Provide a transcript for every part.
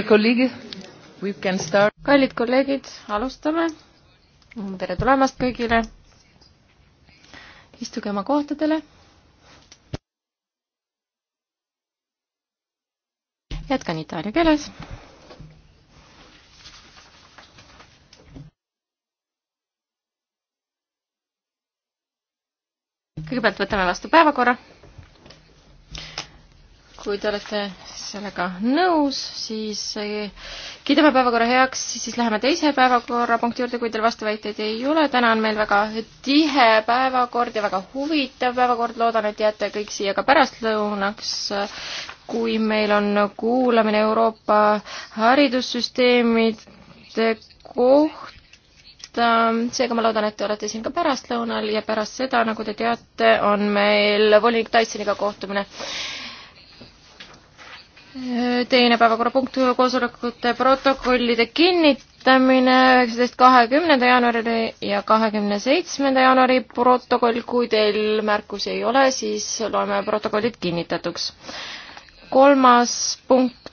kallid kolleegid, alustame. tere tulemast kõigile. istuge oma kohtadele. jätkan itaalia keeles. kõigepealt võtame vastu päevakorra kui te olete sellega nõus, siis eh, kiidame päevakorra heaks, siis läheme teise päevakorrapunkti juurde, kui teil vastuväiteid ei ole. täna on meil väga tihe päevakord ja väga huvitav päevakord. loodan, et jääte kõik siia ka pärastlõunaks, kui meil on kuulamine Euroopa haridussüsteemide kohta seega ma loodan, et te olete siin ka pärastlõunal ja pärast seda, nagu te teate, on meil volinik Tysoniga kohtumine teine päevakorrapunkt, koosolekute protokollide kinnitamine üheksateist, kahekümnenda jaanuari ja kahekümne seitsmenda jaanuari protokoll. kui teil märkusi ei ole, siis loeme protokollid kinnitatuks. kolmas punkt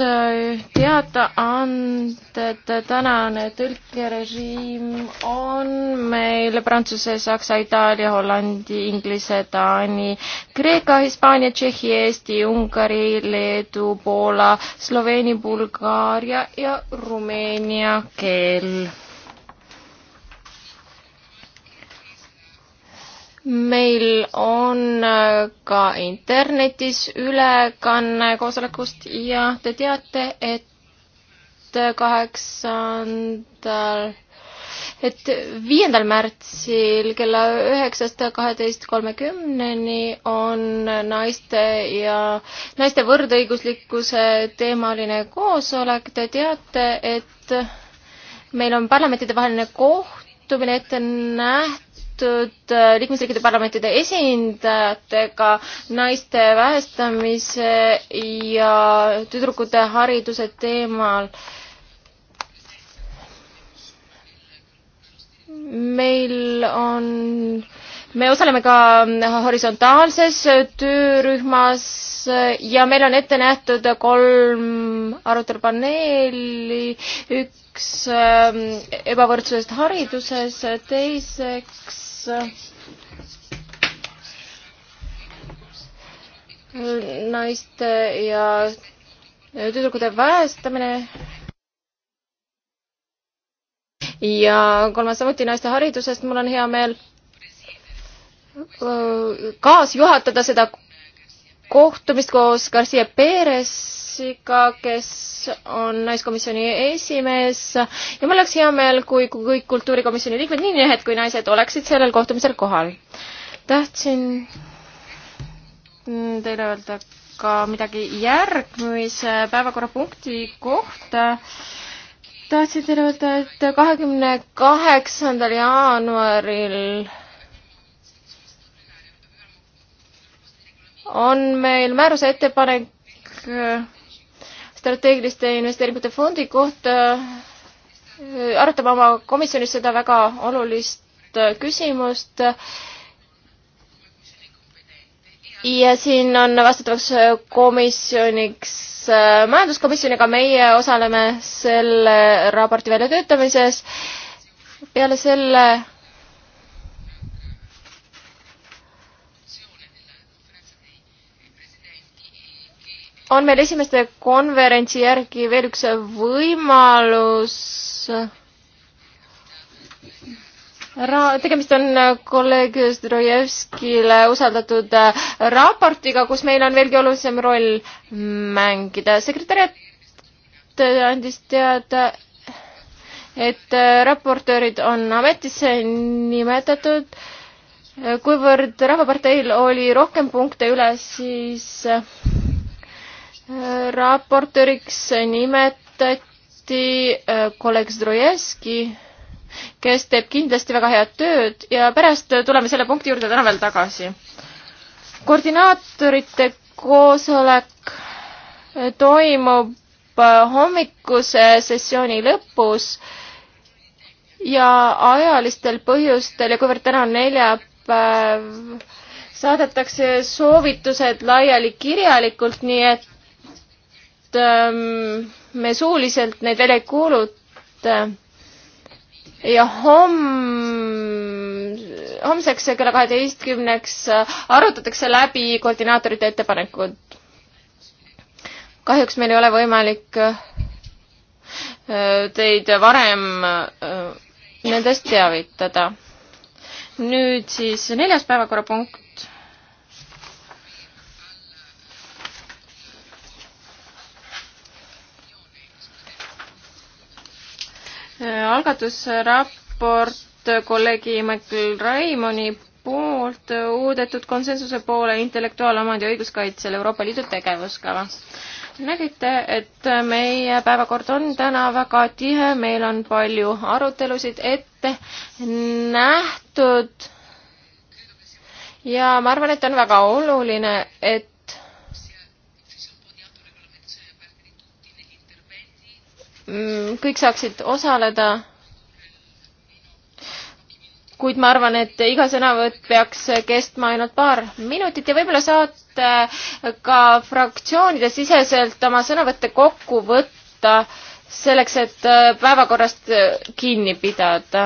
Äh, teadaanded, tänane tõlkerežiim on meil prantsuse, saksa, itaalia, hollandi, inglise, taani, kreeka, hispaania, tšehhi, eesti, ungari, leedu, poola, sloveeni, bulgaaria ja rumeenia keel meil on äh, ka internetis ülekanne koosolekust ja te teate, et äh, kaheksandal, et viiendal märtsil kella üheksast kaheteist kolmekümneni on naiste ja naiste võrdõiguslikkuse teemaline koosolek. Te teate, et meil on parlamentidevaheline kohtumine ette nähtud koostööd äh, liikmesriikide parlamentide esindajatega naiste vähestamise ja tüdrukute hariduse teemal. meil on me osaleme ka horisontaalses töörühmas ja meil on ette nähtud kolm arutelupaneeli, üks ähm, ebavõrdsusest hariduses, teiseks Äh, naiste ja tüdrukute väestamine ja kolmas samuti naiste haridusest, mul on hea meel äh, kaasjuhatada seda kohtumist koos Garcia Peresiga, kes on naiskomisjoni esimees ja mul oleks hea meel, kui kõik kultuurikomisjoni liikmed, nii mehed kui naised, oleksid sellel kohtumisel kohal. tahtsin teile öelda ka midagi järgmise päevakorrapunkti kohta tahtsin teile öelda, et kahekümne kaheksandal jaanuaril on meil määruse ettepanek äh, strateegiliste investeeringute fondi kohta. Äh, arutame oma komisjonis seda väga olulist äh, küsimust. ja siin on vastutavaks komisjoniks majanduskomisjon, ega meie osaleme selle raporti väljatöötamises. peale selle on meil esimeste konverentsi järgi veel üks võimalus ra-, tegemist on kolleeg Zdrojevskile usaldatud raportiga, kus meil on veelgi olulisem roll mängida. sekretäriat andis teada, et raportöörid on ametisse nimetatud. kuivõrd Rahvaparteil oli rohkem punkte üle, siis raportööriks nimetati äh, kolleeg Zdrojevski, kes teeb kindlasti väga head tööd ja pärast tuleme selle punkti juurde täna veel tagasi. koordinaatorite koosolek äh, toimub äh, hommikuse sessiooni lõpus ja ajalistel põhjustel ja kuivõrd täna on neljapäev, saadetakse soovitused laiali kirjalikult, nii et et ähm, me suuliselt neid välja ei kuuluta ja homm, homseks kella kaheteistkümneks äh, arutatakse läbi koordinaatorite ettepanekud. kahjuks meil ei ole võimalik äh, teid varem äh, nendest teavitada. nüüd siis neljas päevakorrapunkt algatusraport kolleegi Michael Raimoni poolt uudetud konsensuse poole intellektuaalomandi õiguskaitsel Euroopa Liidu tegevuskava. nägite, et meie päevakord on täna väga tihe, meil on palju arutelusid ette nähtud ja ma arvan, et on väga oluline, et Mm, kõik saaksid osaleda. kuid ma arvan, et iga sõnavõtt peaks kestma ainult paar minutit ja võib-olla saate ka fraktsioonide siseselt oma sõnavõtte kokku võtta selleks, et äh, päevakorrast äh, kinni pidada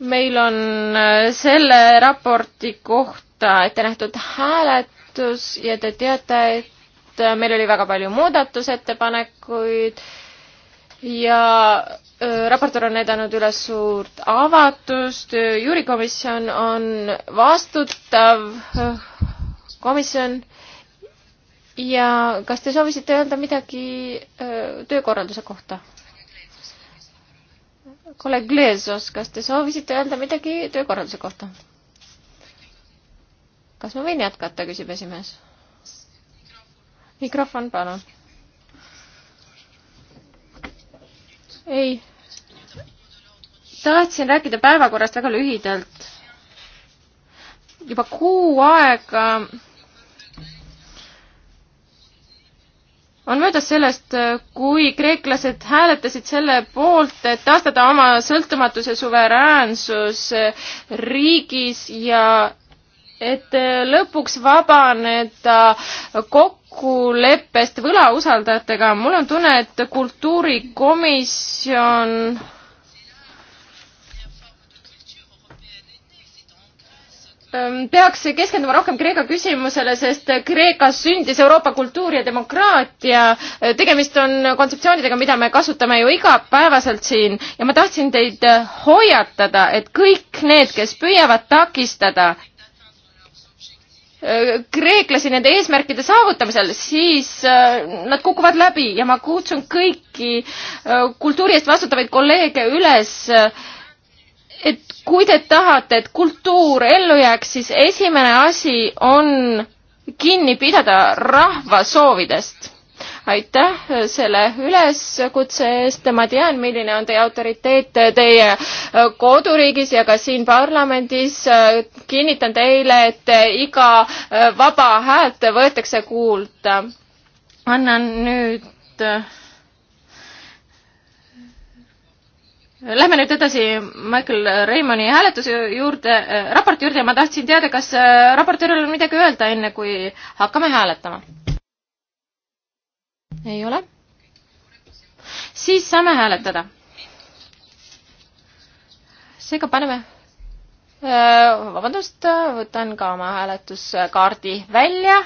meil on äh, selle raporti kohta ette nähtud hääletus ja te teate, et koostööst, äh, meil oli väga palju muudatusettepanekuid ja äh, raportöör on näidanud üles suurt avatust, juurikomisjon on vastutav äh, komisjon ja kas te soovisite öelda midagi töökorralduse kohta? kolleeg Gleesos, kas te soovisite öelda midagi töökorralduse kohta? kas ma võin jätkata, küsib esimees mikrofon, palun. ei, tahtsin rääkida päevakorrast väga lühidalt. juba kuu aega on möödas sellest, kui kreeklased hääletasid selle poolt, et taastada oma sõltumatuse suveräänsus riigis ja et lõpuks vabaneda kokku kokkuleppest võlausaldajatega, mul on tunne, et kultuurikomisjon ähm, peaks keskenduma rohkem Kreeka küsimusele, sest Kreekas sündis Euroopa kultuur ja demokraatia. tegemist on kontseptsioonidega, mida me kasutame ju igapäevaselt siin ja ma tahtsin teid hoiatada, et kõik need, kes püüavad takistada Äh, kreeklasi nende eesmärkide saavutamisel, siis äh, nad kukuvad läbi ja ma kutsun kõiki äh, kultuuri eest vastutavaid kolleege üles, et kui te tahate, et kultuur ellu jääks, siis esimene asi on kinni pidada rahva soovidest aitäh selle üleskutse eest, ma tean, milline on teie autoriteet teie äh, koduriigis ja ka siin parlamendis. Äh, kinnitan teile, et äh, iga vaba häält võetakse kuulda. annan nüüd Lähme nüüd edasi Michael Raymondi hääletuse juurde, raporti juurde ja ma tahtsin teada, kas raportööril on midagi öelda, enne kui hakkame hääletama? ei ole? siis saame hääletada. seega paneme, äh, vabandust, võtan ka oma hääletuskaardi välja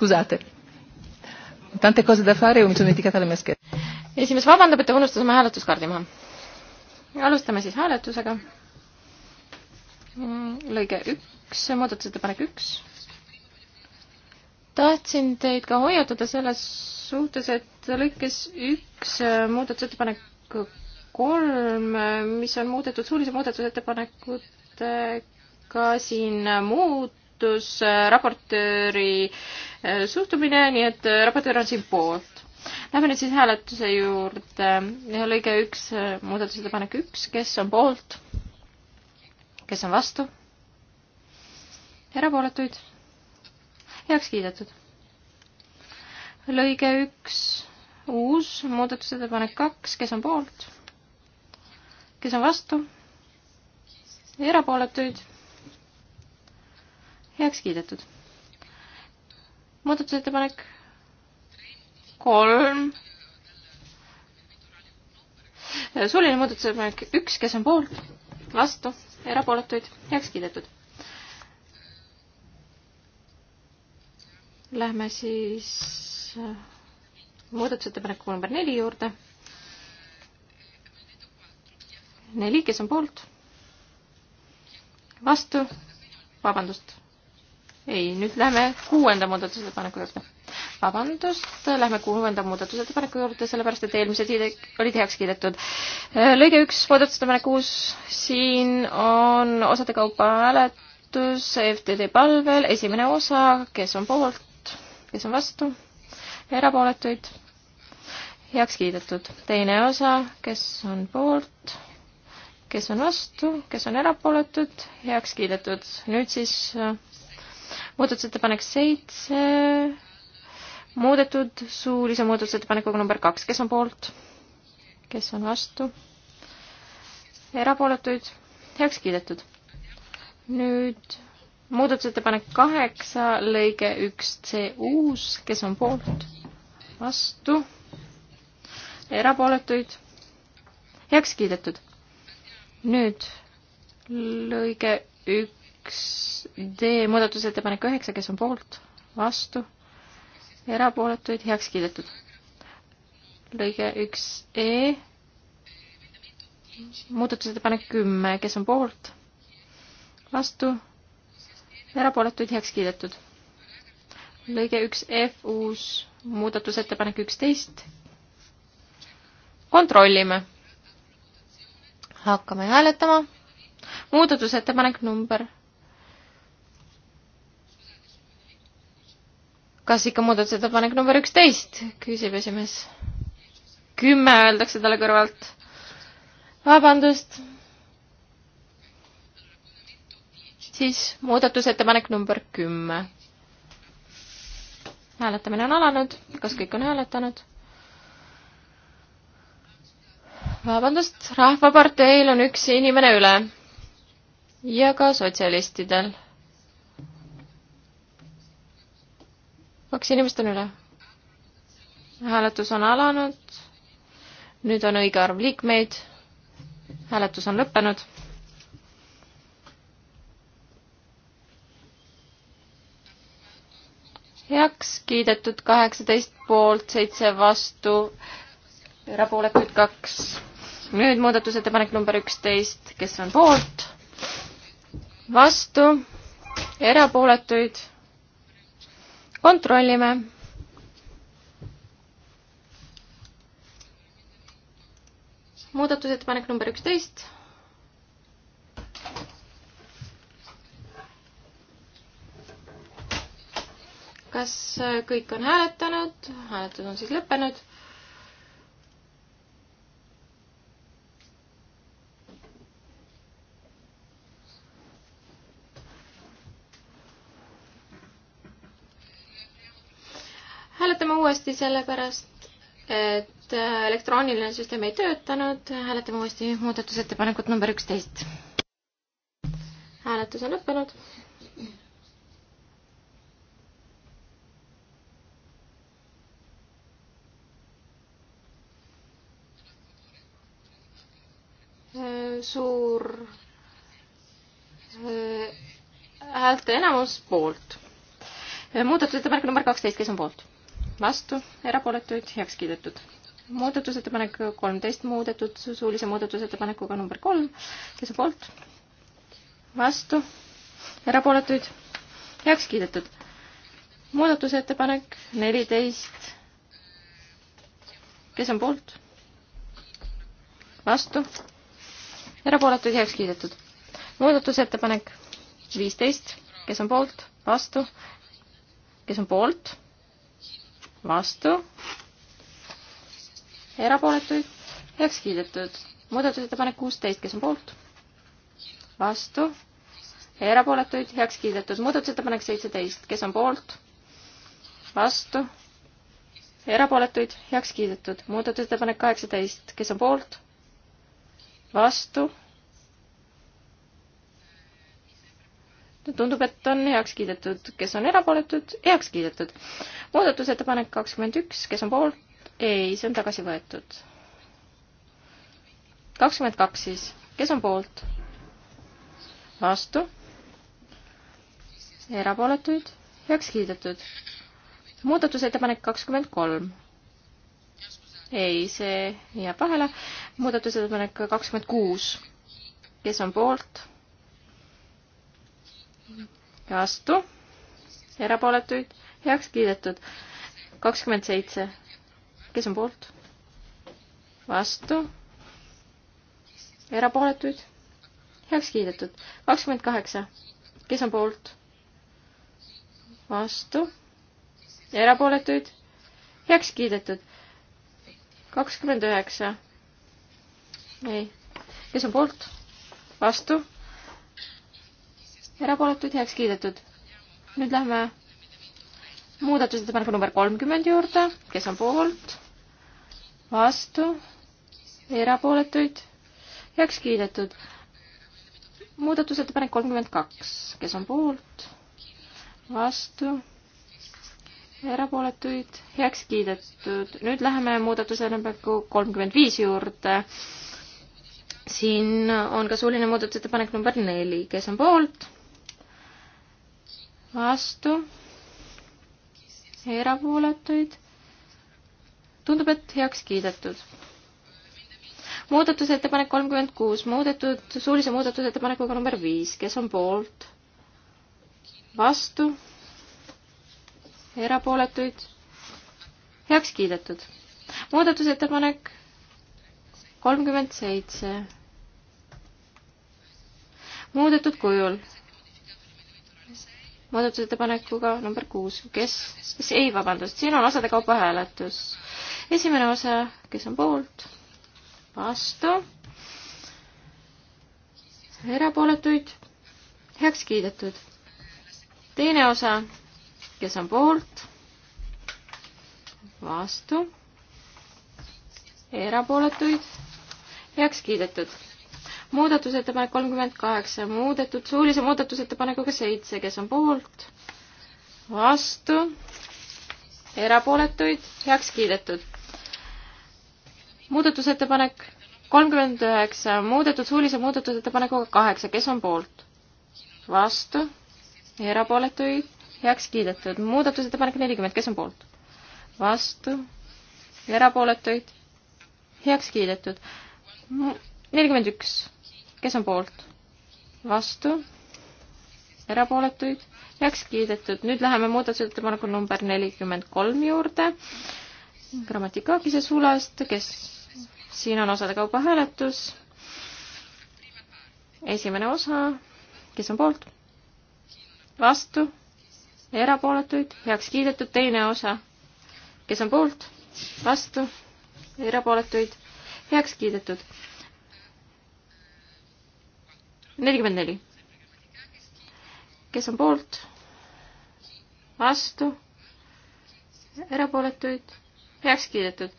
Scusate. Tante cose da fare, mi sono dimenticata le mie schede. esimees vabandab, et ta unustas oma hääletuskaardi maha. alustame siis hääletusega. Mm, lõige üks, muudatusettepanek üks. tahtsin teid ka hoiatada selles suhtes, et lõikes üks muudatusettepanek kolm, mis on muudetud suulise muudatusettepanekutega siin muud muutus raportööri äh, suhtumine, nii et äh, raportöör on siin poolt. Lähme nüüd siis hääletuse juurde. lõige üks, äh, muudatusettepanek üks, kes on poolt? kes on vastu? erapooletuid? heaks kiidetud. lõige üks, uus muudatusettepanek kaks, kes on poolt? kes on vastu? erapooletuid? heaks kiidetud. muudatusettepanek kolm. suuline muudatusettepanek üks, kes on poolt, vastu, erapooletuid, heaks kiidetud. Lähme siis äh, muudatusettepaneku number neli juurde. neli, kes on poolt? vastu, vabandust, ei, nüüd lähme kuuenda muudatusettepaneku juurde. vabandust, lähme kuuenda muudatusettepaneku juurde, sellepärast et eelmised olid heaks kiidetud. Äh, lõige üks, muudatusettepanek kuus, siin on osade kaupa hääletus FTD palvel, esimene osa, kes on poolt, kes on vastu, erapooletuid, heaks kiidetud. teine osa, kes on poolt kes on vastu, kes on erapooletud, heaks kiidetud. nüüd siis äh, muudatusettepanek seitse, muudetud suulise muudatusettepanekuga number kaks, kes on poolt, kes on vastu, erapooletuid, heaks kiidetud. nüüd muudatusettepanek kaheksa, lõige üks C uus, kes on poolt, vastu, erapooletuid, heaks kiidetud. nüüd lõige üks üks D muudatusettepanek üheksa, kes on poolt, vastu, erapooletuid, heaks kiidetud. lõige üks E, muudatusettepanek kümme, kes on poolt, vastu, erapooletuid, heaks kiidetud. lõige üks F, uus muudatusettepanek üksteist. kontrollime. hakkame hääletama. muudatusettepanek number kas ikka muudatusettepanek number üksteist, küsib esimees. kümme öeldakse talle kõrvalt. vabandust. siis muudatusettepanek number kümme. hääletamine on alanud, kas kõik on hääletanud? vabandust, Rahvaparteil on üks inimene üle ja ka sotsialistidel kaks inimest on üle. hääletus on alanud. nüüd on õige arv liikmeid. hääletus on lõppenud. heaks kiidetud kaheksateist poolt, seitse vastu, erapooletuid kaks. nüüd muudatusettepanek number üksteist, kes on poolt, vastu, erapooletuid kontrollime. muudatusettepanek number üksteist. kas kõik on hääletanud? hääletus on siis lõppenud uuesti sellepärast, et elektrooniline süsteem ei töötanud. hääletame uuesti muudatusettepanekut number üksteist. hääletus on lõppenud. suur äh, häälte enamus poolt. muudatusettepanek number kaksteist, kes on poolt? vastu, erapooletuid, heaks kiidetud. muudatusettepanek kolmteist muudetud suulise muudatusettepanekuga number kolm, kes on poolt, vastu, erapooletuid, heaks kiidetud. muudatusettepanek neliteist, kes on poolt, vastu, erapooletuid, heaks kiidetud. muudatusettepanek viisteist, kes on poolt, vastu, kes on poolt vastu, erapooletuid, heaks kiidetud. muudatusettepanek kuusteist, kes on poolt? vastu, erapooletuid, heaks kiidetud. muudatusettepanek seitseteist, kes on poolt? vastu, erapooletuid, heaks kiidetud. muudatusettepanek kaheksateist, kes on poolt? vastu, tundub, et on heaks kiidetud, kes on erapooletud, heaks kiidetud. muudatusettepanek kakskümmend üks, kes on poolt, ei, see on tagasi võetud. kakskümmend kaks siis, kes on poolt? vastu? erapooletuid? heaks kiidetud. muudatusettepanek kakskümmend kolm. ei, see jääb vahele. muudatusettepanek kakskümmend kuus, kes on poolt? vastu, erapooletuid, heaks kiidetud. kakskümmend seitse, kes on poolt? vastu, erapooletuid, heaks kiidetud. kakskümmend kaheksa, kes on poolt? vastu, erapooletuid, heaks kiidetud. kakskümmend üheksa, ei, kes on poolt? vastu erapooletuid heaks kiidetud. nüüd lähme muudatusettepaneku number kolmkümmend juurde, kes on poolt, vastu, erapooletuid heaks kiidetud. muudatusettepanek kolmkümmend kaks, kes on poolt, vastu, erapooletuid heaks kiidetud. nüüd läheme muudatusettepaneku kolmkümmend viis juurde. siin on ka suuline muudatusettepanek number neli, kes on poolt vastu, erapooletuid. tundub, et heaks kiidetud. muudatusettepanek kolmkümmend kuus, muudetud suulise muudatusettepanekuga number viis, kes on poolt, vastu, erapooletuid, heaks kiidetud. muudatusettepanek kolmkümmend seitse, muudetud kujul muudatusettepanekuga number kuus, kes, kes ei, vabandust, siin on osade kaupa hääletus. esimene osa, kes on poolt, vastu, erapooletuid, heaks kiidetud. teine osa, kes on poolt, vastu, erapooletuid, heaks kiidetud muudatusettepanek kolmkümmend kaheksa, muudetud suulise muudatusettepanekuga seitse, kes on poolt, vastu, erapooletuid, heaks kiidetud. muudatusettepanek kolmkümmend üheksa, muudetud suulise muudatusettepanekuga kaheksa, kes on poolt, vastu, erapooletuid, heaks kiidetud. muudatusettepanek nelikümmend, kes on poolt, vastu, erapooletuid heaks kiidetud. nelikümmend üks kes on poolt? vastu? erapooletuid? heaks kiidetud. nüüd läheme muudatusettepaneku number nelikümmend kolm juurde. grammatikaakise sulest, kes, siin on osade kaupa hääletus. esimene osa, kes on poolt? vastu? erapooletuid? heaks kiidetud. teine osa, kes on poolt? vastu? erapooletuid? heaks kiidetud nelikümmend neli. kes on poolt? vastu? erapooletuid? heaks kiidetud.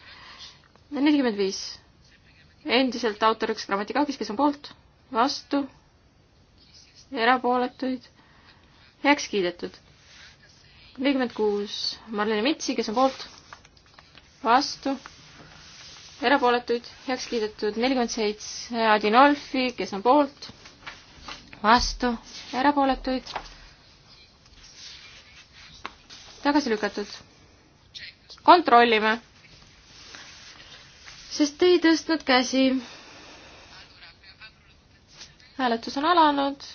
nelikümmend viis. endiselt autor üks grammatikaagis, kes on poolt? vastu? erapooletuid? heaks kiidetud. nelikümmend kuus. Marlene Mitsi, kes on poolt? vastu? erapooletuid, heaks kiidetud nelikümmend seitse Adinolfi, kes on poolt, vastu, erapooletuid, tagasi lükatud. kontrollime, sest ei tõstnud käsi. hääletus on alanud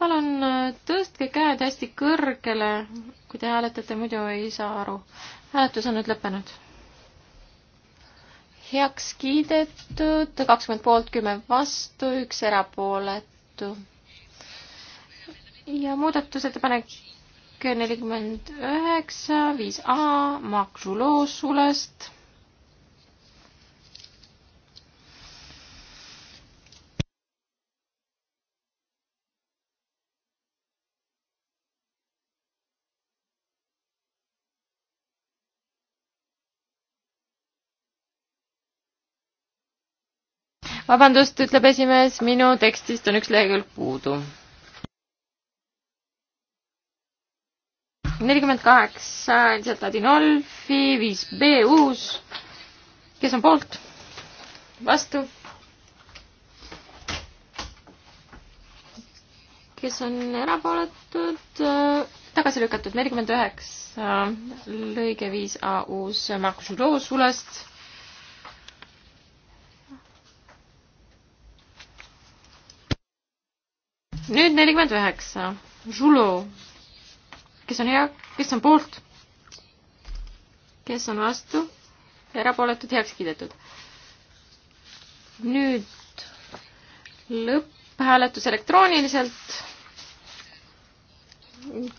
palun äh, tõstke käed hästi kõrgele, kui te hääletate, muidu ei saa aru. hääletus on nüüd lõppenud. heaks kiidetud, kakskümmend poolt, kümme vastu, üks erapooletu. ja muudatusettepanek nelikümmend üheksa, viis A maksuloos sulest vabandust, ütleb esimees, minu tekstist on üks lehekülg puudu. nelikümmend kaheksa, endiselt Adinolfi, viis B uus. kes on poolt? vastu? kes on erapooletud? tagasi lükatud nelikümmend üheksa, lõige viis A uus Markus Roos sulest nüüd nelikümmend üheksa. Žulo, kes on hea, kes on poolt? kes on vastu? erapooletud, heaks kiidetud. nüüd lõpphääletus elektrooniliselt.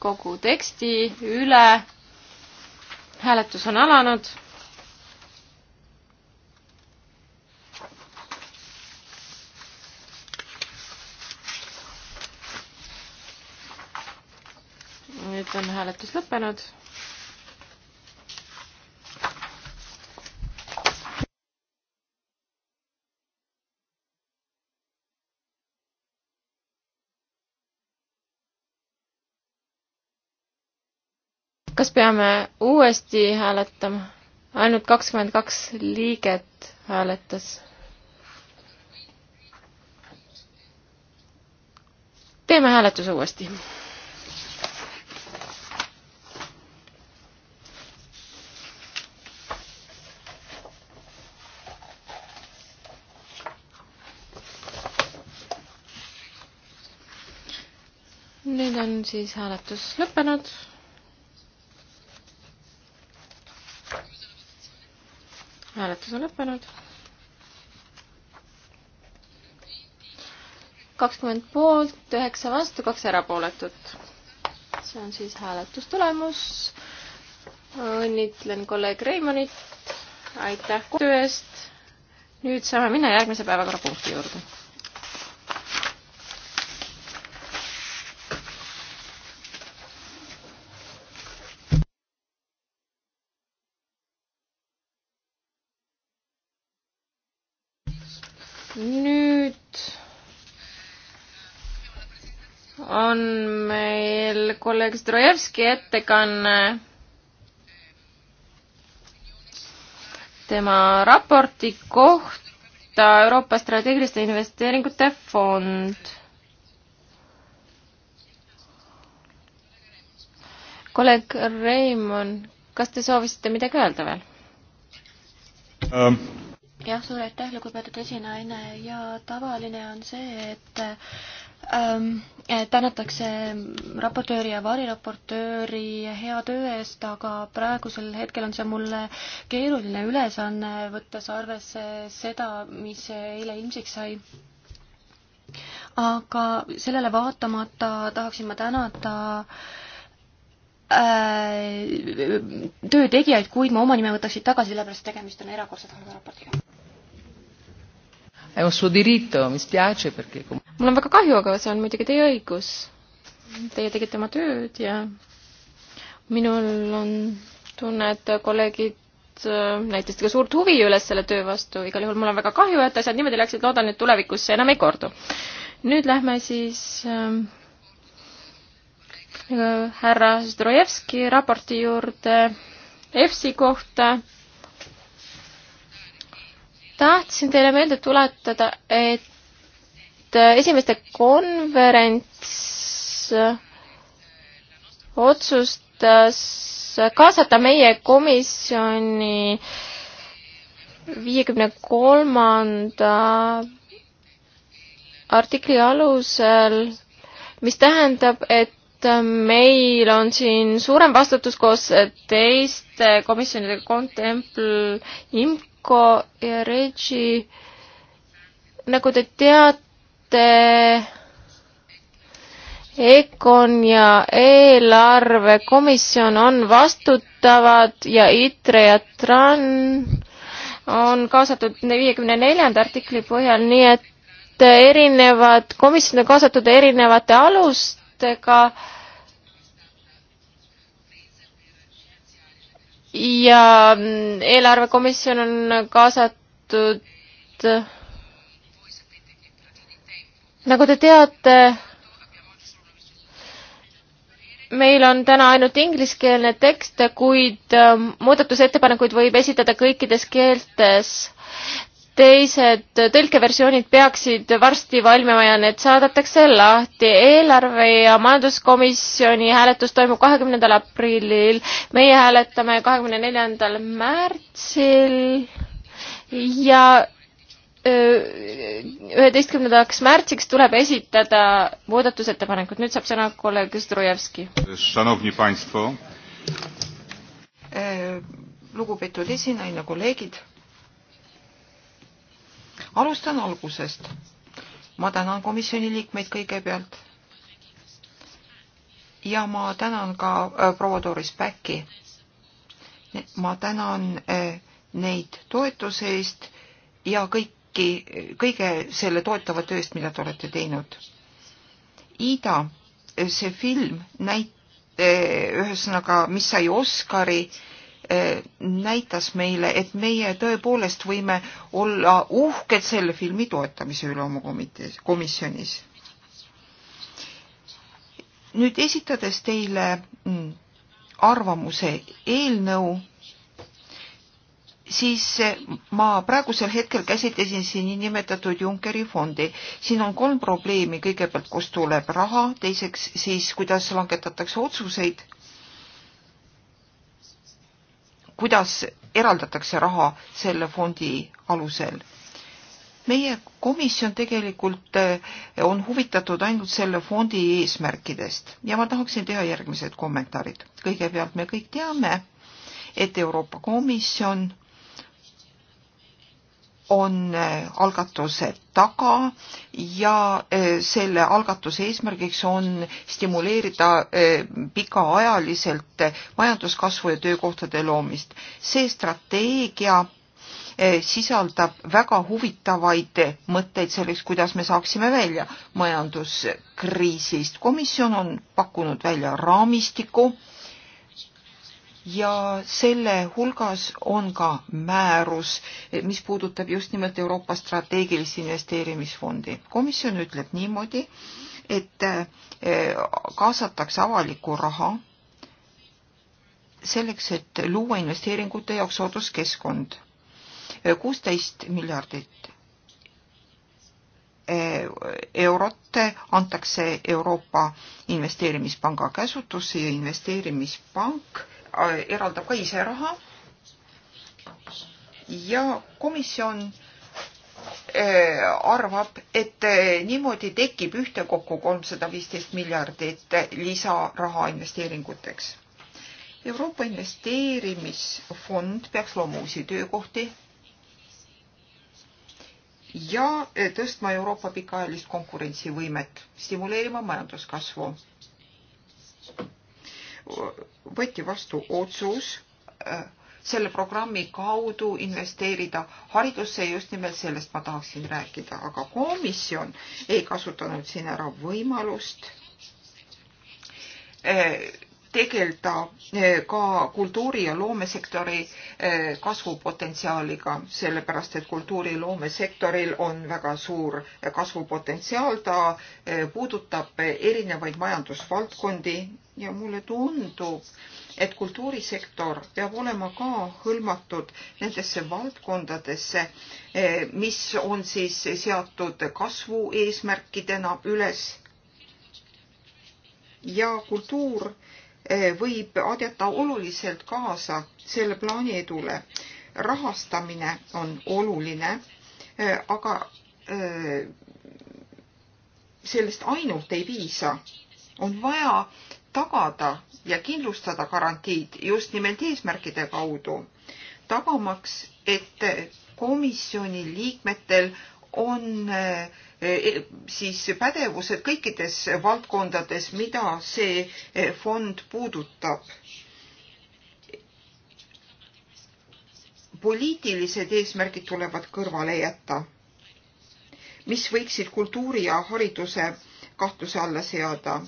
kogu teksti üle. hääletus on alanud hääletus lõppenud. kas peame uuesti hääletama? ainult kakskümmend kaks liiget hääletas teeme hääletuse uuesti. on siis hääletus lõppenud. hääletus on lõppenud. kakskümmend poolt, üheksa vastu, kaks erapooletut. see on siis hääletustulemus. õnnitlen kolleeg Reimonit. aitäh töö eest. nüüd saame minna järgmise päevakorrapunkti juurde kolleeg Zdrojevski ettekanne tema raporti kohta Euroopa strateegiliste investeeringute fond. kolleeg Reimon, kas te soovisite midagi öelda veel um.? jah, suur aitäh, lugupeetud esinaine ja tavaline on see, et Ähm, tänatakse raportööri ja variraportööri hea töö eest, aga praegusel hetkel on see mulle keeruline ülesanne, võttes arvesse seda, mis eile ilmsiks sai. aga sellele vaatamata tahaksin ma tänada äh, töö tegijaid, kuid ma oma nime võtaksin tagasi, sellepärast tegemist on erakordselt halva raportiga. È un suo diritto, mi spiace perché mul on väga kahju, aga see on muidugi teie õigus. Teie tegite oma tööd ja minul on tunne, et kolleegid äh, näitasid ka suurt huvi üles selle töö vastu, igal juhul mul on väga kahju, et asjad niimoodi läksid, loodan, et tulevikus see enam ei kordu. nüüd lähme siis ähm, äh, härra Zdrojevski raporti juurde EFSi kohta. tahtsin teile meelde tuletada, et et äh, esimeste konverents äh, otsustas kaasata meie komisjoni viiekümne kolmanda artikli alusel, mis tähendab, et meil on siin suurem vastutus koos teiste komisjonidega, Contempl, IMCO ja Regi. nagu te teate, te EKON eh, ja eelarvekomisjon on vastutavad ja ITRE ja TRAN on kaasatud viiekümne neljanda artikli põhjal, nii et erinevad komisjonid on kaasatud erinevate alustega ja mm, eelarvekomisjon on kaasatud nagu te teate, meil on täna ainult ingliskeelne tekst, kuid ähm, muudatusettepanekuid võib esitada kõikides keeltes. teised tõlkeversioonid peaksid varsti valmima ja need saadatakse lahti. eelarve ja majanduskomisjoni hääletus toimub kahekümnendal aprillil, meie hääletame kahekümne neljandal märtsil ja üheteistkümnendaks märtsiks tuleb esitada muudatusettepanekud. nüüd saab sõna kolleeg Zdrojevski. E, lugupeetud esinaine, kolleegid. alustan algusest. ma tänan komisjoni liikmeid kõigepealt. ja ma tänan ka äh, proua Doris Päkki. ma tänan äh, neid toetuse eest ja kõik kõiki, kõige selle toetava tööst, mida te olete teinud. Ida, see film näit-, eh, ühesõnaga, mis sai Oscari, eh, näitas meile, et meie tõepoolest võime olla uhked selle filmi toetamise üle oma komitees, komisjonis. nüüd esitades teile mm, arvamuse eelnõu siis eh, ma praegusel hetkel käsitlesin siin niinimetatud Junckeri fondi. siin on kolm probleemi, kõigepealt, kust tuleb raha, teiseks siis, kuidas langetatakse otsuseid, kuidas eraldatakse raha selle fondi alusel. meie komisjon tegelikult eh, on huvitatud ainult selle fondi eesmärkidest ja ma tahaksin teha järgmised kommentaarid. kõigepealt me kõik teame, et Euroopa Komisjon on äh, algatuse taga ja äh, selle algatuse eesmärgiks on stimuleerida äh, pikaajaliselt majanduskasvu ja töökohtade loomist. see strateegia sisaldab väga huvitavaid mõtteid selleks, kuidas me saaksime välja majanduskriisist. komisjon on pakkunud välja raamistiku ja selle hulgas on ka määrus, mis puudutab just nimelt Euroopa strateegilist investeerimisfondi. komisjon ütleb niimoodi, et eh, kaasatakse avalikku raha selleks, et luua investeeringute jaoks sooduskeskkond. Eh, kuusteist miljardit eh, eurot antakse Euroopa Investeerimispanga käsutusse ja investeerimispank eraldab ka ise raha ja komisjon äh, arvab, et äh, niimoodi tekib ühtekokku kolmsada viisteist miljardit lisaraha investeeringuteks. Euroopa Investeerimisfond peaks looma uusi töökohti ja äh, tõstma Euroopa pikaajalist konkurentsivõimet, stimuleerima majanduskasvu võeti vastu otsus äh, selle programmi kaudu investeerida haridusse ja just nimelt sellest ma tahaksin rääkida, aga komisjon ei kasutanud siin ära võimalust äh, tegeleda eh, ka kultuuri- ja loomesektori eh, kasvupotentsiaaliga, sellepärast et kultuuri- ja loomesektoril on väga suur kasvupotentsiaal, ta eh, puudutab erinevaid majandusvaldkondi ja mulle tundub, et kultuurisektor peab olema ka hõlmatud nendesse valdkondadesse, mis on siis seatud kasvu eesmärkidena üles ja kultuur Eh, võib aidata oluliselt kaasa selle plaani edule. rahastamine on oluline, eh, aga eh, sellest ainult ei piisa. on vaja tagada ja kindlustada garantiid just nimelt eesmärkide kaudu, tagamaks, et komisjoni liikmetel on äh, Eh, siis pädevused kõikides valdkondades, mida see eh, fond puudutab. poliitilised eesmärgid tulevad kõrvale jätta, mis võiksid kultuuri ja hariduse kahtluse alla seada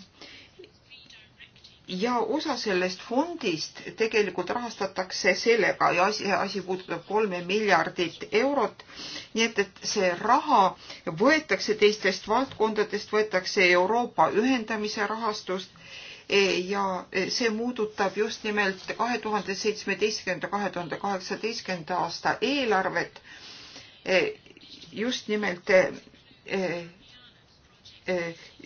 ja osa sellest fondist tegelikult rahastatakse sellega ja asi, asi puudutab kolme miljardit eurot. nii et, et see raha võetakse teistest valdkondadest, võetakse Euroopa ühendamise rahastust e, ja see muudutab just nimelt kahe tuhande seitsmeteistkümnenda, kahe tuhande kaheksateistkümnenda aasta eelarvet. E, just nimelt e,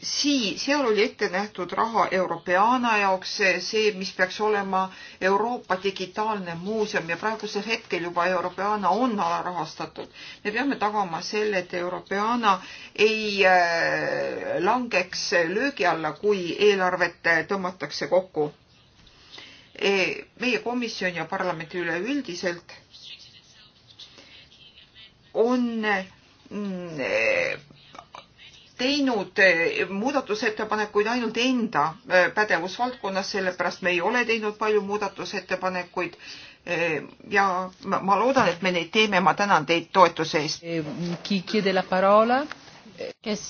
sii-, seal oli ette nähtud raha Europeana jaoks, see, mis peaks olema Euroopa digitaalne muuseum ja praegusel hetkel juba Europeana on alarahastatud. me peame tagama selle, et Europeana ei äh, langeks löögi alla, kui eelarvet tõmmatakse kokku. E, meie komisjon ja parlament üleüldiselt on mm, teinud eh, muudatusettepanekuid ainult enda eh, pädevusvaldkonnas, sellepärast me ei ole teinud palju muudatusettepanekuid. Eh, ja ma, ma loodan, et me neid teeme, ma tänan teid toetuse eest. kes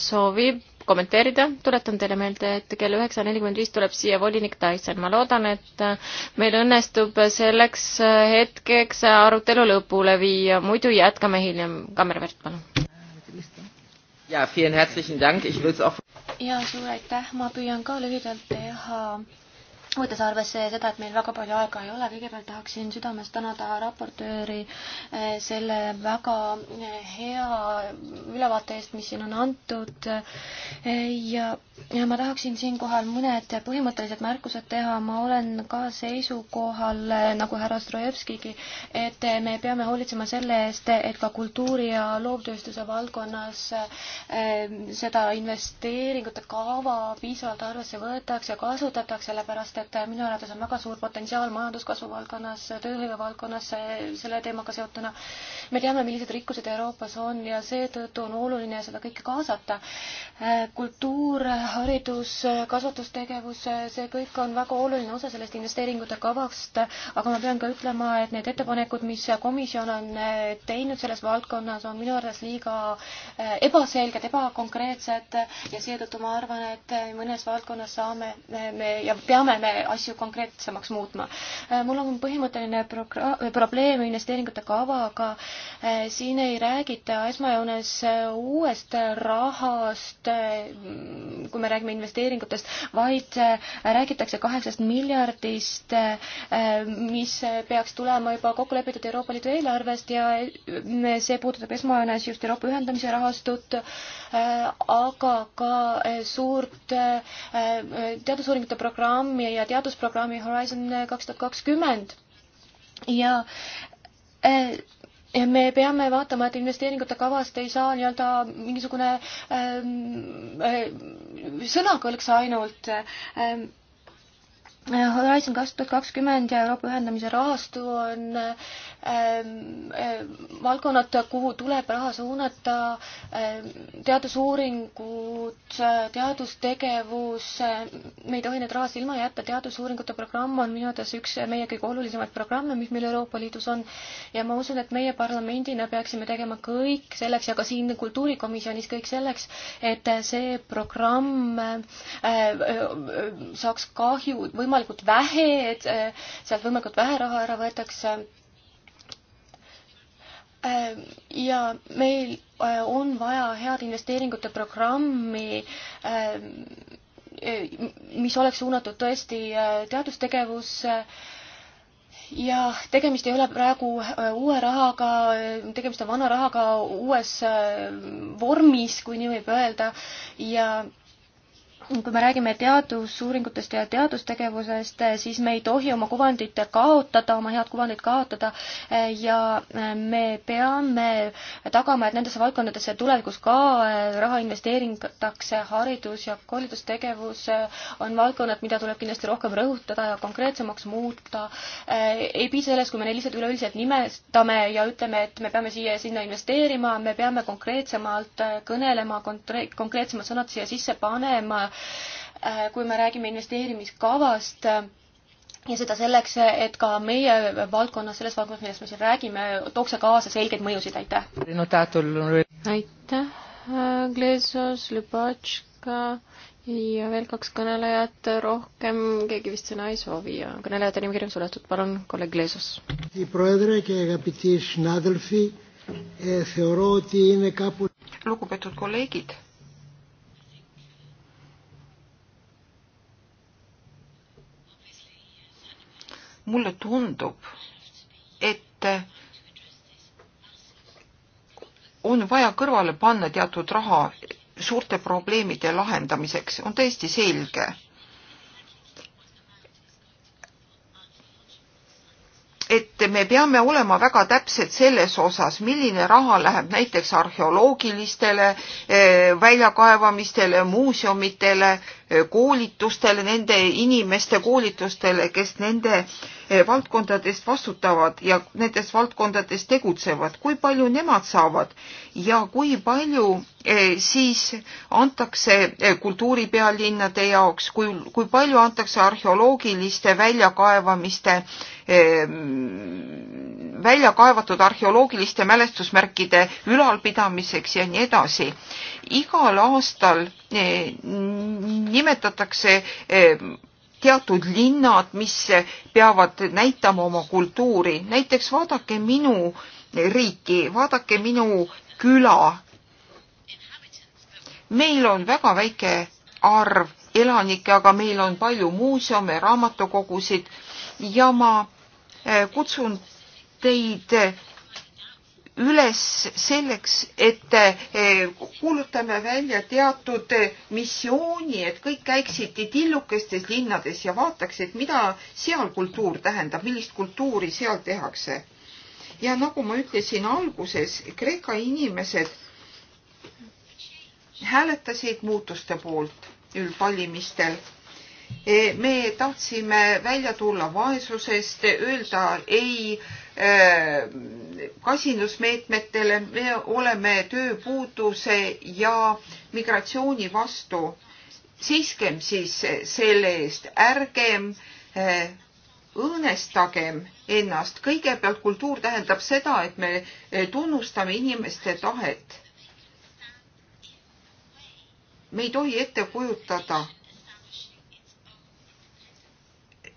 soovib kommenteerida, tuletan teile meelde, et kell üheksa nelikümmend viis tuleb siia volinik Tyson. ma loodan, et meil õnnestub selleks hetkeks arutelu lõpule viia, muidu jätkame hiljem. kaamerapärk, palun ja, vielen herzlichen Dank, ich will es auch. ja, suur aitäh, ma püüan ka lühidalt teha võttes arvesse seda, et meil väga palju aega ei ole, kõigepealt tahaksin südamest tänada raportööri eh, selle väga eh, hea ülevaate eest, mis siin on antud eh, ja, ja ma tahaksin siinkohal mõned põhimõttelised märkused teha, ma olen ka seisukohal, nagu härra Strojevskigi, et me peame hoolitsema selle eest, et ka kultuuri ja loovtööstuse valdkonnas seda investeeringute kava piisavalt arvesse võetakse ja kasutatakse, sellepärast et et minu arvates on väga suur potentsiaal majanduskasvu valdkonnas, tööhõive valdkonnas selle teemaga seotuna. me teame, millised rikkused Euroopas on ja seetõttu on oluline seda kõike kaasata. kultuur, haridus, kasvatustegevus, see kõik on väga oluline osa sellest investeeringute kavast, aga ma pean ka ütlema, et need ettepanekud, mis komisjon on teinud selles valdkonnas, on minu arvates liiga ebaselged, ebakonkreetsed ja seetõttu ma arvan, et mõnes valdkonnas saame me ja peame me asju konkreetsemaks muutma. Äh, mul on põhimõtteline probleem investeeringute kavaga. Äh, siin ei räägita esmajoones äh, uuest rahast, kui me räägime investeeringutest, vaid räägitakse kaheksast miljardist, mis peaks tulema juba kokku lepitud Euroopa Liidu eelarvest ja see puudutab esmajoones just Euroopa ühendamise rahastut, aga ka suurt teadusuuringute programmi ja teadusprogrammi Horizon kaks tuhat kakskümmend ja eh, me peame vaatama, et investeeringute kavast ei saa nii-öelda mingisugune ähm, sõnakõlks ainult ähm,. Horizon kaks tuhat kakskümmend ja Euroopa ühendamise rahastu on äh, Ehm, ehm, valdkonnad, kuhu tuleb raha suunata, ehm, teadusuuringud, teadustegevus, me ei tohi need rahast ilma jätta, teadusuuringute programm on minu arvates üks meie kõige olulisemaid programme, mis meil Euroopa Liidus on ja ma usun, et meie parlamendina peaksime tegema kõik selleks ja ka siin kultuurikomisjonis kõik selleks, et see programm saaks kahju võimalikult vähe, et sealt võimalikult vähe raha ära võetakse Ähm, ja meil äh, on vaja head investeeringute programmi, ähm, äh, mis oleks suunatud tõesti äh, teadustegevusse jah, tegemist ei ole praegu uue rahaga, tegemist on vana rahaga uues vormis, kui nii võib öelda ja kui me räägime teadusuuringutest ja teadustegevusest, siis me ei tohi oma kuvandit kaotada, oma head kuvandit kaotada ja me peame tagama, et nendesse valdkondadesse tulevikus ka raha investeeritakse, haridus ja koolitustegevus on valdkonnad, mida tuleb kindlasti rohkem rõhutada ja konkreetsemaks muuta. ei piisa sellest, kui me neid lihtsalt üleüldiselt nimetame ja ütleme, et me peame siia ja sinna investeerima, me peame konkreetsemalt kõnelema, konkreetsemad sõnad siia sisse panema Äh, kui me räägime investeerimiskavast äh, ja seda selleks, et ka meie valdkonnas, selles valdkonnas, millest me siin räägime, tooks see kaasa selgeid mõjusid, aitäh! aitäh, äh, Glesos, Ljubatška ja veel kaks kõnelejat, rohkem keegi vist sõna ei soovi ja kõnelejate nimekiri on suletud, palun, kolleeg Glesos. Eh, lugupeetud kolleegid mulle tundub, et on vaja kõrvale panna teatud raha suurte probleemide lahendamiseks, on täiesti selge. et me peame olema väga täpsed selles osas, milline raha läheb näiteks arheoloogilistele eh, väljakaevamistele, muuseumitele, eh, koolitustele, nende inimeste koolitustele, kes nende äh, Eh, valdkondadest vastutavad ja nendes valdkondades tegutsevad, kui palju nemad saavad ja kui palju eh, siis antakse eh, kultuuripealinnade jaoks, kui, kui palju antakse arheoloogiliste väljakaevamiste, välja kaevatud arheoloogiliste mälestusmärkide ülalpidamiseks ja nii edasi. igal aastal nimetatakse teatud linnad, mis peavad näitama oma kultuuri. näiteks vaadake minu riiki, vaadake minu küla. meil on väga väike arv elanikke, aga meil on palju muuseume, raamatukogusid ja ma eh, kutsun teid üles selleks, et eh, kuulutame välja teatud eh, missiooni, et kõik käiksid tillukestes linnades ja vaataksid, mida seal kultuur tähendab, millist kultuuri seal tehakse. ja nagu ma ütlesin alguses, Kreeka inimesed hääletasid muutuste poolt üldvalimistel eh, me tahtsime välja tulla vaesusest, öelda ei Äh, kasinusmeetmetele, me oleme tööpuuduse ja migratsiooni vastu. seiskem siis selle eest, ärgem äh, õõnestagem ennast. kõigepealt kultuur tähendab seda, et me äh, tunnustame inimeste tahet. me ei tohi ette kujutada,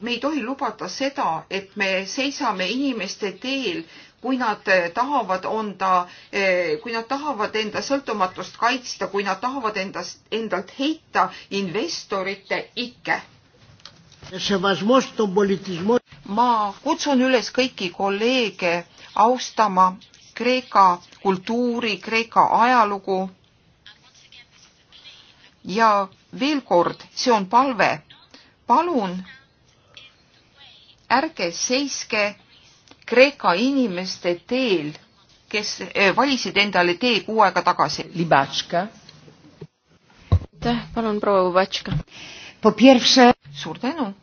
me ei tohi lubada seda, et me seisame inimeste teel, kui nad eh, tahavad onda, eh, kui nad tahavad enda sõltumatust kaitsta, kui nad tahavad endast, endalt heita investorite ikke. ma kutsun üles kõiki kolleege austama Kreeka kultuuri, Kreeka ajalugu. ja veel kord, see on palve, palun ärge seiske Kreeka inimeste teel, kes eh, valisid endale tee kuu aega tagasi. aitäh, palun proua Uvatška. suur tänu.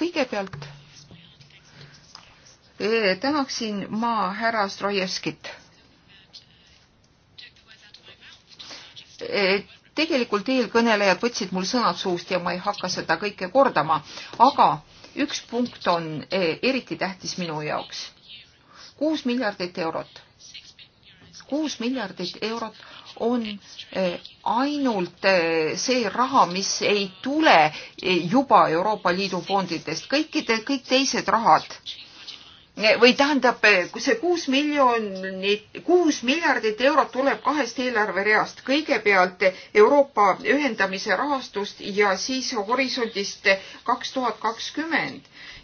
kõigepealt eh, tänaksin ma härra Strojevskit. Eh, tegelikult eelkõnelejad võtsid mul sõnad suust ja ma ei hakka seda kõike kordama, aga üks punkt on eh, eriti tähtis minu jaoks. kuus miljardit eurot. kuus miljardit eurot on eh, ainult eh, see raha, mis ei tule juba Euroopa Liidu fondidest, kõikide, kõik teised rahad või tähendab, see kuus miljonit, kuus miljardit eurot tuleb kahest eelarvereast, kõigepealt Euroopa ühendamise rahastust ja siis horisondist kaks tuhat kakskümmend.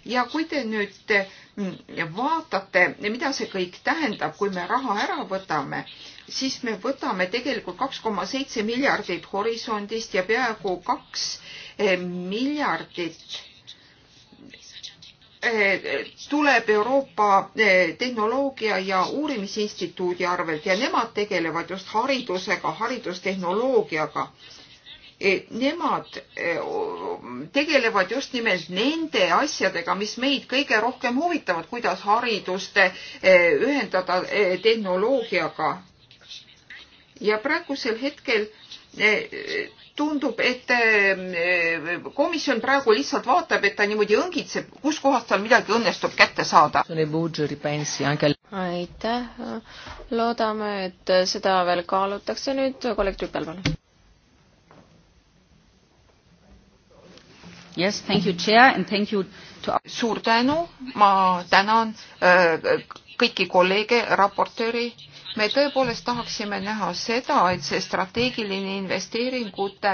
ja kui te nüüd mm, vaatate, mida see kõik tähendab, kui me raha ära võtame, siis me võtame tegelikult kaks koma seitse miljardit horisondist ja peaaegu kaks eh, miljardit tuleb Euroopa eh, Tehnoloogia ja Uurimisinstituudi arvelt ja nemad tegelevad just haridusega, haridustehnoloogiaga. Eh, nemad eh, tegelevad just nimelt nende asjadega, mis meid kõige rohkem huvitavad, kuidas haridust ühendada tehnoloogiaga. ja praegusel hetkel tundub, et eh, komisjon praegu lihtsalt vaatab, et ta niimoodi õngitseb, kuskohast tal midagi õnnestub kätte saada. aitäh, loodame, et seda veel kaalutakse, nüüd kolleeg Tüpel, palun. Yes, thank you, chair and thank you to... suur tänu, ma tänan eh, kõiki kolleege, raportööri äh, me tõepoolest tahaksime näha seda, et see strateegiline investeeringute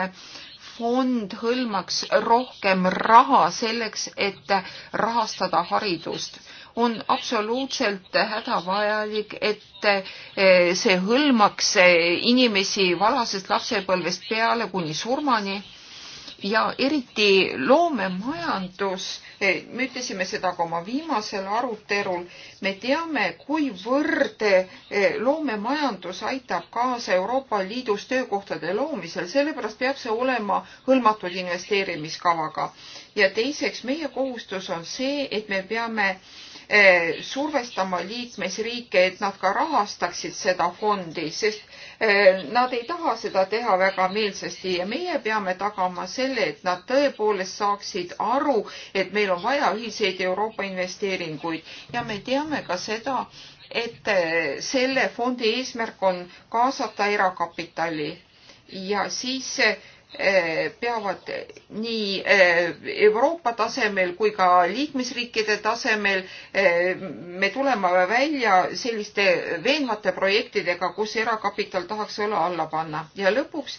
fond hõlmaks rohkem raha selleks, et rahastada haridust. on absoluutselt hädavajalik, et eh, see hõlmaks eh, inimesi valasest lapsepõlvest peale kuni surmani ja eriti loomemajandus me ütlesime seda ka oma viimasel arutelul, me teame, kuivõrd eh, loomemajandus aitab kaasa Euroopa Liidus töökohtade loomisel, sellepärast peab see olema hõlmatud investeerimiskavaga. ja teiseks, meie kohustus on see, et me peame eh, survestama liikmesriike, et nad ka rahastaksid seda fondi, sest Eh, nad ei taha seda teha väga meelsasti ja meie peame tagama selle, et nad tõepoolest saaksid aru, et meil on vaja ühiseid Euroopa investeeringuid ja me teame ka seda, et eh, selle fondi eesmärk on kaasata erakapitali ja siis eh, Eh, peavad nii eh, Euroopa tasemel kui ka liikmesriikide tasemel eh, me tulema välja selliste veenvate projektidega, kus erakapital tahaks õla alla panna ja lõpuks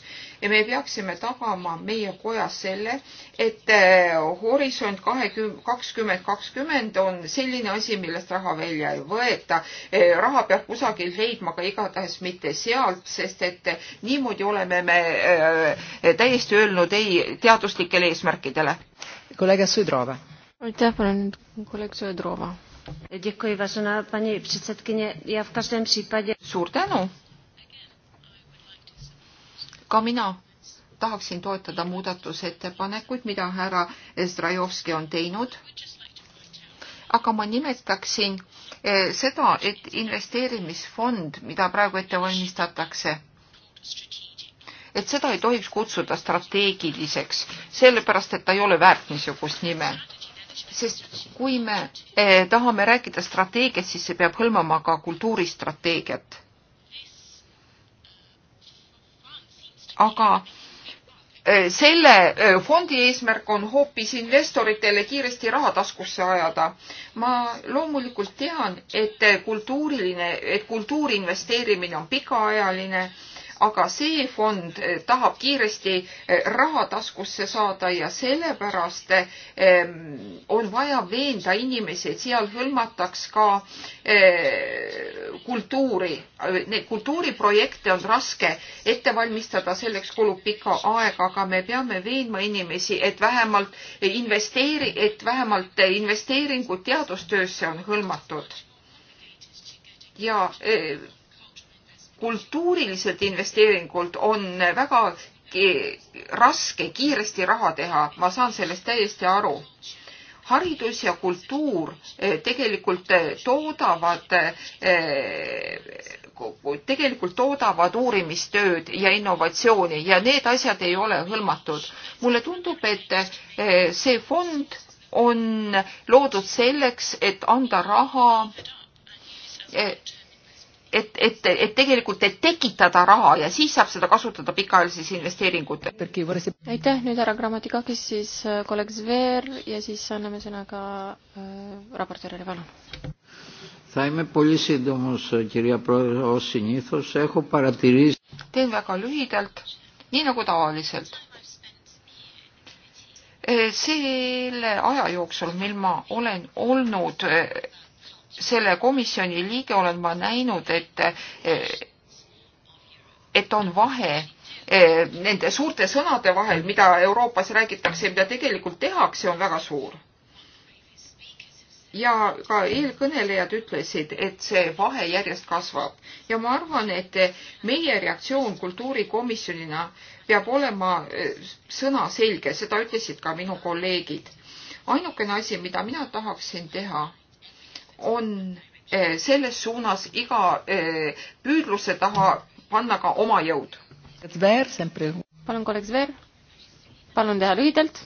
me peaksime tagama meie kojas selle, et Horisont kakskümmend kakskümmend on selline asi, millest raha välja ei võeta. raha peab kusagilt leidma, aga igatahes mitte sealt, sest et niimoodi oleme me täiesti öelnud ei teaduslikele eesmärkidele. kolleeg Sõdrova. aitäh, palun kolleeg Sõdrova. suur tänu. ka mina tahaksin toetada muudatusettepanekuid, mida härra Zdrajovski on teinud. aga ma nimetaksin eh, seda, et investeerimisfond, mida praegu ette valmistatakse, et seda ei tohiks kutsuda strateegiliseks, sellepärast et ta ei ole väärt niisugust nime. sest kui me eh, tahame rääkida strateegiast, siis see peab hõlmama ka kultuuristrateegiat. aga eh, selle eh, fondi eesmärk on hoopis investoritele kiiresti raha taskusse ajada. ma loomulikult tean, et eh, kultuuriline, et kultuuri investeerimine on pikaajaline aga see fond eh, tahab kiiresti eh, raha taskusse saada ja sellepärast eh, on vaja veenda inimesi, et seal hõlmataks ka kultuuri. Neid kultuuriprojekte on raske ette valmistada, selleks kulub pikka aega, aga me peame veenma inimesi, et vähemalt investeeri-, et vähemalt investeeringud teadustöösse on hõlmatud. ja kultuuriliselt investeeringult on väga raske kiiresti raha teha, ma saan sellest täiesti aru. haridus ja kultuur eh, tegelikult eh, toodavad, eh, tegelikult toodavad uurimistööd ja innovatsiooni ja need asjad ei ole hõlmatud. mulle tundub, et see fond on loodud selleks, et anda raha et, et, et tegelikult, et tekitada raha ja siis saab seda kasutada pikaajalises investeeringutes. aitäh, nüüd härra Grammatikakis, siis äh, kolleeg Zver ja siis anname sõna ka äh, raportöörile, palun. Θα είμαι πολύ σύντομος, κυρία Πρόεδρε, ως συνήθως. Έχω παρατηρήσει... Teen väga lühidalt, nii nagu tavaliselt. Selle aja jooksul, mil ma olen olnud selle komisjoni liige olen ma näinud, et, et on vahe e, nende suurte sõnade vahel, mida Euroopas räägitakse ja mida tegelikult tehakse, on väga suur. ja ka eelkõnelejad ütlesid, et see vahe järjest kasvab ja ma arvan, et meie reaktsioon kultuurikomisjonina peab olema e, sõnaselge, seda ütlesid ka minu kolleegid. ainukene asi, mida mina tahaksin teha on eh, selles suunas iga eh, püüdluse taha panna ka oma jõud. palun, kolleeg Zver, palun teha lühidalt.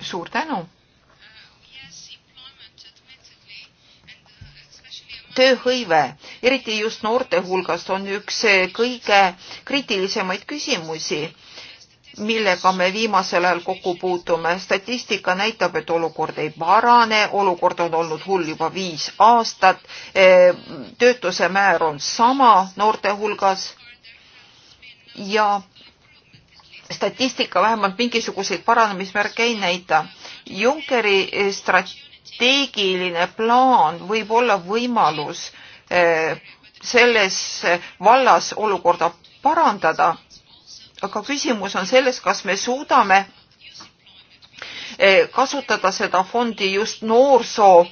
suur tänu. tööhõive, eriti just noorte hulgas, on üks eh, kõige kriitilisemaid küsimusi millega me viimasel ajal kokku puutume. statistika näitab, et olukord ei parane, olukord on olnud hull juba viis aastat, eh, töötuse määr on sama noorte hulgas ja statistika vähemalt mingisuguseid paranemismärke ei näita. Junckeri eh, strateegiline plaan võib olla võimalus eh, selles vallas olukorda parandada aga küsimus on selles, kas me suudame eh, kasutada seda fondi just noorsoo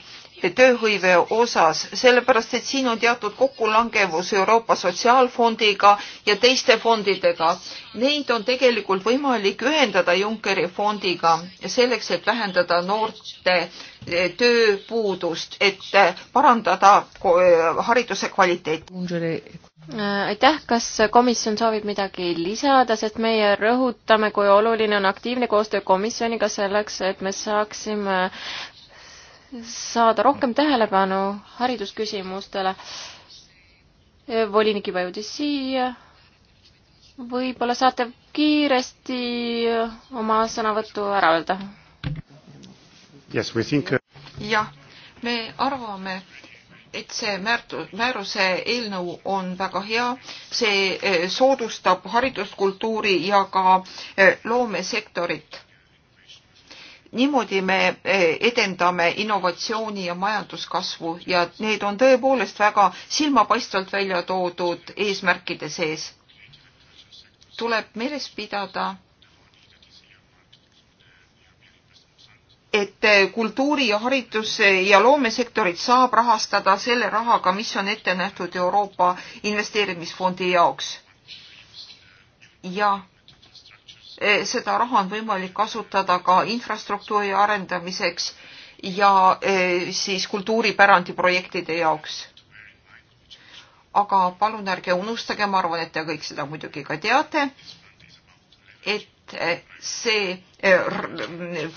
tööhõive osas, sellepärast et siin on teatud kokkulangevus Euroopa Sotsiaalfondiga ja teiste fondidega. Neid on tegelikult võimalik ühendada Junckeri fondiga selleks, et vähendada noorte eh, tööpuudust, et eh, parandada eh, hariduse kvaliteeti aitäh, kas komisjon soovib midagi lisada, sest meie rõhutame, kui oluline on aktiivne koostöö komisjoniga selleks, et me saaksime saada rohkem tähelepanu haridusküsimustele. volinik juba jõudis siia. võib-olla saate kiiresti oma sõnavõttu ära öelda? Uh, jah, me arvame, et see määrtu, määruse eelnõu on väga hea, see eh, soodustab hariduskultuuri ja ka eh, loomesektorit niimoodi me eh, edendame innovatsiooni ja majanduskasvu ja need on tõepoolest väga silmapaistvalt välja toodud eesmärkide sees. tuleb meeles pidada, et eh, kultuuri ja haridus ja loomesektorit saab rahastada selle rahaga, mis on ette nähtud Euroopa Investeerimisfondi jaoks. ja Eh, seda raha on võimalik kasutada ka infrastruktuuri arendamiseks ja eh, siis kultuuripärandi projektide jaoks. aga palun ärge unustage, ma arvan, et te kõik seda muidugi ka teate, et eh, see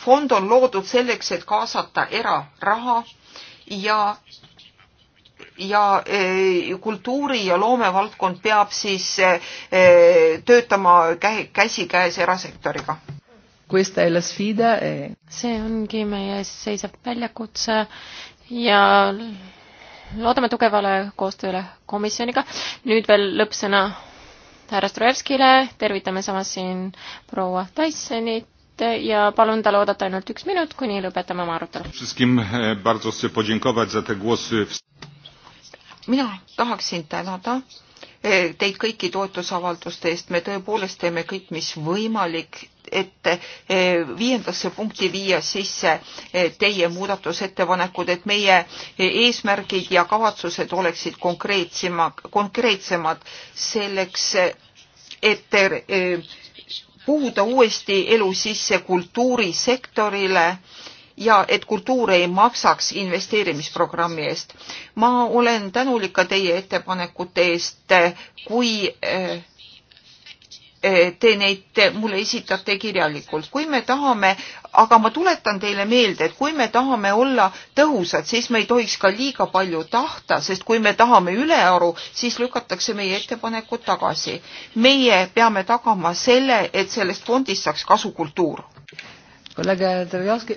fond on loodud selleks, et kaasata eraraha ja ja eh, kultuuri ja loomevaldkond peab siis eh, töötama käsikäes erasektoriga. E- see ongi meie ees seisev väljakutse ja loodame tugevale koostööle komisjoniga. nüüd veel lõppsõna härra Strojevskile, tervitame samas siin proua Tysonit ja palun tal oodata ainult üks minut, kuni lõpetame oma arutelu mina tahaksin tänada eh, teid kõiki toetusavalduste eest, me tõepoolest teeme kõik, mis võimalik, et eh, viiendasse punkti viia sisse eh, teie muudatusettepanekud, et meie eesmärgid ja kavatsused oleksid konkreetsema, konkreetsemad selleks, et puhuda uuesti elu sisse kultuurisektorile ja et kultuur ei maksaks investeerimisprogrammi eest. ma olen tänulik ka teie ettepanekute eest, kui eh, eh, te neid mulle esitate kirjalikult. kui me tahame, aga ma tuletan teile meelde, et kui me tahame olla tõhusad, siis me ei tohiks ka liiga palju tahta, sest kui me tahame ülearu, siis lükatakse meie ettepanekud tagasi. meie peame tagama selle, et sellest fondist saaks kasu kultuur kolleeg Drojevski,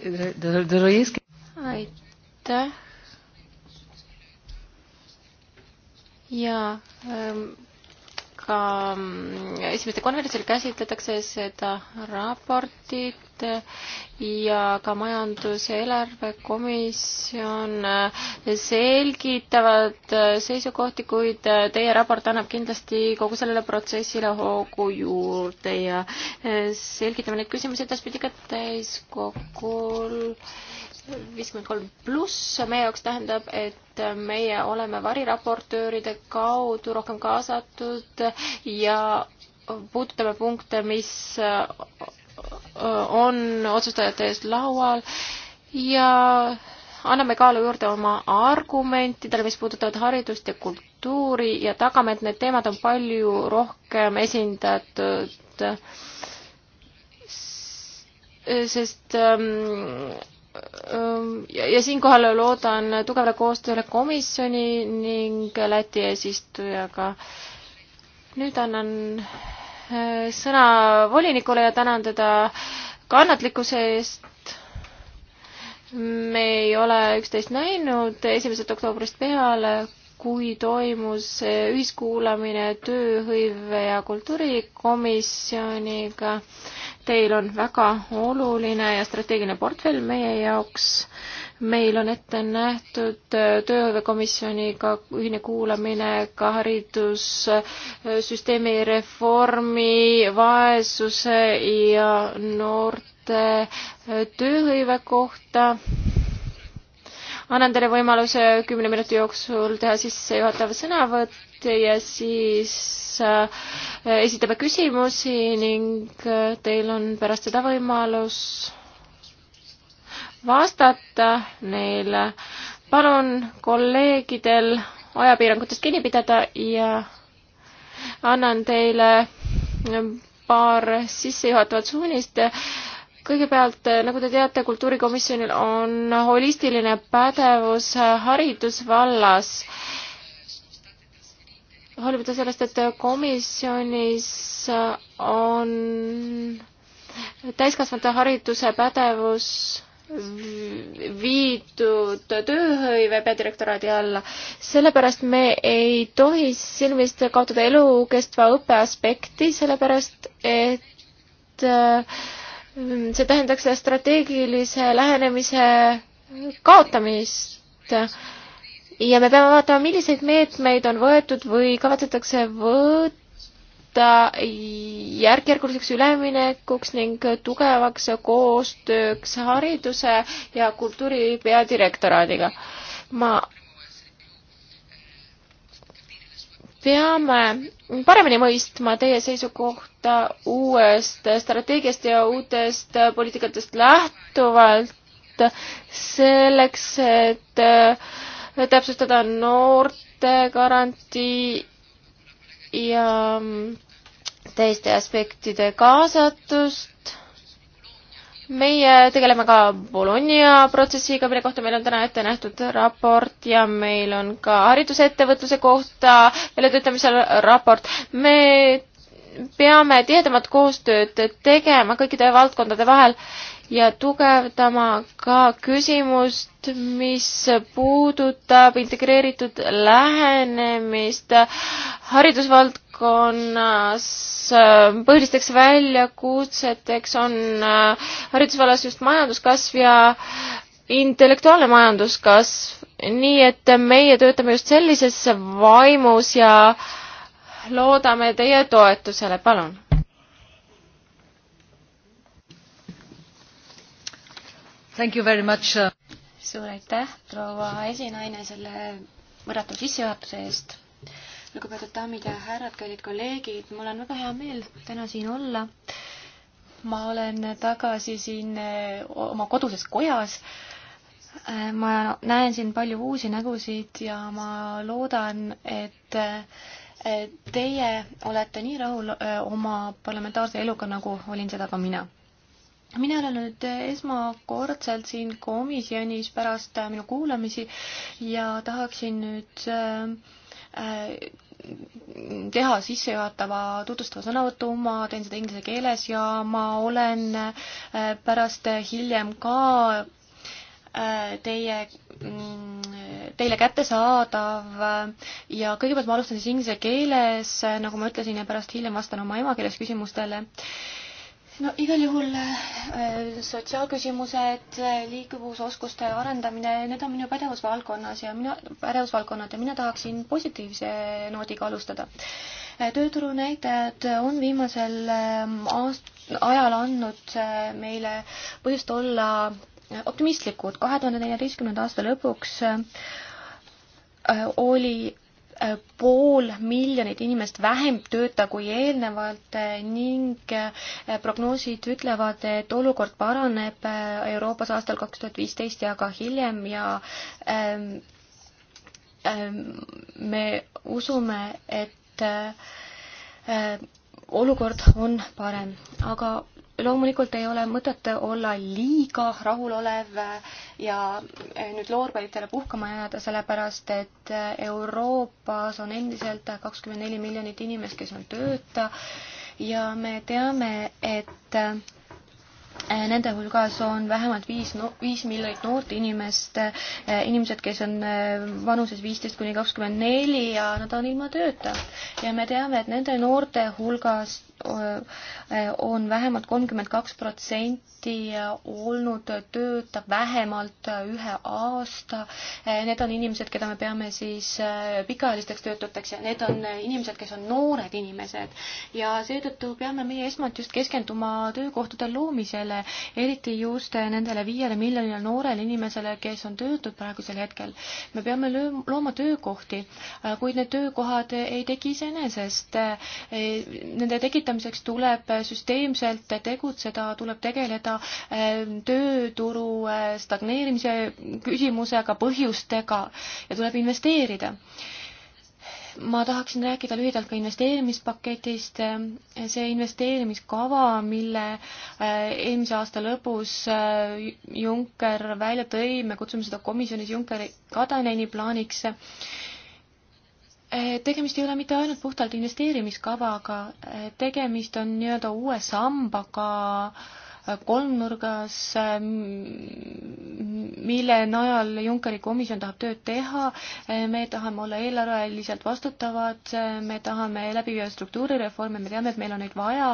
Drojevski. aitäh. ja ähm, ka ähm, esimesel konverentsil käsitletakse seda raportit Liit ja ka majandus- ja eelarvekomisjon selgitavad seisukohti, kuid teie raport annab kindlasti kogu sellele protsessile hoogu juurde ja selgitame neid küsimusi edaspidi ka täiskogul viiskümmend kolm pluss meie jaoks tähendab, et meie oleme variraportööride kaudu rohkem kaasatud ja puudutame punkte, mis on otsustajate ees laual ja anname kaalu juurde oma argumentidele, mis puudutavad haridust ja kultuuri ja tagame, et need teemad on palju rohkem esindatud. sest ähm, ähm, ja, ja siinkohal loodan tugevale koostööle komisjoni ning Läti eesistujaga. nüüd annan Eh, sõna volinikule ja tänan teda kannatlikkuse eest. me ei ole üksteist näinud esimesest oktoobrist peale, kui toimus ühiskuulamine tööhõive ja kultuurikomisjoniga. Teil on väga oluline ja strateegiline portfell meie jaoks meil on ette nähtud äh, tööhõivekomisjoniga ühine kuulamine ka haridussüsteemi äh, reformi, vaesuse ja noorte äh, tööhõive kohta annan teile võimaluse kümne minuti jooksul teha sissejuhatav sõnavõtt ja siis esitame küsimusi ning teil on pärast seda võimalus vastata neile. palun kolleegidel ajapiirangutest kinni pidada ja annan teile paar sissejuhatavat suunist. kõigepealt, nagu te teate, kultuurikomisjonil on holistiline pädevus haridusvallas. hoolimata sellest, et komisjonis on täiskasvanute hariduse pädevus viidud tööhõive peadirektoraadi alla. sellepärast me ei tohi silmist kaotada elukestva õppe aspekti, sellepärast et äh, see tähendaks strateegilise lähenemise kaotamist. ja me peame vaatama, milliseid meetmeid on võetud või kavatsetakse võtta muuta järkjärguliseks üleminekuks ning tugevaks koostööks hariduse ja kultuuri peadirektoraadiga. ma peame paremini mõistma teie seisukohta uuest strateegiast ja uutest poliitikatest lähtuvalt selleks, et täpsustada noorte garantii ja teiste aspektide kaasatust. meie tegeleme ka Bologna protsessiga, mille kohta meil on täna ette nähtud raport ja meil on ka haridusettevõtluse kohta väljatöötamisel raport. me peame tihedamat koostööd tegema kõikide valdkondade vahel ja tugevdama ka küsimust, mis puudutab integreeritud lähenemist haridusvaldkonnas. põhilisteks väljakutseteks on äh, haridusvallas just majanduskasv ja intellektuaalne majanduskasv, nii et meie töötame just sellises vaimus ja loodame teie toetusele, palun Uh, suur aitäh, proua esinaine, selle võrratu sissejuhatuse eest. lugupeetud daamid ja härrad, kallid kolleegid, mul on väga hea meel täna siin olla. ma olen tagasi siin eh, oma koduses kojas eh, ma näen siin palju uusi nägusid ja ma loodan, et eh, teie olete nii rahul oma parlamentaarse eluga, nagu olin seda ka mina mina olen nüüd esmakordselt siin komisjonis pärast äh, minu kuulamisi ja tahaksin nüüd äh, äh, teha sissejuhatava tutvustava sõnavõtu, ma teen seda inglise keeles ja ma olen pärast hiljem ka teie, mm, teile kättesaadav ja kõigepealt ma alustan siis inglise keeles, nagu ma ütlesin, ja pärast hiljem vastan oma emakeeles küsimustele no igal juhul äh, sotsiaalküsimused, liikuvusoskuste arendamine, need on minu pädevusvaldkonnas ja mina, pädevusvaldkonnad ja mina tahaksin positiivse noodiga alustada. Äh, tööturu näitajad on viimasel ähm, aast-, ajal andnud äh, meile põhjust olla optimistlikud. kahe tuhande neljateistkümnenda aasta lõpuks oli pool miljonit inimest vähem tööta kui eelnevalt eh, ning eh, prognoosid ütlevad, et olukord paraneb eh, Euroopas aastal kaks tuhat viisteist ja ka hiljem ja ehm, ehm, me usume, et olukord on parem, aga loomulikult ei ole mõtet olla liiga rahulolev ja eh, nüüd loorberitele puhkama jääda, sellepärast et eh, Euroopas on endiselt kakskümmend neli miljonit inimest, kes on tööta ja me teame, et eh, Nende hulgas on vähemalt viis no,, viis miljonit noort inimest, inimesed, kes on vanuses viisteist kuni kakskümmend neli ja nad on ilma tööta. ja me teame, et nende noorte hulgas on vähemalt kolmkümmend kaks protsenti olnud tööta vähemalt ühe aasta. Need on inimesed, keda me peame siis äh, pikaajalisteks töötuteks ja need on inimesed, kes on noored inimesed ja seetõttu peame meie esmalt just keskenduma töökohtade loomisele, eriti just nendele viiele miljonile noorele inimesele, kes on töötud praegusel hetkel. me peame looma töökohti, äh, kuid need töökohad ei teki iseenesest. Äh, nende tekitamine väljatöötamiseks tuleb äh, süsteemselt tegutseda, tuleb tegeleda ähm, tööturu äh, stagneerimise küsimusega, põhjustega ja tuleb investeerida ma tahaksin rääkida lühidalt ka investeerimispaketist. Äh, see investeerimiskava, mille eelmise aasta lõpus Juncker välja tõi, me kutsume seda komisjonis Junckeri Kataineni plaaniks. Eh, tegemist ei ole mitte ainult puhtalt investeerimiskavaga, eh, tegemist on nii-öelda uue sambaga eh, kolmnurgas, mille najal Junckeri komisjon tahab tööd teha, me tahame olla eelarveliselt vastutavad, me tahame läbi viia struktuurireforme, me teame, et meil on neid vaja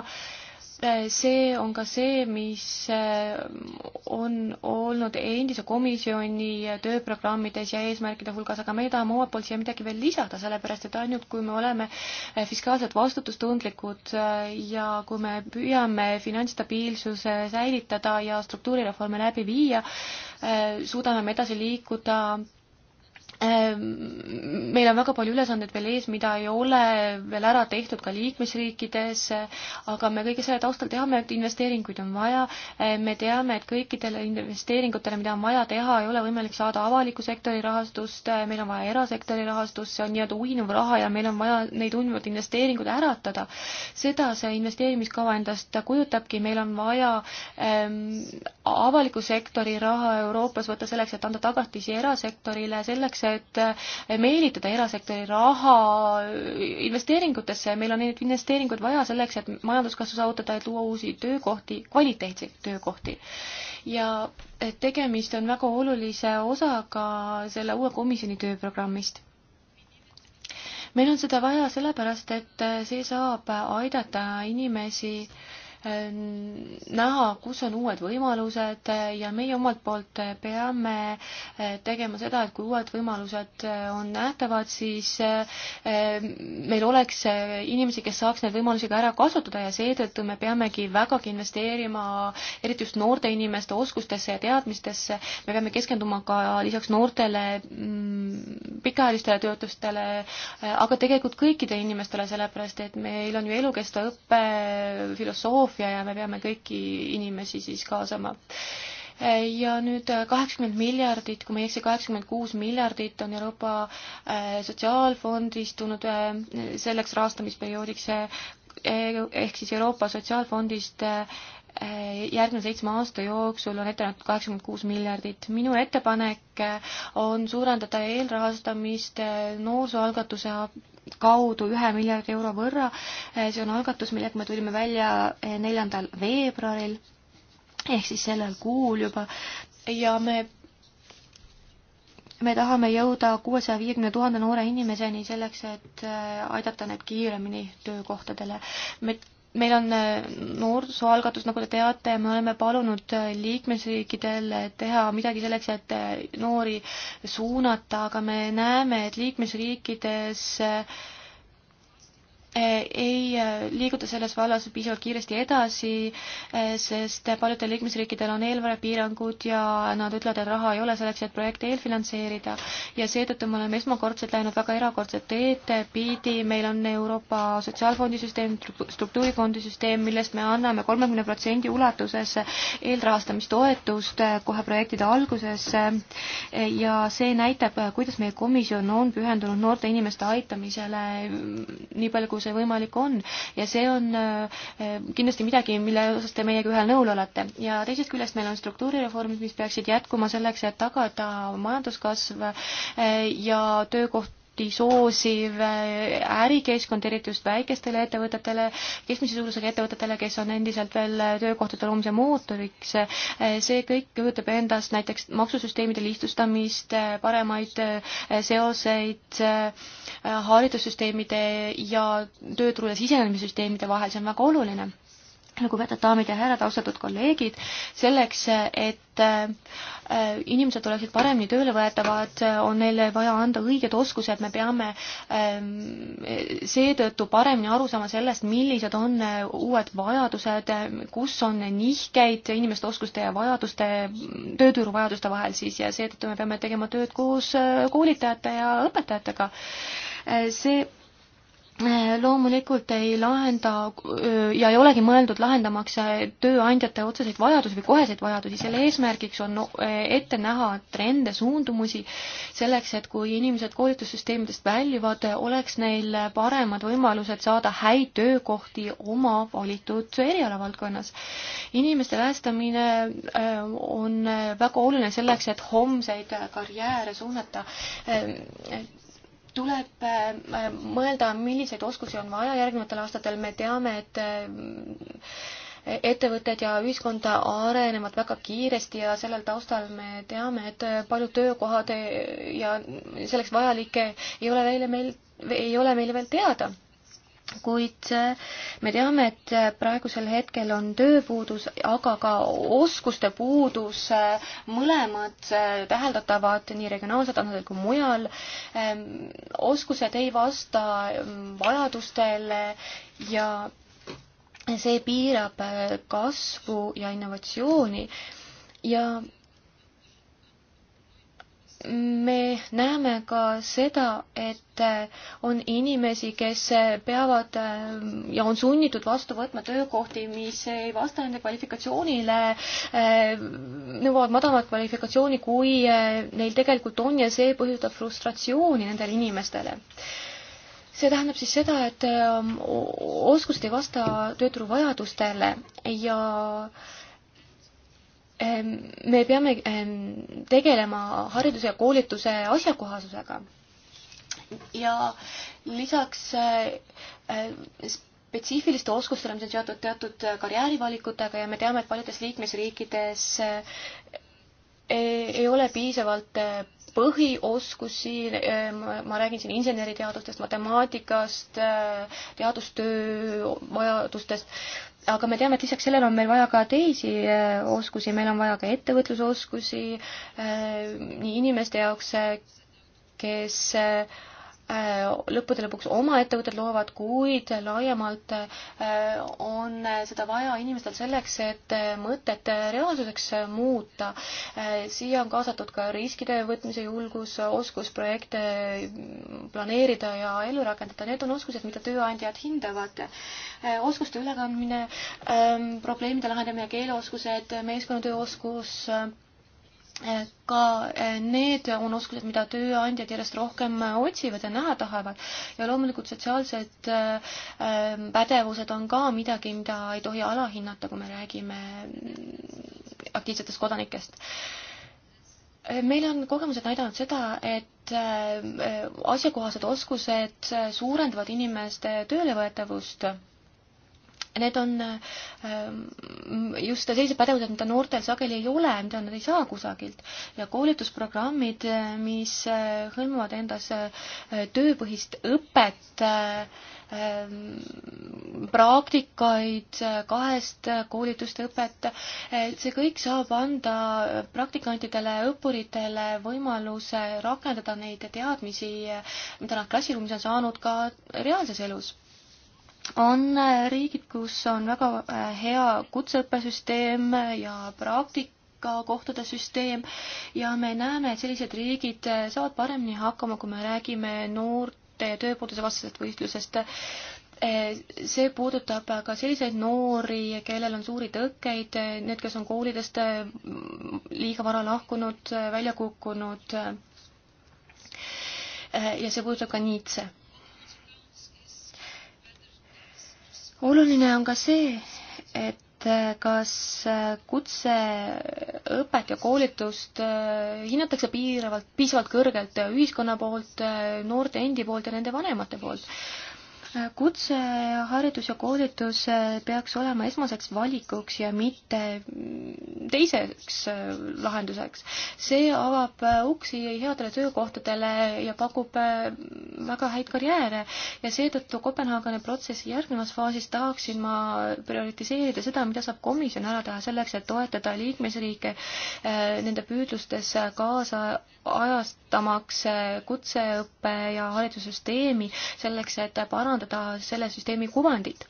Äh, see on ka see, mis äh, on olnud endise komisjoni äh, tööprogrammides ja eesmärkide hulgas, aga me tahame omalt poolt siia midagi veel lisada, sellepärast et ainult kui me oleme fiskaalselt vastutustundlikud ja kui me püüame finantsstabiilsuse säilitada ja struktuurireforme läbi viia, suudame me edasi liikuda Ehm, meil on väga palju ülesandeid veel ees, mida ei ole veel ära tehtud ka liikmesriikides, aga me kõige selle taustal teame, et investeeringuid on vaja, ehm, me teame, et kõikidele investeeringutele, mida on vaja teha, ei ole võimalik saada avaliku sektori rahastust, ehm, meil on vaja erasektori rahastust, see on nii-öelda uinuv raha ja meil on vaja neid uinuvaid investeeringuid äratada. seda see investeerimiskava endast kujutabki, meil on vaja ähm, avaliku sektori raha Euroopas võtta selleks, et anda tagatisi erasektorile, selleks, et meelitada erasektori raha investeeringutesse ja meil on neid investeeringuid vaja selleks, et majanduskasvu saavutada, et luua uusi töökohti, kvaliteetseid töökohti. ja tegemist on väga olulise osaga selle uue komisjoni tööprogrammist meil on seda vaja sellepärast, et see saab aidata inimesi äh, näha, kus on uued võimalused ja meie omalt poolt peame tegema seda, et kui uued võimalused on nähtavad, siis eh, meil oleks inimesi, kes saaks neid võimalusi ka ära kasutada ja seetõttu me peamegi vägagi investeerima eriti just noorte inimeste oskustesse ja teadmistesse. me peame keskenduma ka lisaks noortele mm, pikaajalistele töötustele, aga tegelikult kõikidele inimestele, sellepärast et meil on ju elukestva õppe filosoofia, maffia ja me peame kõiki inimesi siis kaasama ja nüüd äh, kaheksakümmend miljardit, kui ma ei eksi, kaheksakümmend kuus miljardit on Euroopa äh, Sotsiaalfondist tulnud äh, selleks rahastamisperioodiks ehk siis Euroopa Sotsiaalfondist järgmine seitsme aasta jooksul on ette nähtud kaheksakümmend kuus miljardit. minu ettepanek on suurendada eelrahastamist noorsooalgatuse kaudu ühe miljardi euro võrra. Eh, see on algatus, millega me tulime välja eh, neljandal veebruaril ehk siis sellel kuul juba ja me me tahame jõuda kuuesaja viiekümne tuhande noore inimeseni selleks, et eh, aidata neid kiiremini töökohtadele. me meil on äh, noorsoo algatus, nagu te teate, me oleme palunud äh, liikmesriikidel äh, teha midagi selleks, et noori suunata, aga me näeme, et liikmesriikides äh, Eh, ei eh, liiguta selles vallas piisavalt kiiresti edasi, eh, sest paljudel liikmesriikidel on eelarvepiirangud ja nad ütlevad, et raha ei ole selleks, et projekte eelfinantseerida ja seetõttu me oleme esmakordselt läinud väga erakordset teed pidi, meil on Euroopa Sotsiaalfondi süsteem, struktuurifondi süsteem, millest me anname kolmekümne protsendi ulatuses eelrahastamistoetust kohe projektide alguses ja see näitab, kuidas meie komisjon on pühendunud noorte inimeste aitamisele mm, nii palju, kui see võimalik on ja see on äh, kindlasti midagi, mille osas te meiega ühel nõul olete. ja teisest küljest meil on struktuurireformid, mis peaksid jätkuma selleks, et tagada majanduskasv äh, ja töökoht eksporti soosiv äh, ärikeskkond, eriti just väikestele ettevõtetele, keskmise suurusega ettevõtetele, kes on endiselt veel äh, töökohtade loomise mootoriks. Äh, see kõik kujutab endast näiteks maksusüsteemide lihtsustamist, paremaid seoseid haridussüsteemide ja tööturule sisenemissüsteemide vahel, see on väga oluline lugupeetud daamid ja härrad, austatud kolleegid, selleks, et äh, inimesed oleksid paremini tööle võetavad, on neile vaja anda õiged oskused, me peame ähm, seetõttu paremini aru saama sellest, millised on äh, uued vajadused, kus on nihkeid inimeste oskuste ja vajaduste, tööturu vajaduste vahel siis ja seetõttu me peame tegema tööd koos äh, koolitajate ja õpetajatega. see loomulikult ei lahenda ja ei olegi mõeldud lahendamaks äh, tööandjate otseseid vajadusi või koheseid vajadusi, selle eesmärgiks on äh, ette näha trende, suundumusi, selleks et kui inimesed koolitussüsteemidest väljuvad, oleks neil paremad võimalused saada häid töökohti oma valitud erialavaldkonnas. inimeste päästamine äh, on väga oluline selleks, et homseid karjääre suunata tuleb äh, mõelda, milliseid oskusi on vaja järgnevatel aastatel, me teame, et äh, ettevõtted ja ühiskond arenevad väga kiiresti ja sellel taustal me teame, et paljud töökohad ja selleks vajalikke ei ole veel meil, ei ole meile veel teada kuid eh, me teame, et eh, praegusel hetkel on tööpuudus, aga ka oskuste puudus, eh, mõlemad täheldatavad nii regionaalsel tasandil kui mujal. oskused ei vasta mm, vajadustele ja see piirab kasvu ja innovatsiooni ja me näeme ka seda, et äh, on inimesi, kes äh, peavad äh, ja on sunnitud vastu võtma töökohti, mis ei vasta nende kvalifikatsioonile, nõuavad madalamat kvalifikatsiooni, kui neil tegelikult on ja see põhjustab frustratsiooni nendele inimestele see tähendab siis seda, et oskused ei vasta tööturu vajadustele ja äh, me peame tegelema hariduse ja koolituse asjakohasusega. ja lisaks eh, eh, spetsiifiliste oskustele, mis on seotud teatud karjäärivalikutega ja me teame, et paljudes liikmesriikides eh, ei ole piisavalt põhioskusi, ma räägin siin inseneriteadustest, matemaatikast, teadustöö vajadustest aga me teame, et lisaks sellele on meil vaja ka teisi äh, oskusi, meil on vaja ka ettevõtlusoskusi äh, nii inimeste jaoks, äh, kes äh, Äh, lõppude lõpuks oma ettevõtted loovad, kuid laiemalt äh, on seda vaja inimestel selleks, et mõtet reaalsuseks muuta. Äh, siia on kaasatud ka riskide võtmise julgus, oskus projekte planeerida ja ellu rakendada, need on oskused, mida tööandjad hindavad. oskuste ülekandmine, ähm, probleemide lahendamine, keeleoskused, meeskonnatöö oskus, ka eh, need on oskused, mida tööandjad järjest rohkem eh, otsivad ja näha tahavad. ja loomulikult sotsiaalsed eh, pädevused on ka midagi, mida ei tohi alahinnata, kui me räägime mm, aktiivsetest kodanikest. meil on kogemused näidanud seda, et asjakohased oskused suurendavad inimeste töölevõetavust need on ähm, just sellised pädevused, mida noortel sageli ei ole, mida nad ei saa kusagilt. ja koolitusprogrammid, mis äh, hõlmavad endas äh, tööpõhist õpet, ähm, praktikaid, äh, kahest koolitust õpet, see kõik saab anda praktikantidele, õppuritele võimaluse rakendada neid teadmisi, mida nad klassiruumis on saanud ka reaalses elus on äh, riigid, kus on väga äh, hea kutseõppesüsteem ja praktika, kohtade süsteem ja me näeme, et sellised riigid äh, saavad paremini hakkama, kui me räägime noorte tööpuuduse vastasest võistlusest see puudutab ka selliseid noori, kellel on suuri tõkkeid, need, kes on koolidest liiga vara lahkunud, välja kukkunud. ja see puudutab ka niitse oluline on ka see, et äh, kas äh, kutseõpet ja koolitust äh, hinnatakse piiravalt, piisavalt kõrgelt ühiskonna poolt, noorte endi poolt ja nende vanemate poolt kutseharidus ja koolitus äh, peaks olema esmaseks valikuks ja mitte mm, teiseks äh, lahenduseks. see avab äh, uksi headele töökohtadele ja pakub väga häid karjääre ja seetõttu Kopenhaageni protsessi järgnevas faasis tahaksin ma prioritiseerida seda, mida saab komisjon ära teha selleks, et toetada liikmesriike nende püüdlustes kaasa ajastamaks kutseõppe ja haridussüsteemi selleks, et parandada parandada selle süsteemi kuvandit.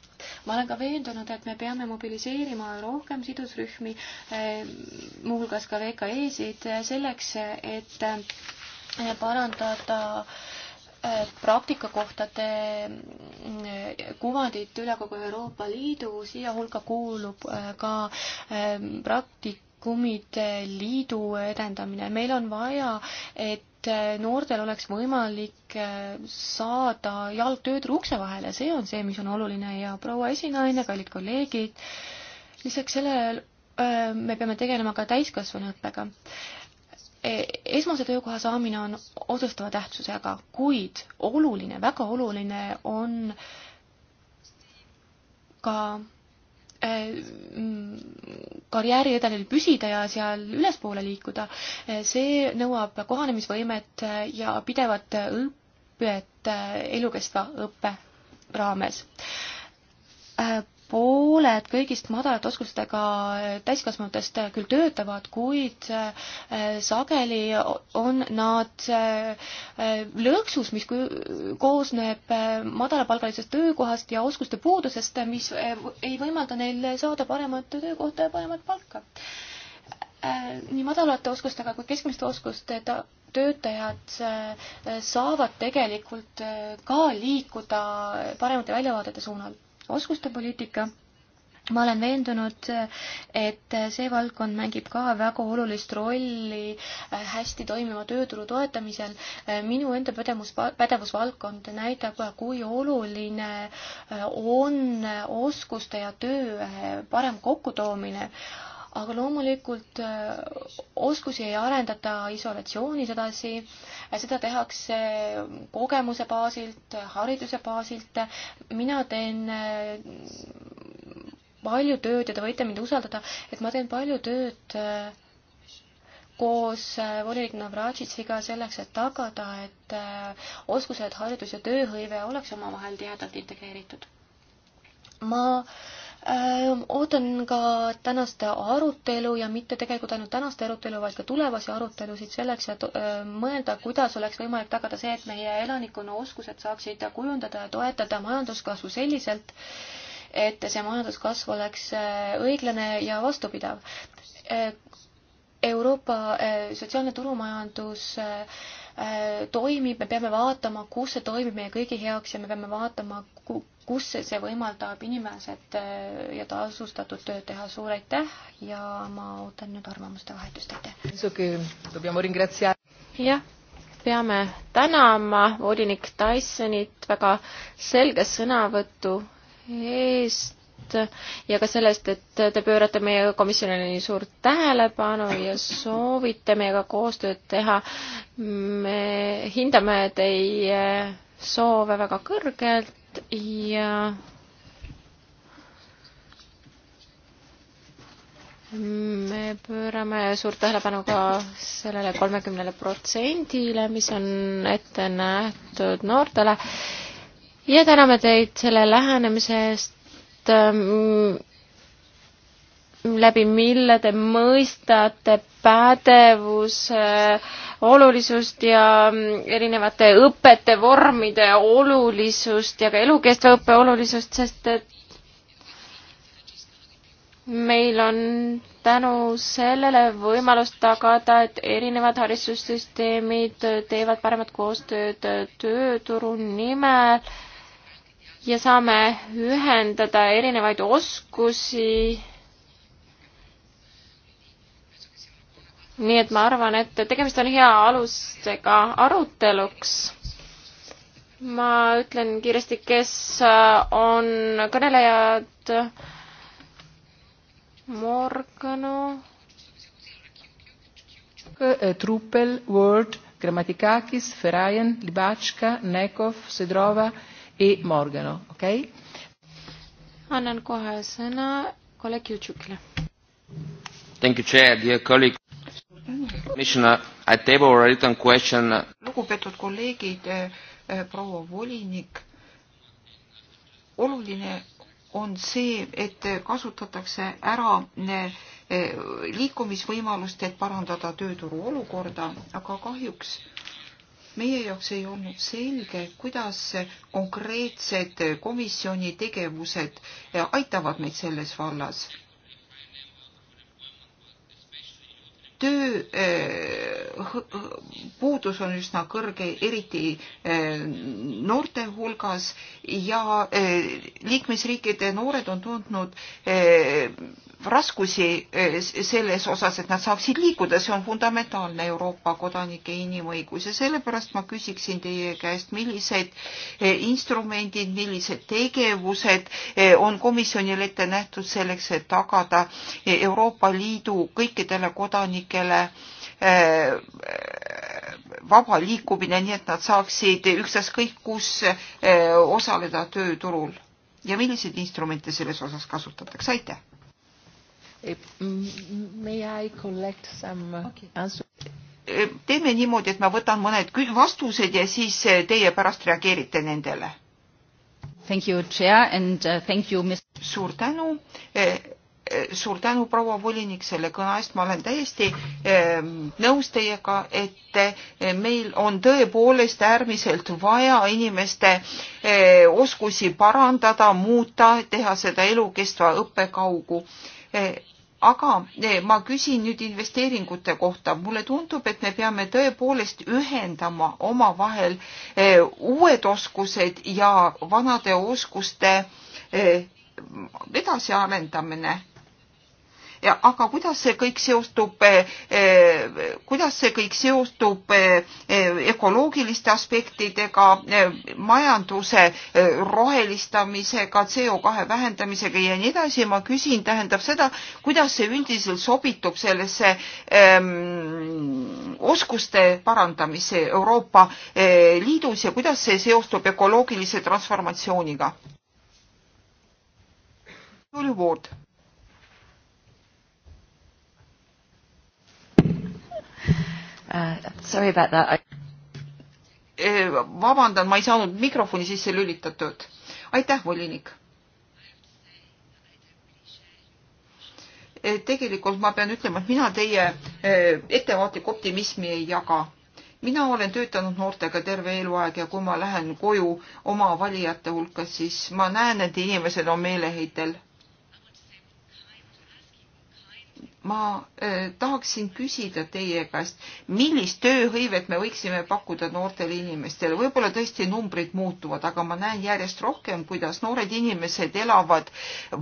ma olen ka veendunud, et me peame mobiliseerima rohkem sidusrühmi, eh, muuhulgas ka VKE-sid, eh, selleks, et eh, parandada praktikakohtade kuvandit üle kogu Euroopa Liidu, siia hulka kuulub ka praktik-, kummide liidu edendamine. meil on vaja, et et eh, noortel oleks võimalik eh, saada jalg tööturu ukse vahele, see on see, mis on oluline ja proua esinaine, kallid kolleegid, lisaks sellele eh, me peame tegelema ka täiskasvanuõppega. E, esmase töökoha saamine on otsustava tähtsusega, kuid oluline, väga oluline on ka karjääriredelil püsida ja seal ülespoole liikuda, see nõuab kohanemisvõimet ja pidevat õpet elukestva õppe raames pooled kõigist madalate oskustega täiskasvanutest küll töötavad, kuid äh, sageli on nad äh, lõksus, mis koosneb äh, madalapalgalisest töökohast ja oskuste puudusest, mis ei võimalda neil saada paremat töökohta ja paremat palka. nii madalate oskustega kui keskmiste oskustega töötajad saavad tegelikult ka liikuda paremate väljavaadete suunal oskuste poliitika ma olen veendunud, et see valdkond mängib ka väga olulist rolli äh, hästi toimiva tööturu toetamisel. Äh, minu enda pädevus, pädevusvaldkond näitab, kui oluline äh, on oskuste ja töö parem kokkutoomine aga loomulikult äh, oskusi ei arendata isolatsioonis edasi, äh, seda tehakse kogemuse baasilt, hariduse baasilt. mina teen äh, palju tööd ja te võite mind usaldada, et ma teen palju tööd koos volinik Navratšitsiga selleks, et tagada, et oskused, haridus ja tööhõive oleks omavahel tihedalt integreeritud. ma äh, Äh, ootan ka tänast arutelu ja mitte tegelikult ainult tänast arutelu, vaid ka tulevasi arutelusid selleks, et äh, mõelda, kuidas oleks võimalik tagada see, et meie elanikkonna oskused saaksid kujundada ja toetada majanduskasvu selliselt, et see majanduskasv oleks äh, õiglane ja vastupidav. Euroopa sotsiaalne turumajandus toimib, me peame vaatama, kus see toimib meie kõigi heaks ja me peame vaatama, kus see võimaldab inimesed äh, ja tasustatud tööd teha. suur aitäh ja ma ootan nüüd arvamuste vahetust, aitäh! jah, peame tänama volinik Dysonit väga selge sõnavõtu eest ja ka selle eest, et te pöörate meie komisjonile nii suurt tähelepanu ja soovite meiega koostööd teha. me hindame teie soove väga kõrgelt poolt ja me pöörame suurt tähelepanu ka sellele kolmekümnele protsendile, mis on ette nähtud noortele ja täname teid selle lähenemise eest ähm, läbi mille te mõistate pädevuse olulisust ja mm, erinevate õpete vormide olulisust ja ka elukestva õppe olulisust, sest et meil on tänu sellele võimalus tagada, et erinevad haridussüsteemid teevad paremat koostööd tööturu nimel ja saame ühendada erinevaid oskusi nii et ma arvan, et tegemist on hea alusega aruteluks. ma ütlen kiiresti, kes äh, on kõnelejad. Morgano. Truppel, Word, Grammatikakis, Ferajan, Libatška, Nekov, Sidrova ja e Morgano, okei okay?? annan kohe sõna kolleeg Jutšukile. Thank you, Chair, dear colleague lugupeetud kolleegid, eh, proua volinik, oluline on see, et kasutatakse ära eh, liikumisvõimalust, et parandada tööturu olukorda, aga kahjuks meie jaoks ei olnud selge, kuidas konkreetsed komisjoni tegevused eh, aitavad meid selles vallas tööpuudus eh, on üsna kõrge, eriti eh, noorte hulgas ja eh, liikmesriikide noored on tundnud raskusi selles osas, et nad saaksid liikuda, see on fundamentaalne Euroopa kodanike inimõigus ja sellepärast ma küsiksin teie käest, millised instrumendid, millised tegevused on komisjonil ette nähtud selleks, et tagada Euroopa Liidu kõikidele kodanikele kodanikele eh, vaba liikumine, nii et nad saaksid ükstaskõik kus eh, osaleda tööturul ja milliseid instrumente selles osas kasutatakse, aitäh! Eh, may I collect some okay. answers? teeme niimoodi, et ma võtan mõned vastused ja siis teie pärast reageerite nendele. Thank you, chair and thank you, Miss. suur tänu suur tänu, proua volinik, selle kõne eest, ma olen täiesti ehm, nõus teiega, et eh, meil on tõepoolest äärmiselt vaja inimeste eh, oskusi parandada, muuta, teha seda elukestva õppe kaugu eh, aga ma küsin nüüd investeeringute kohta. mulle tundub, et me peame tõepoolest ühendama omavahel uued oskused ja vanade oskuste edasiarendamine aga kuidas see kõik seostub, eh, eh, kuidas see kõik seostub eh, ökoloogiliste aspektidega, majanduse rohelistamisega, CO2 vähendamisega ja nii edasi, ma küsin, tähendab seda, kuidas see üldiselt sobitub sellesse öö, ehm, oskuste parandamisse Euroopa Liidus ja kuidas see seostub ökoloogilise transformatsiooniga? Julju Vood uh,. Sorry about that I.... Eh, vabandan, ma ei saanud mikrofoni sisse lülitatud. aitäh, volinik. Eh, tegelikult ma pean ütlema, et mina teie eh, ettevaatlikku optimismi ei jaga mina olen töötanud noortega terve eluaeg ja kui ma lähen koju oma valijate hulka, siis ma näen, et inimesed on meeleheitel ma äh, tahaksin küsida teie käest, millist tööhõivet me võiksime pakkuda noortele inimestele, võib-olla tõesti numbrid muutuvad, aga ma näen järjest rohkem, kuidas noored inimesed elavad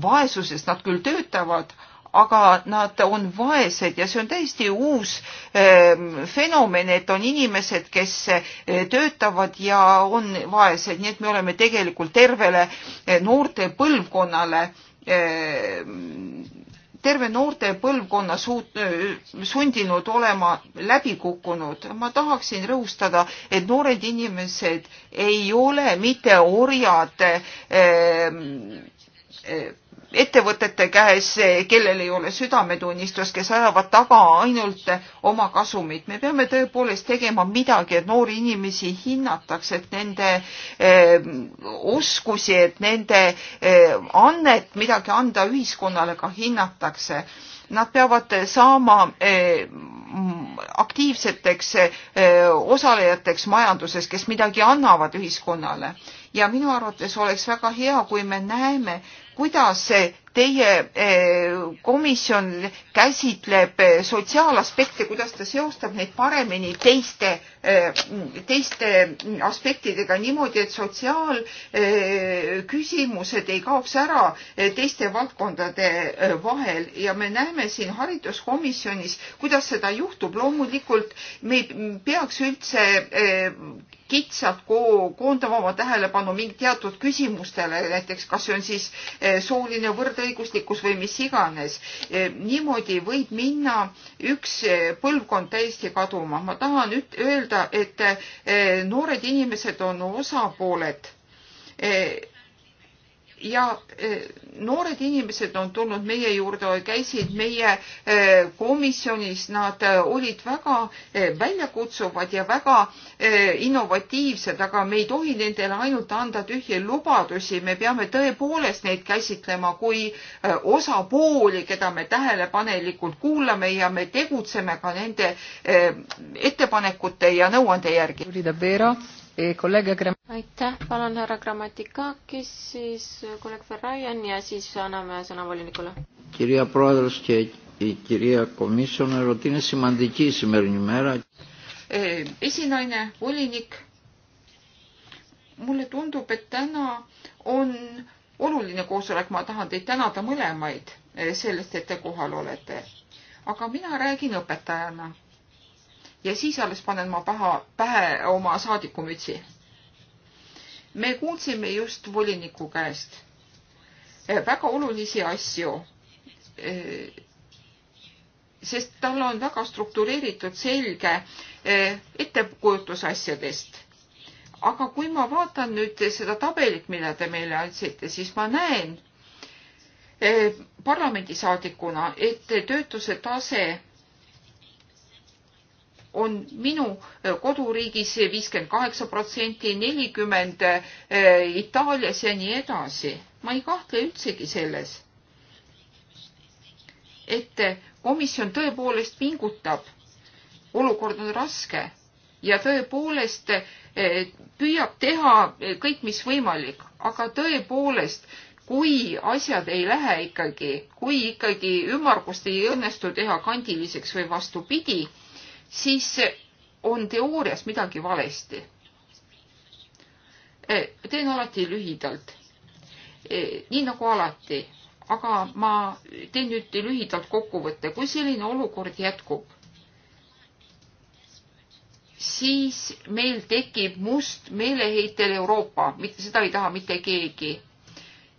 vaesuses, nad küll töötavad, aga nad on vaesed ja see on täiesti uus äh, fenomen, et on inimesed, kes äh, töötavad ja on vaesed, nii et me oleme tegelikult tervele äh, noorte põlvkonnale äh, terve noorte põlvkonna suut, sundinud olema läbikukkunud. ma tahaksin rõhustada, et noored inimesed ei ole mitte orjad eh, eh, ettevõtete käes, kellel ei ole südametunnistust, kes ajavad taga ainult oma kasumit. me peame tõepoolest tegema midagi, et noori inimesi hinnataks, et nende eh, oskusi, et nende eh, annet midagi anda ühiskonnale ka hinnatakse. Nad peavad saama eh, aktiivseteks eh, osalejateks majanduses, kes midagi annavad ühiskonnale. ja minu arvates oleks väga hea, kui me näeme, kuidas teie eh, komisjon käsitleb eh, sotsiaalaspekte, kuidas ta seostab neid paremini teiste, eh, teiste aspektidega niimoodi, et sotsiaalküsimused ei kaoks ära teiste valdkondade vahel ja me näeme siin hariduskomisjonis, kuidas seda juhtub. loomulikult me ei peaks üldse kitsalt ko koondama oma tähelepanu mingi teatud küsimustele, näiteks kas see on siis eh, sooline võrdõiguslikkus või mis iganes. Eh, niimoodi võib minna üks eh, põlvkond täiesti kaduma. ma tahan öelda, et noored inimesed on osapooled ja e, noored inimesed on tulnud meie juurde, käisid meie e, komisjonis, nad e, olid väga väljakutsuvad ja väga innovatiivsed, aga me ei tohi nendele ainult anda tühje lubadusi, me peame tõepoolest neid käsitlema kui osapooli, keda me tähelepanelikult kuulame ja me tegutseme ka nende ettepanekute ja nõuande järgi. Eh, aitäh, palun härra Grammatikakis, siis eh, kolleeg Ferrajan ja siis anname sõna volinikule. kirja proadrus ja kirja komisjonär, Otine Simandiki, Simerni Määra. Eh, esinaine, volinik. mulle tundub, et täna on oluline koosolek, ma tahan teid tänada mõlemaid sellest, et te kohal olete. aga mina räägin õpetajana ja siis alles panen ma paha, pähe oma saadikumütsi. me kuulsime just voliniku käest eh, väga olulisi asju, eh, sest tal on väga struktureeritud selge eh, ettekujutus asjadest aga kui ma vaatan nüüd seda tabelit, mille te meile andsite, siis ma näen eh, parlamendisaadikuna, et töötuse tase on minu eh, koduriigis viiskümmend kaheksa protsenti, nelikümmend eh, Itaalias ja nii edasi. ma ei kahtle üldsegi selles, et komisjon tõepoolest pingutab. olukord on raske ja tõepoolest eh, püüab teha kõik, mis võimalik, aga tõepoolest, kui asjad ei lähe ikkagi, kui ikkagi ümmargust ei õnnestu teha kandiliseks või vastupidi, siis on teoorias midagi valesti. Eh, teen alati lühidalt, eh, nii nagu alati, aga ma teen nüüd lühidalt kokkuvõtte, kui selline olukord jätkub, siis meil tekib must meeleheitel Euroopa, mitte seda ei taha mitte keegi.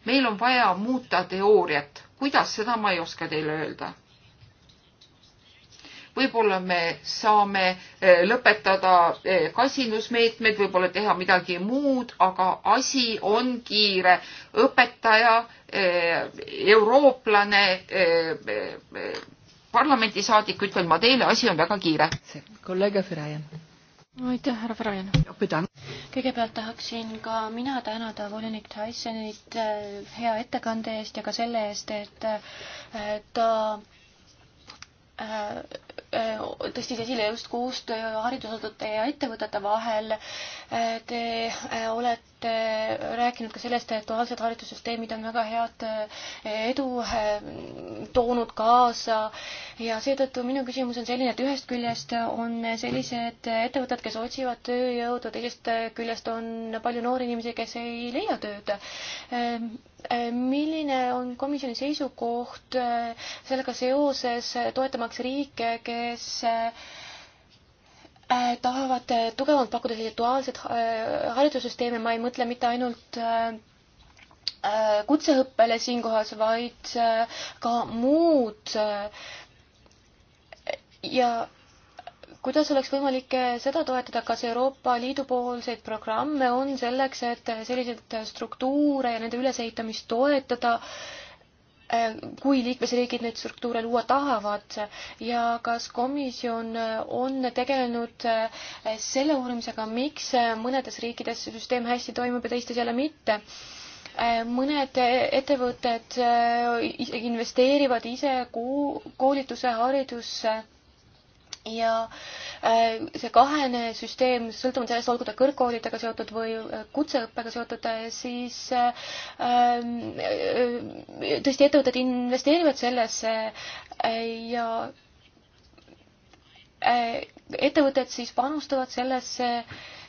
meil on vaja muuta teooriat, kuidas, seda ma ei oska teile öelda võib-olla me saame eh, lõpetada eh, kasinusmeetmed, võib-olla teha midagi muud, aga asi on kiire. õpetaja, eh, eurooplane, parlamendisaadik, ütlen ma teile, asi on väga kiire. kolleeg Ferajan aitäh, härra Farajan. kõigepealt tahaksin ka mina tänada volinik Tysonit hea ettekande eest ja ka selle eest, et ta Äh, tõstis esile just koostöö haridusasutuste ja ettevõtete vahel. Äh, te äh, olete olete rääkinud ka sellest, et duaalsed haridussüsteemid on väga head eh, edu eh, toonud kaasa ja seetõttu minu küsimus on selline, et ühest küljest on sellised ettevõtted, kes otsivad tööjõudu, teisest küljest on palju noori inimesi, kes ei leia tööd. Eh, milline on komisjoni seisukoht sellega seoses, toetamaks riike, kes Äh, tahavad äh, tugevamalt pakkuda sellist duaalset äh, haridussüsteemi, ma ei mõtle mitte ainult kutseõppele siinkohas, vaid ka muud. ja kuidas oleks võimalik seda toetada, kas Euroopa Liidu poolseid programme on selleks, et selliseid struktuure ja nende ülesehitamist toetada äh, Äh, kui liikmesriigid neid struktuure luua tahavad ja kas komisjon äh, on tegelenud äh, selle uurimisega, miks mõnedes riikides see süsteem hästi toimub ja teistes jälle mitte? mõned ettevõtted isegi investeerivad ise koolituse, haridusse ja äh, see kahene süsteem, sõltuvalt sellest, olgu ta kõrgkoolidega seotud või äh, kutseõppega seotud, äh, siis tõesti ettevõtted investeerivad sellesse ja ettevõtted siis panustavad sellesse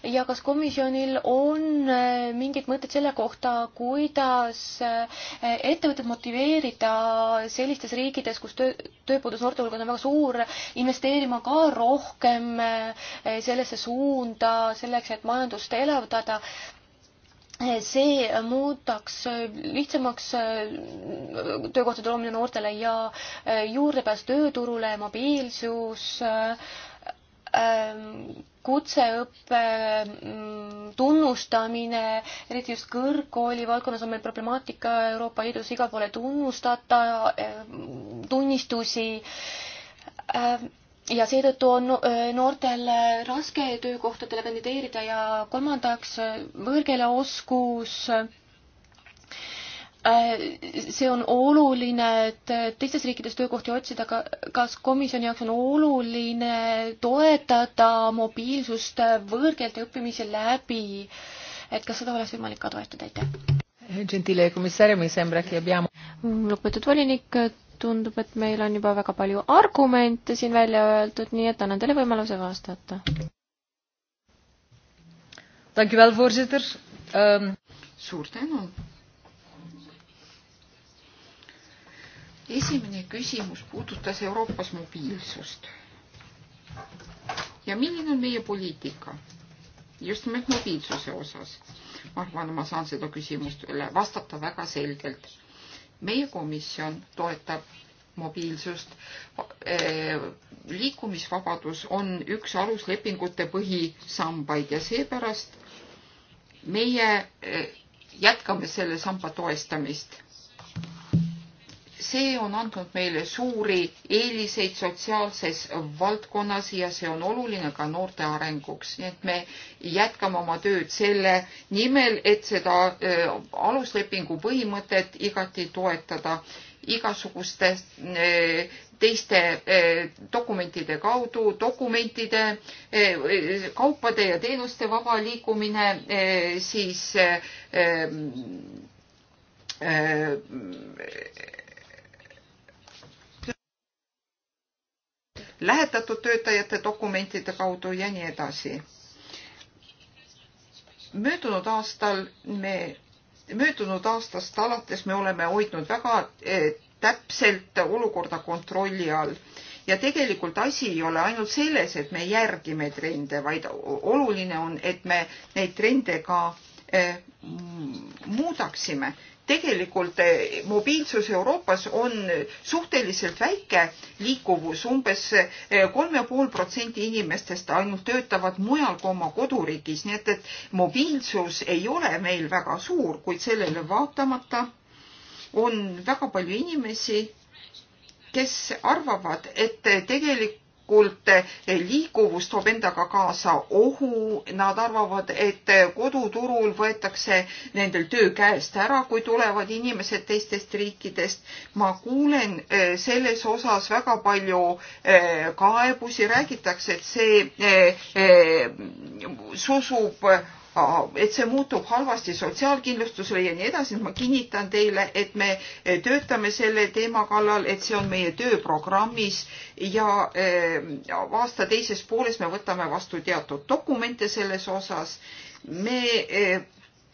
ja kas komisjonil on äh, mingid mõtted selle kohta, kuidas äh, ettevõtted motiveerida sellistes riikides, kus töö, tööpuuduse noorte hulgas on väga suur, investeerima ka rohkem äh, sellesse suunda, selleks, et majandust elavdada, see muudaks lihtsamaks töökohtade loomine noortele ja juurdepääs tööturule, mobiilsus äh,, Ähm, kutseõppe mm, tunnustamine, eriti just kõrgkooli valdkonnas on meil problemaatika Euroopa Liidus igale poole tunnustata ähm, tunnistusi ähm, ja seetõttu on äh, noortel äh, raske töökohtadele kandideerida ja kolmandaks äh, võõrkeeleoskus oskus Äh, see on oluline, et äh, teistes riikides töökohti otsida, aga kas komisjoni jaoks on oluline toetada mobiilsust äh, võõrkeelte õppimise läbi, et kas seda oleks võimalik ka toetada, aitäh? lugupeetud volinik, tundub, et meil on juba väga palju argumente siin välja öeldud, nii et annan teile võimaluse vastata. Ehm, suur tänu esimene küsimus puudutas Euroopas mobiilsust. ja milline on meie poliitika just nimelt mobiilsuse osas? ma arvan, ma saan seda küsimust üle vastata väga selgelt. meie komisjon toetab mobiilsust. Äh, liikumisvabadus on üks aluslepingute põhisambaid ja seepärast meie äh, jätkame selle samba toestamist see on andnud meile suuri eeliseid sotsiaalses valdkonnas ja see on oluline ka noorte arenguks, nii et me jätkame oma tööd selle nimel, et seda aluslepingu põhimõtet igati toetada igasuguste teiste dokumentide kaudu, dokumentide, kaupade ja teenuste vaba liikumine, siis lähetatud töötajate dokumentide kaudu ja nii edasi. möödunud aastal me, möödunud aastast alates me oleme hoidnud väga eh, täpselt olukorda kontrolli all ja tegelikult asi ei ole ainult selles, et me järgime trende, vaid oluline on, et me neid trende ka eh, muudaksime tegelikult eh, mobiilsus Euroopas on suhteliselt väike liikuvus umbes, umbes eh, kolm ja pool protsenti inimestest ainult töötavad mujal kui oma koduriigis, nii et, et mobiilsus ei ole meil väga suur, kuid sellele vaatamata on väga palju inimesi, kes arvavad, et tegelik tegelikult eh, liikuvus toob endaga kaasa ohu, nad arvavad, et eh, koduturul võetakse nendel töö käest ära, kui tulevad inimesed teistest riikidest. ma kuulen eh, selles osas väga palju kaebusi, räägitakse, et see susub Äh, et see muutub halvasti sotsiaalkindlustusele ja nii edasi, ma kinnitan teile, et me äh, töötame selle teema kallal, et see on meie tööprogrammis ja äh, aasta teises pooles me võtame vastu teatud dokumente selles osas. me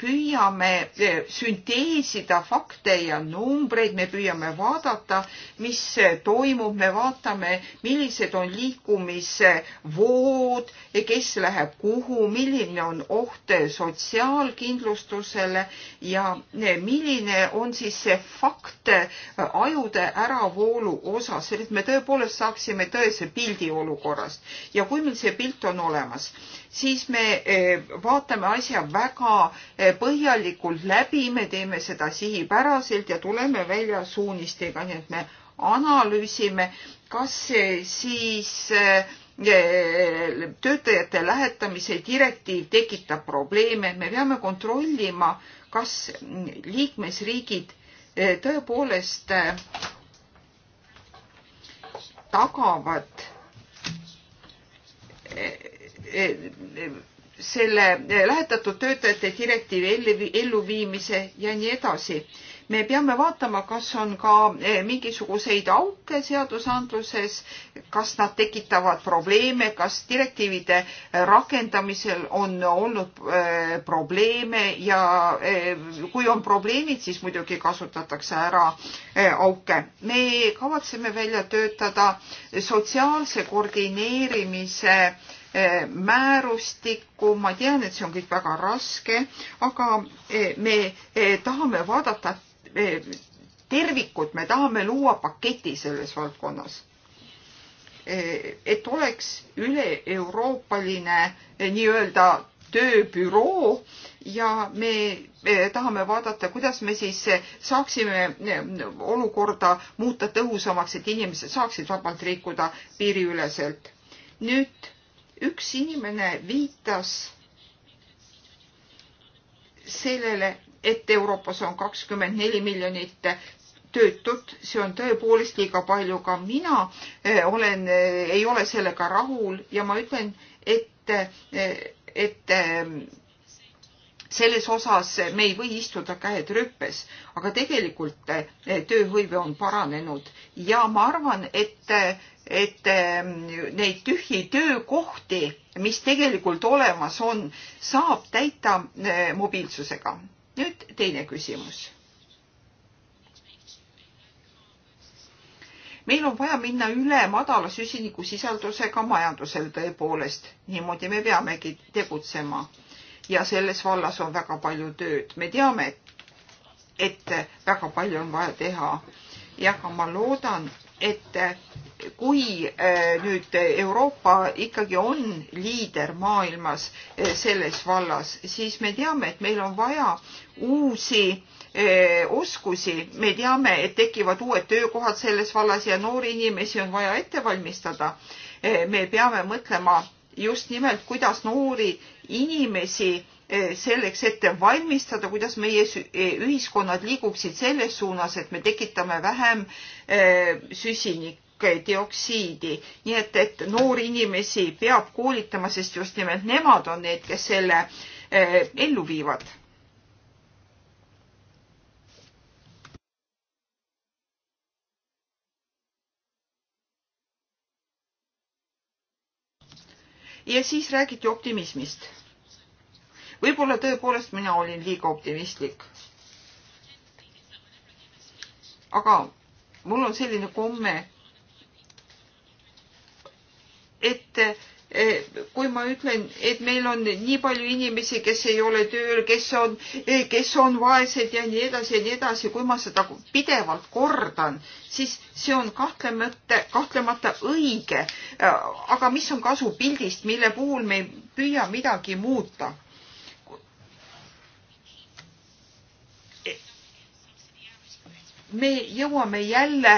püüame eh, sünteesida fakte ja numbreid, me püüame vaadata, mis eh, toimub, me vaatame, millised on liikumisvood, kes läheb kuhu, milline on oht eh, sotsiaalkindlustusele ja milline on siis see fakt ajude äravoolu osas, et me tõepoolest saaksime tõese pildi olukorrast ja kui meil see pilt on olemas siis me eh, vaatame asja väga eh, põhjalikult läbi, me teeme seda sihipäraselt ja tuleme välja suunistega, nii et me analüüsime, kas eh, siis töötajate lähetamise direktiiv tekitab probleeme, me peame kontrollima, kas liikmesriigid tõepoolest tagavad selle lähetatud töötajate direktiivi elluviimise ja nii edasi. me peame vaatama, kas on ka eh, mingisuguseid auke seadusandluses, kas nad tekitavad probleeme, kas direktiivide eh, rakendamisel on olnud eh, probleeme ja kui on probleemid, siis muidugi kasutatakse ära auke. me kavatseme välja töötada sotsiaalse koordineerimise Eh, määrustikku, ma tean, et see on kõik väga raske, aga eh, me eh, tahame vaadata tervikut, me tahame luua paketi selles valdkonnas. et oleks üle-euroopaline nii-öelda tööbüroo ja me tahame vaadata, kuidas me siis saaksime olukorda muuta tõhusamaks, et inimesed saaksid vabalt liikuda piiriüleselt. nüüd üks inimene viitas sellele, et Euroopas on kakskümmend neli miljonit töötut, see on tõepoolest liiga palju, ka mina eh, olen, eh, ei ole sellega rahul ja ma ütlen, et, eh, et selles osas me ei või istuda käed rüppes, aga tegelikult tööhõive on paranenud ja ma arvan, et et ähm, neid tühi töökohti, mis tegelikult olemas on, saab täita äh, mobiilsusega. nüüd teine küsimus. meil on vaja minna üle madala süsinikusisaldusega majandusel tõepoolest, niimoodi me peamegi tegutsema. ja selles vallas on väga palju tööd, me teame, et väga palju on vaja teha. ja ka ma loodan, et eh, kui eh, nüüd Euroopa ikkagi on liider maailmas eh, selles vallas, siis me teame, et meil on vaja uusi oskusi, me teame, et tekivad uued töökohad selles vallas ja noori inimesi on vaja ette valmistada. me peame mõtlema just nimelt, kuidas noori inimesi Eh, selleks ette valmistada, kuidas meie eh, ühiskonnad liiguksid selles suunas, et me tekitame vähem eh, süsinikdioksiidi. nii et, et noori inimesi peab koolitama, sest just nimelt nemad on need, kes selle ellu viivad. ja siis räägiti optimismist võib-olla tõepoolest mina olin liiga optimistlik. aga mul on selline komme, et e, kui ma ütlen, et meil on nii palju inimesi, kes ei ole tööl, kes on, e, kes on vaesed ja nii edasi ja nii edasi, kui ma seda pidevalt kordan, siis see on kahtlemata, kahtlemata õige. aga mis on kasu pildist, mille puhul me ei püüa midagi muuta? me jõuame jälle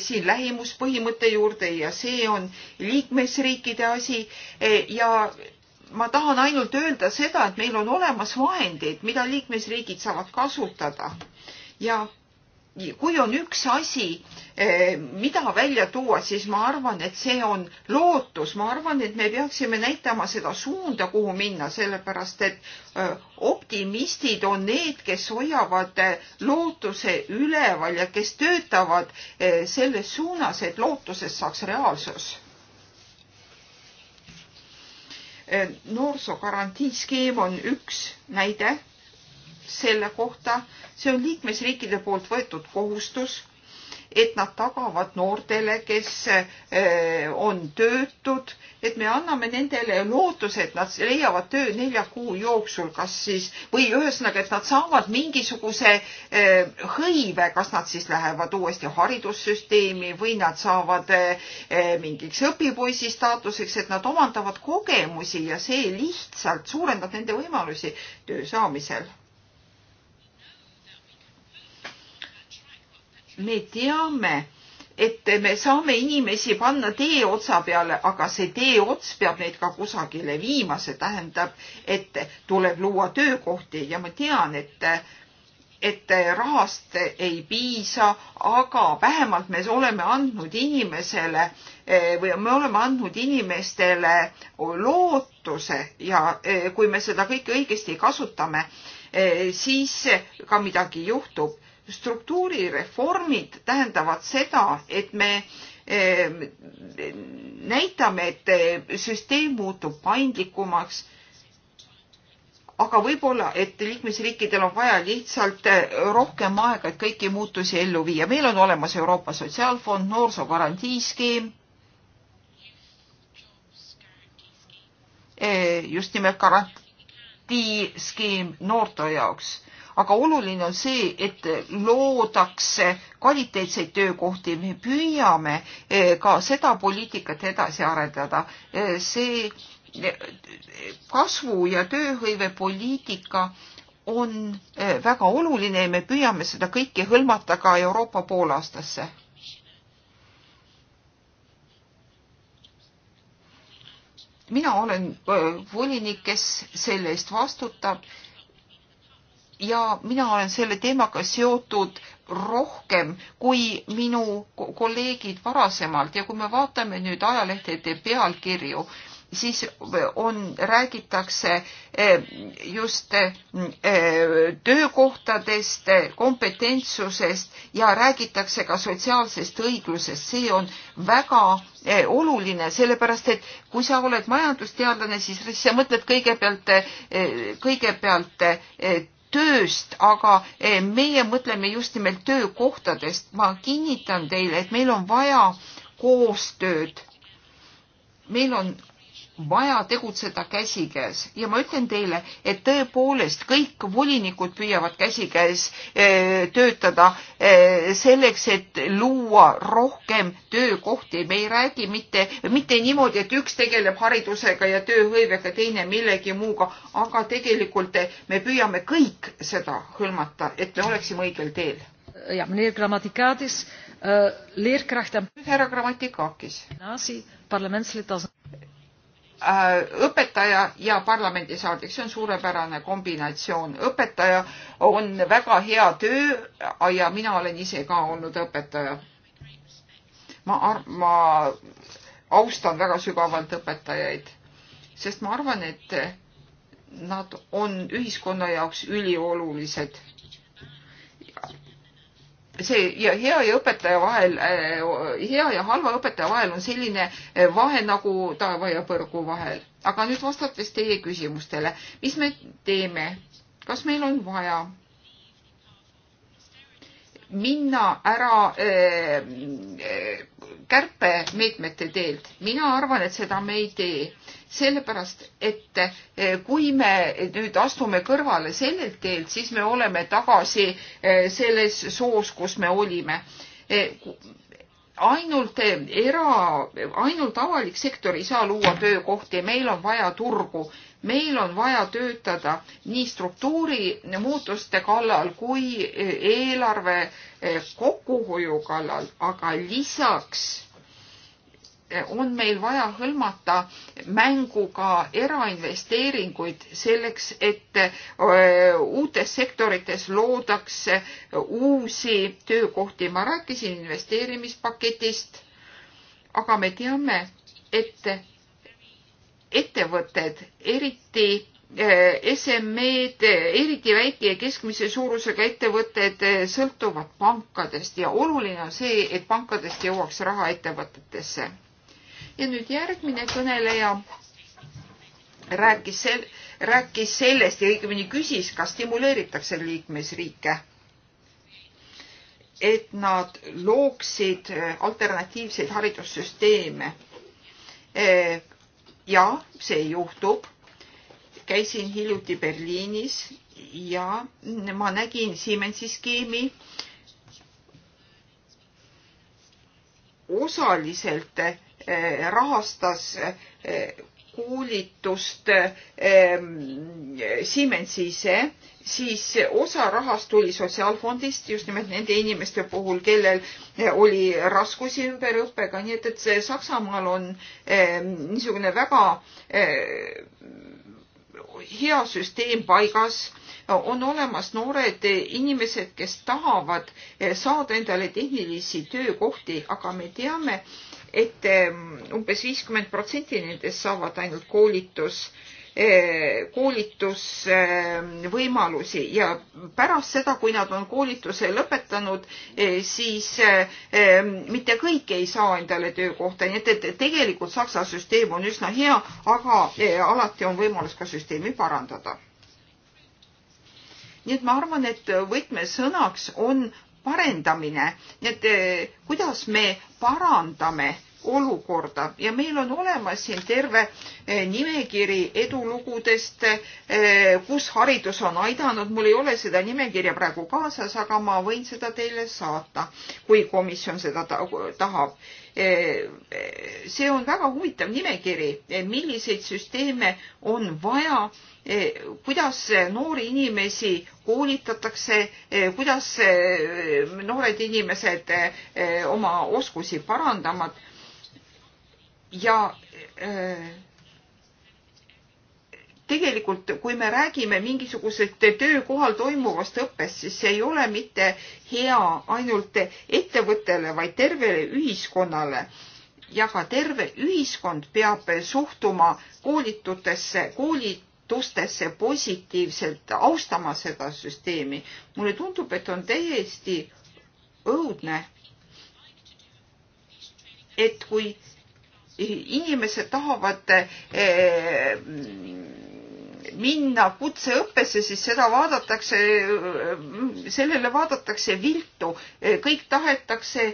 siin lähimuspõhimõtte juurde ja see on liikmesriikide asi ja ma tahan ainult öelda seda, et meil on olemas vahendid, mida liikmesriigid saavad kasutada ja kui on üks asi, eh, mida välja tuua, siis ma arvan, et see on lootus, ma arvan, et me peaksime näitama seda suunda, kuhu minna, sellepärast et eh, optimistid on need, kes hoiavad eh, lootuse üleval ja kes töötavad selles suunas, et lootusest saaks reaalsus. noorsoogarantiiskeem on üks näide selle kohta. see on liikmesriikide poolt võetud kohustus, et nad tagavad noortele, kes eh, on töötud, et me anname nendele lootuse, et nad leiavad töö nelja kuu jooksul, kas siis või ühesõnaga, et nad saavad mingisuguse eh, hõive, kas nad siis lähevad uuesti haridussüsteemi või nad saavad eh, mingiks õpipoisi staatuseks, et nad omandavad kogemusi ja see lihtsalt suurendab nende võimalusi töö saamisel me teame, et me saame inimesi panna tee otsa peale, aga see tee ots peab neid ka kusagile viima, see tähendab, et tuleb luua töökohti ja ma tean, et et rahast ei piisa, aga vähemalt me oleme andnud inimesele või me oleme andnud inimestele lootuse ja eh, kui me seda kõike õigesti kasutame, eh, siis ka midagi juhtub struktuurireformid tähendavad seda, et me eh, näitame, et eh, süsteem muutub paindlikumaks. aga võib-olla, et liikmesriikidel on vaja lihtsalt eh, rohkem aega, et kõiki muutusi ellu viia. meil on olemas Euroopa Sotsiaalfond, noorsoogarantiiskeem just nimelt garantiiskeem noorte jaoks aga oluline on see, et loodakse kvaliteetseid töökohti, me püüame eh, ka seda poliitikat edasi arendada. Eh, see eh, kasvu ja tööhõive poliitika on väga oluline ja me püüame seda kõike hõlmata ka Euroopa poolaastasse. mina olen volinik, kes selle eest vastutab ja mina olen selle teemaga seotud rohkem kui minu kolleegid varasemalt ja kui me vaatame nüüd ajalehtede pealkirju, siis on, räägitakse eh, just eh, töökohtadest, kompetentsusest ja räägitakse ka sotsiaalsest õiglusest. see on väga eh, oluline, sellepärast et kui sa oled majandusteadlane, siis sa mõtled kõigepealt, kõigepealt tööst, aga eh, meie mõtleme just nimelt töökohtadest. ma kinnitan teile, et meil on vaja koostööd. meil on vaja tegutseda käsikäes ja ma ütlen teile, et tõepoolest kõik volinikud püüavad käsikäes eh, töötada eh, selleks, et luua rohkem töökohti. me ei räägi mitte, mitte niimoodi, et üks tegeleb haridusega ja tööhõivega, teine millegi muuga, aga tegelikult me püüame kõik seda hõlmata, et me oleksime õigel teel. ja, meneer Grammatikakis äh,, eh, leerkracht. härra Grammatikakis. parlementslid tasemel Äh, õpetaja ja parlamendisaadik, see on suurepärane kombinatsioon. õpetaja on väga hea töö ja mina olen ise ka olnud õpetaja. ma, ma austan väga sügavalt õpetajaid, sest ma arvan, et nad on ühiskonna jaoks üliolulised see ja hea ja õpetaja vahel, äh, hea ja halva õpetaja vahel on selline äh, vahe nagu taeva ja põrgu vahel. aga nüüd vastates teie küsimustele, mis me teeme, kas meil on vaja minna ära äh, äh, kärpemeetmete teelt. mina arvan, et seda me ei tee, sellepärast et äh, kui me nüüd astume kõrvale sellelt teelt, siis me oleme tagasi selles soos, kus me olime ainult era, ainult avalik sektor ei saa luua töökohti, meil on vaja turgu meil on vaja töötada nii struktuuri muutuste kallal kui eh, eelarve eh, kokkuhoiu kallal, aga lisaks eh, on meil vaja hõlmata mängu ka erainvesteeringuid selleks, et uutes sektorites loodakse uusi töökohti. ma rääkisin investeerimispaketist, aga me teame, et ettevõtted, eriti eh, SME-d, eriti väike ja keskmise suurusega ettevõtted eh, sõltuvad pankadest ja oluline on see, et pankadest jõuaks raha ettevõtetesse. ja nüüd järgmine kõneleja rääkis sel-, rääkis sellest ja õigemini küsis, kas stimuleeritakse liikmesriike, et nad looksid eh, alternatiivseid haridussüsteeme ja see juhtub. käisin hiljuti Berliinis ja ma nägin Siemensi skeemi osaliselt eh, rahastas eh, koolitust ehm, Siemens ise, siis osa rahast tuli sotsiaalfondist just nimelt nende inimeste puhul, kellel eh, oli raskusi ümberõppega, nii et, et see Saksamaal on ehm, niisugune väga eh, hea süsteem paigas, on olemas noored inimesed, kes tahavad eh, saada endale tehnilisi töökohti, aga me teame, et ehm, umbes viiskümmend protsenti nendest saavad ainult koolitus, eh, koolitusvõimalusi ehm, ja pärast seda, kui nad on koolituse lõpetanud, eh, siis eh, ehm, mitte kõik ei saa endale töökohta, nii et, et tegelikult Saksa süsteem on üsna hea, aga alati on võimalus ka süsteemi parandada nii et ma arvan, et võtmesõnaks on parendamine, nii et eh, kuidas me parandame olukorda ja meil on olemas siin terve eh, nimekiri edulugudest, eh, kus haridus on aidanud, mul ei ole seda nimekirja praegu kaasas, aga ma võin seda teile saata, kui komisjon seda tahab. Eh, see on väga huvitav nimekiri, milliseid süsteeme on vaja, kuidas noori inimesi koolitatakse, kuidas noored inimesed oma oskusi parandavad ja äh, tegelikult, kui me räägime mingisugusest töökohal toimuvast õppest, siis see ei ole mitte hea ainult ettevõttele, vaid tervele ühiskonnale. ja ka terve ühiskond peab suhtuma koolitutesse, koolitustesse positiivselt, austama seda süsteemi. mulle tundub, et on täiesti õudne, et kui inimesed tahavad eh, minna kutseõppesse, siis seda vaadatakse, sellele vaadatakse viltu. kõik tahetakse,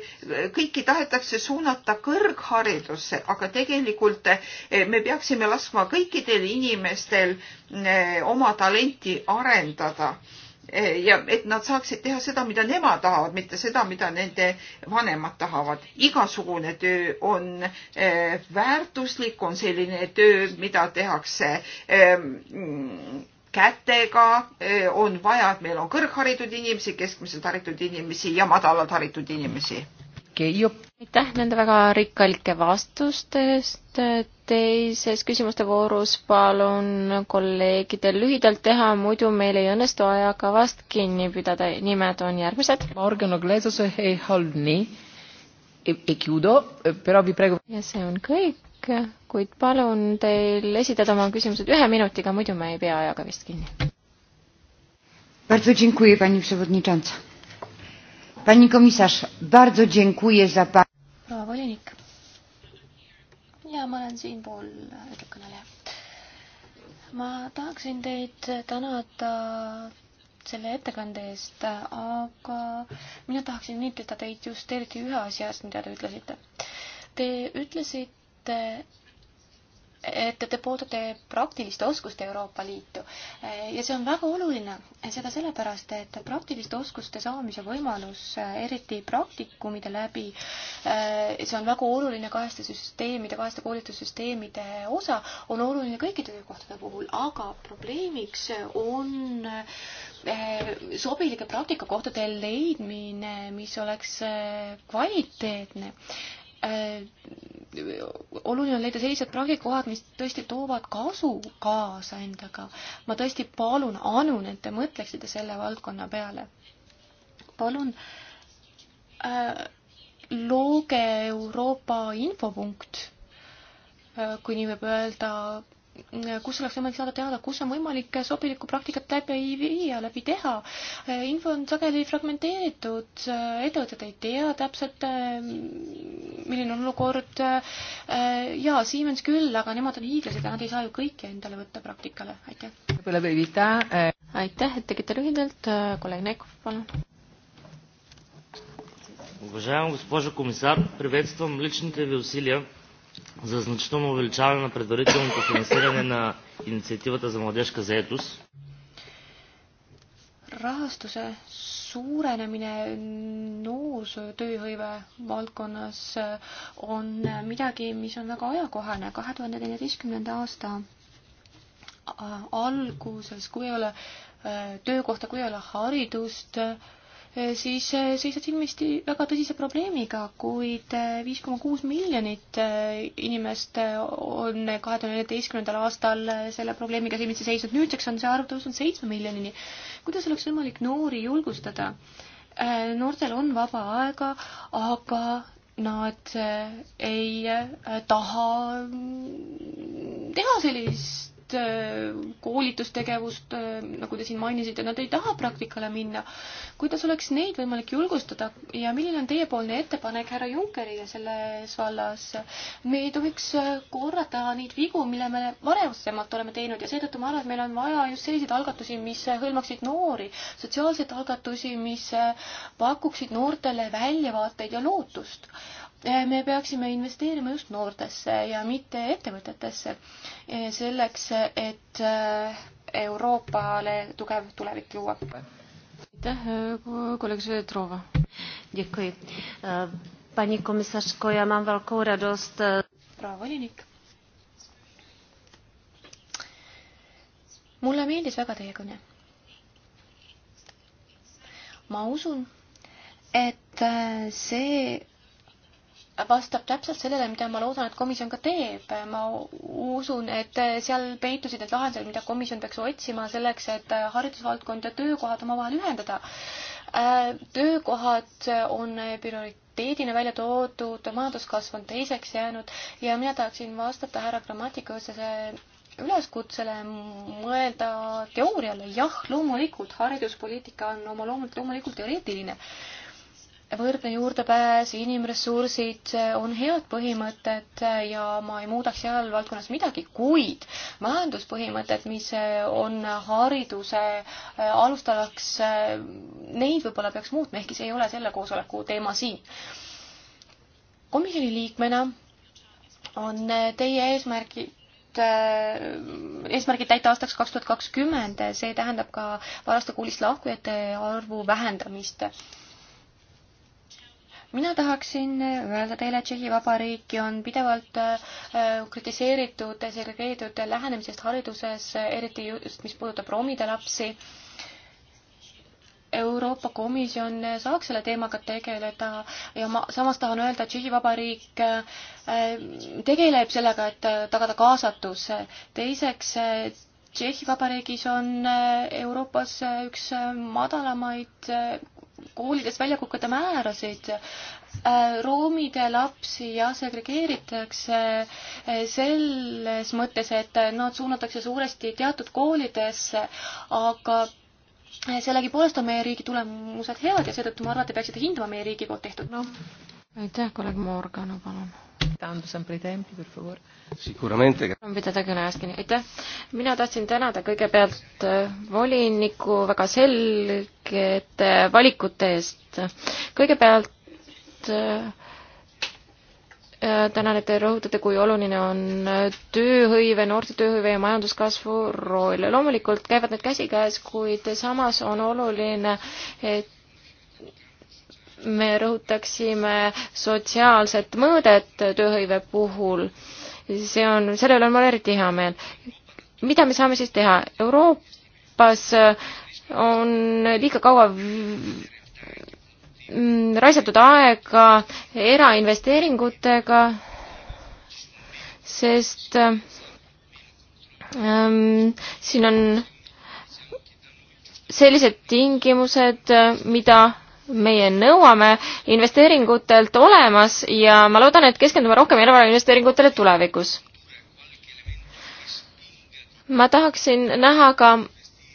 kõiki tahetakse suunata kõrgharidusse, aga tegelikult eh, me peaksime laskma kõikidel inimestel eh, oma talenti arendada ja et nad saaksid teha seda, mida nemad tahavad, mitte seda, mida nende vanemad tahavad. igasugune töö on eh, väärtuslik, on selline töö, mida tehakse eh, kätega, eh, on vaja, et meil on kõrgharitud inimesi, keskmiselt haritud inimesi ja madalalt haritud inimesi aitäh nende väga rikkalike vastuste eest. teises küsimuste voorus palun kolleegidel lühidalt teha, muidu meil ei õnnestu ajakavast kinni pidada. nimed on järgmised. E-, e e, ja see on kõik, kuid palun teil esitada oma küsimused ühe minutiga, muidu me ei pea ajakavist kinni. Bardzo dziękuję Pani Przewodnicząca Pani komisarz, bardzo dziękuję za pa-. proua volinik. ja ma olen siinpool, ütleb kõneleja. ma tahaksin teid tänada selle ettekande eest, aga mina tahaksin niitleda teid just eriti ühe asja eest, mida te ütlesite. Te ütlesite, et te puudute praktiliste oskuste Euroopa Liitu. ja see on väga oluline, seda sellepärast, et praktiliste oskuste saamise võimalus, eriti praktikumide läbi, see on väga oluline kahaste süsteemide, kahaste koolitussüsteemide osa, on oluline kõikide töökohtade puhul, aga probleemiks on eh, sobilike praktikakohtade leidmine, mis oleks eh, kvaliteetne Äh, oluline on leida sellised praagikohad, mis tõesti toovad kasu kaasa endaga. ma tõesti palun, anun, et te mõtleksite selle valdkonna peale. palun äh, looge Euroopa infopunkt, äh, kui nii võib öelda, kus oleks võimalik saada teada, kus on võimalik sobilikku praktikat läbi viia, läbi teha. info on sageli fragmenteeritud, ettevõtted ei tea täpselt, milline on olukord. jaa, Siemens küll, aga nemad on hiiglased ja nad ei saa ju kõike endale võtta praktikale, aitäh. aitäh, et tegite lühidalt, kolleeg Neikov, palun. Уважаема госпожо комисар, приветствам личните ви усилия за значително увеличаване на предварителното финансиране на инициативата за младежка заетост. rahastuse suurenemine noortööhõive valdkonnas on midagi, mis on väga ajakohane. kahe tuhande neljateistkümnenda aasta alguses, kui ei ole äh, töökohta, kui ei ole haridust, Eh, siis eh, seisad silmisti väga tõsise probleemiga, kuid eh, viis koma kuus miljonit inimest on kahe tuhande neljateistkümnendal aastal selle probleemiga silmitsi seisnud, nüüdseks on see arv tõusnud seitsme miljonini. kuidas oleks võimalik noori julgustada? noortel on vaba aega, aga nad ei taha mm, teha sellist õppimist, äh, koolitustegevust, äh, nagu te siin mainisite, nad ei taha praktikale minna. kuidas oleks neid võimalik julgustada ja milline on teiepoolne ettepanek härra Junckerile selles vallas? me ei tohiks äh, korrata neid vigu, mille me varasemalt oleme teinud ja seetõttu ma arvan, et meil on vaja just selliseid algatusi, mis hõlmaksid noori, sotsiaalseid algatusi, mis pakuksid noortele väljavaateid ja lootust Eh, me peaksime investeerima just noortesse ja mitte ettevõtetesse, eh, selleks et eh, Euroopale tugev tulevik luua. aitäh, kolleeg Švedrova. Pani komisařko, já mám velkou radost. proua volinik. mulle meeldis väga teie kõne. ma usun, et see vastab täpselt sellele, mida ma loodan, et komisjon ka teeb. ma usun, et seal peitusid need lahendused, mida komisjon peaks otsima selleks, et haridusvaldkond ja töökohad omavahel ühendada. Äh, töökohad on prioriteedina välja toodud, majanduskasv on teiseks jäänud ja mina tahaksin vastata härra Grammatikuse üleskutsele mõelda teooriale. jah, loomulikult hariduspoliitika on oma loomult loomulikult teoreetiline võrdne juurdepääs, inimressursid on head põhimõtted ja ma ei muudaks seal valdkonnas midagi, kuid majanduspõhimõtted, mis on hariduse alustalaks, neid võib-olla peaks muutma, ehkki see ei ole selle koosoleku teema siin. komisjoni liikmena on teie eesmärgid eesmärgid täita aastaks kaks tuhat kakskümmend, see tähendab ka varastakoolist lahkujate arvu vähendamist mina tahaksin äh, öelda teile, et Tšehhi Vabariiki on pidevalt äh, äh, kritiseeritud segregeeritud lähenemisest hariduses, eriti just, mis puudutab romide lapsi. Euroopa Komisjon saaks selle teemaga tegeleda ja ma samas tahan öelda, et Tšehhi Vabariik tegeleb sellega, et tagada kaasatus. teiseks, Tšehhi Vabariigis on Euroopas üks madalamaid koolides välja kukkuda määrasid. Äh, roomide lapsi ja segregeeritakse äh, selles mõttes, et nad suunatakse suuresti teatud koolidesse, aga äh, sellegipoolest on meie riigi tulemused head ja seetõttu ma arvan, et te peaksite hindama meie riigi poolt tehtud no aitäh, kolleeg Morgana, palun. pidada kõne ajast kinni, aitäh. mina tahtsin tänada kõigepealt äh, volinikku väga selgete valikute eest. kõigepealt äh, äh, tänan, et te rõhutate, kui oluline on tööhõive, noorte tööhõive ja majanduskasvu roll. loomulikult käivad need käsikäes, kuid samas on oluline, et me rõhutaksime sotsiaalset mõõdet tööhõive puhul. see on, selle üle on mul eriti hea meel. mida me saame siis teha? Euroopas on liiga kaua raisatud aega erainvesteeringutega, sest ähm, siin on sellised tingimused, mida meie nõuame investeeringutelt olemas ja ma loodan, et keskendume rohkem erainvesteeringutele tulevikus. ma tahaksin näha ka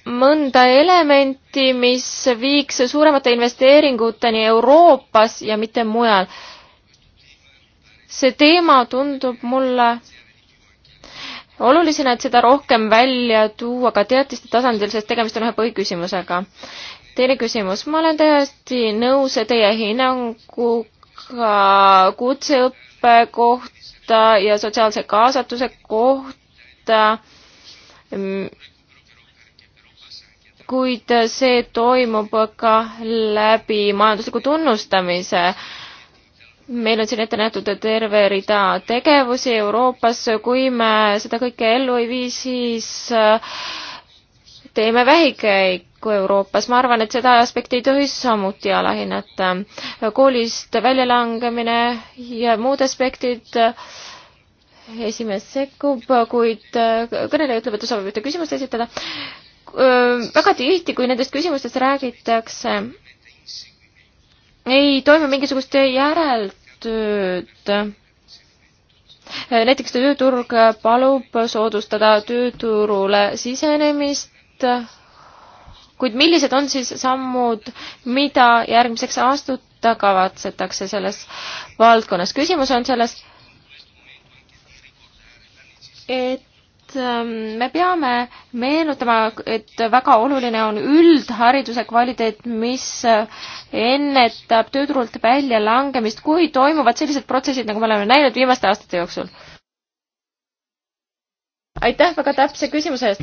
mõnda elementi, mis viiks suuremate investeeringuteni Euroopas ja mitte mujal. see teema tundub mulle olulisena, et seda rohkem välja tuua ka teatiste tasandil, sest tegemist on ühe põhiküsimusega teine küsimus, ma olen täiesti nõus teie hinnanguga kutseõppe kohta ja sotsiaalse kaasatuse kohta, kuid see toimub ka läbi majandusliku tunnustamise meil on siin ette nähtud terve rida tegevusi Euroopas, kui me seda kõike ellu ei vii, siis teeme vähikäiku Euroopas, ma arvan, et seda aspekti ei tohi samuti alahinnata. koolist väljalangemine ja muud aspektid, esimees sekkub, kuid kõneleja ütleb, et ta soovib ühte küsimust esitada. väga tihti, kui nendest küsimustest räägitakse, ei toimu mingisugust järeltööd näiteks tööturg palub soodustada tööturule sisenemist kuid, kuid millised on siis sammud, mida järgmiseks astuda kavatsetakse selles valdkonnas? küsimus on selles, et ähm, me peame meenutama, et väga oluline on üldhariduse kvaliteet, mis ennetab tüdrult väljalangemist, kui toimuvad sellised protsessid, nagu me oleme näinud viimaste aastate jooksul. aitäh väga täpse küsimuse eest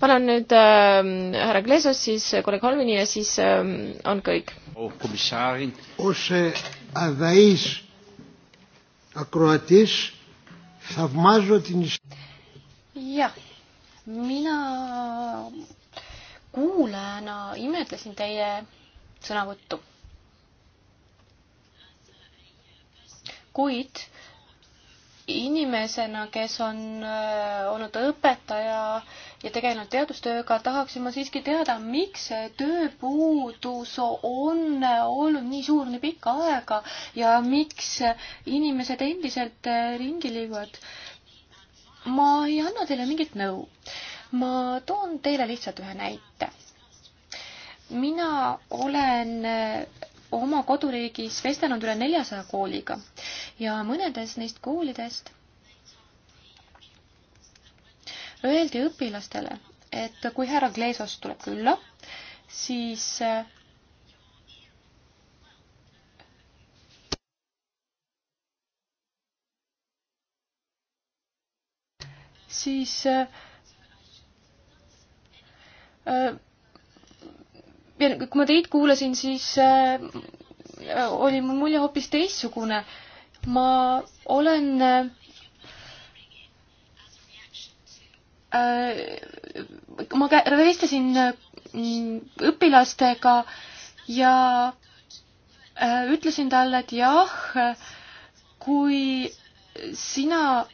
palun nüüd äh, härra Glesos, siis kolleeg Holmini ja siis äh, on kõik. Oh, jah, mina kuulajana imetlesin teie sõnavõttu. kuid inimesena, kes on äh, olnud õpetaja äh, ja tegelenud teadustööga, tahaksin ma siiski teada, miks tööpuudus on olnud nii suur nii pikka aega ja miks inimesed endiselt ringi liiguvad. ma ei anna teile mingit nõu. ma toon teile lihtsalt ühe näite. mina olen oma koduriigis vestelnud üle neljasaja kooliga ja mõnedes neist koolidest öeldi õpilastele, et kui härra Gleisos tuleb külla, siis siis äh, äh, kui ma teid kuulasin, siis äh, oli mu mulje hoopis teistsugune. ma olen Äh, ma vestlesin äh, õpilastega ja äh, ütlesin talle, et jah, kui sina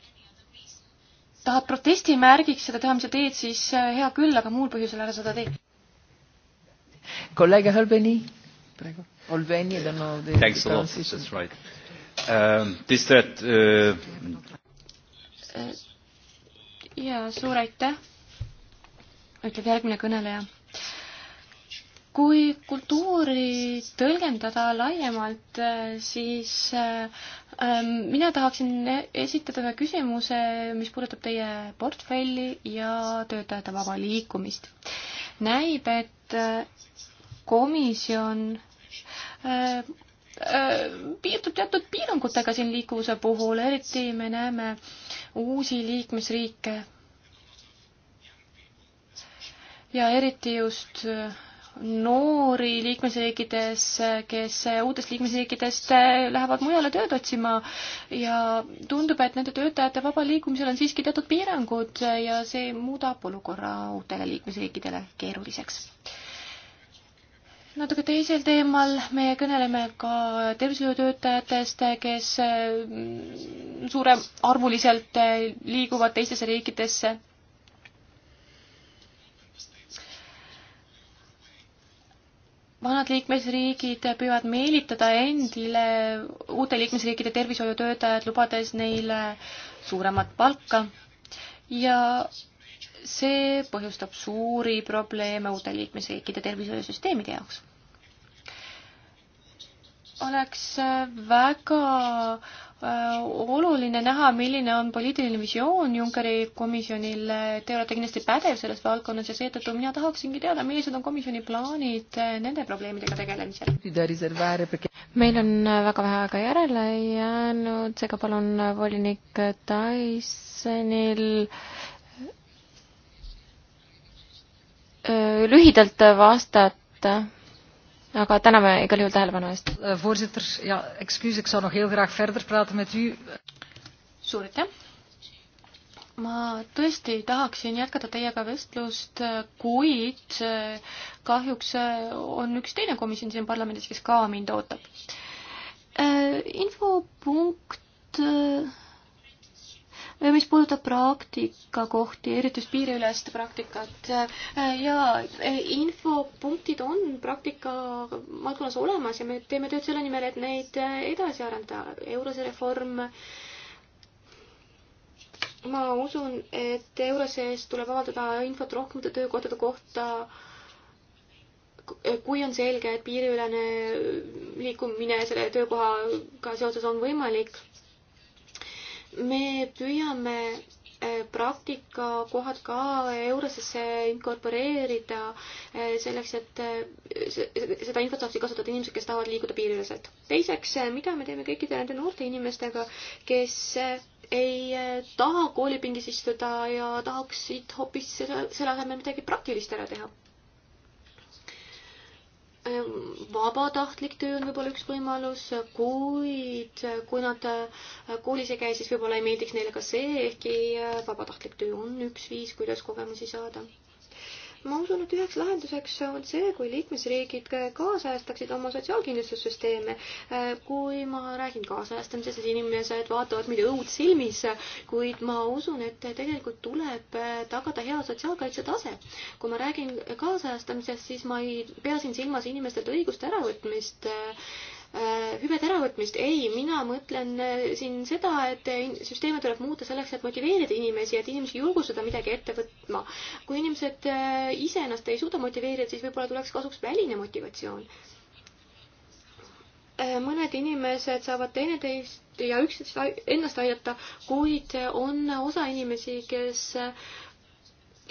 tahad protestimärgiks seda teha, mis sa teed, siis hea küll, aga muul põhjusel ära seda tee. kolleeg Albeni, praegu. Albeni, ta on. Thanks a lot, that's right um,. This that uh ja suur aitäh, ütleb järgmine kõneleja. kui kultuuri tõlgendada laiemalt, siis äh, ähm, mina tahaksin esitada ühe küsimuse, mis puudutab teie portfelli ja töötajate vaba liikumist. näib, et äh, komisjon äh, piirdub teatud piirangutega siin liikuvuse puhul, eriti me näeme äh, uusi liikmesriike ja eriti just noori liikmesriikides, kes uutest liikmesriikidest lähevad mujale tööd otsima ja tundub, et nende töötajate vabal liikumisel on siiski teatud piirangud ja see muudab olukorra uutele liikmesriikidele keeruliseks natuke teisel teemal me kõneleme ka tervishoiutöötajatest, kes mm, suurearvuliselt eh, liiguvad teistesse riikidesse. vanad liikmesriigid püüavad meelitada endile uute liikmesriikide tervishoiutöötajad, lubades neile suuremat palka ja see põhjustab suuri probleeme uute liikmesriikide tervishoiusüsteemide jaoks. oleks äh, väga äh, oluline näha, milline on poliitiline visioon Junckeri komisjonil. Te olete kindlasti pädev selles valdkonnas ja seetõttu mina tahaksingi teada, millised on komisjoni plaanid äh, nende probleemidega tegelemisel. meil on väga vähe aega järele jäänud, seega palun volinik Tysonil Äh, lühidalt vastata, aga täname igal juhul tähelepanu eest. Äh, voorzitter, ja excuse, ik zou nog heel graag verder praten met u. suur aitäh. ma tõesti tahaksin jätkata teiega vestlust, äh, kuid kahjuks on üks teine komisjon siin parlamendis, kes ka mind ootab. infopunkt Äh, mis puudutab praktikakohti, eriti just piiriülest praktikat äh, ja äh, infopunktid on praktika valdkonnas olemas ja me teeme tööd selle nimel, et neid edasi arendada. Eurose reform ma usun, et EURES-is tuleb avaldada infot rohkemate töökohtade kohta, kui on selge, et piiriülene liikumine selle töökohaga seoses on võimalik me püüame eh, praktikakohad ka Eurosesse inkorporeerida eh, selleks, et eh, seda infot saaksid kasutada inimesed, kes tahavad liikuda piiriüleselt. teiseks, mida me teeme kõikide nende noorte inimestega, kes ei taha koolipingis istuda ja tahaksid hoopis selle, selle asemel midagi praktilist ära teha Äh, vabatahtlik töö on võib-olla üks võimalus, kuid kui nad äh, koolis ei käi, siis võib-olla ei meeldiks neile ka see, ehkki äh, vabatahtlik töö on üks viis, kuidas kogemusi saada ma usun, et üheks lahenduseks on see, kui liikmesriigid kaasajastaksid oma sotsiaalkindlustussüsteeme. kui ma räägin kaasajastamisest, siis inimesed vaatavad mind õud silmis, kuid ma usun, et tegelikult tuleb tagada hea sotsiaalkaitse tase. kui ma räägin kaasajastamisest, siis ma ei pea siin silmas inimestelt õiguste äravõtmist Äh, hüvede äravõtmist. ei, mina mõtlen äh, siin seda, et äh, süsteeme tuleb muuta selleks, et motiveerida inimesi, et inimesi julgustada midagi ette võtma. kui inimesed ise ennast ei suuda motiveerida, siis võib-olla tuleks kasuks väline motivatsioon. mõned inimesed saavad teineteist ja üksteist ennast aidata, kuid on osa inimesi, kes äh,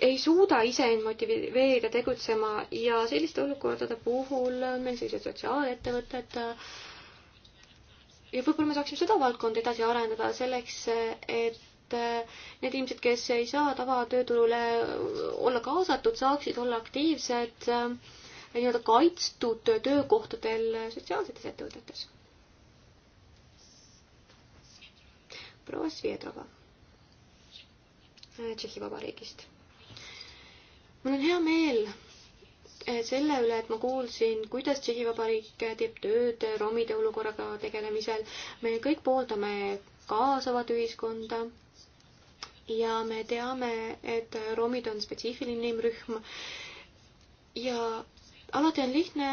ei suuda iseend motiveerida tegutsema ja selliste olukordade puhul on meil sellised sotsiaalettevõtted ja võib-olla me saaksime seda valdkonda edasi arendada selleks, et need inimesed, kes ei saa tavatööturule olla kaasatud, saaksid olla aktiivsed nii-öelda kaitstud töökohtadel sotsiaalsetes ettevõtetes. proua Sviedrova Tšehhi Vabariigist mul on hea meel eh, selle üle, et ma kuulsin, kuidas Tšehhi Vabariik teeb tööd romide olukorraga tegelemisel. me kõik pooldame kaasavat ühiskonda ja me teame, et romid on spetsiifiline inimrühm ja alati on lihtne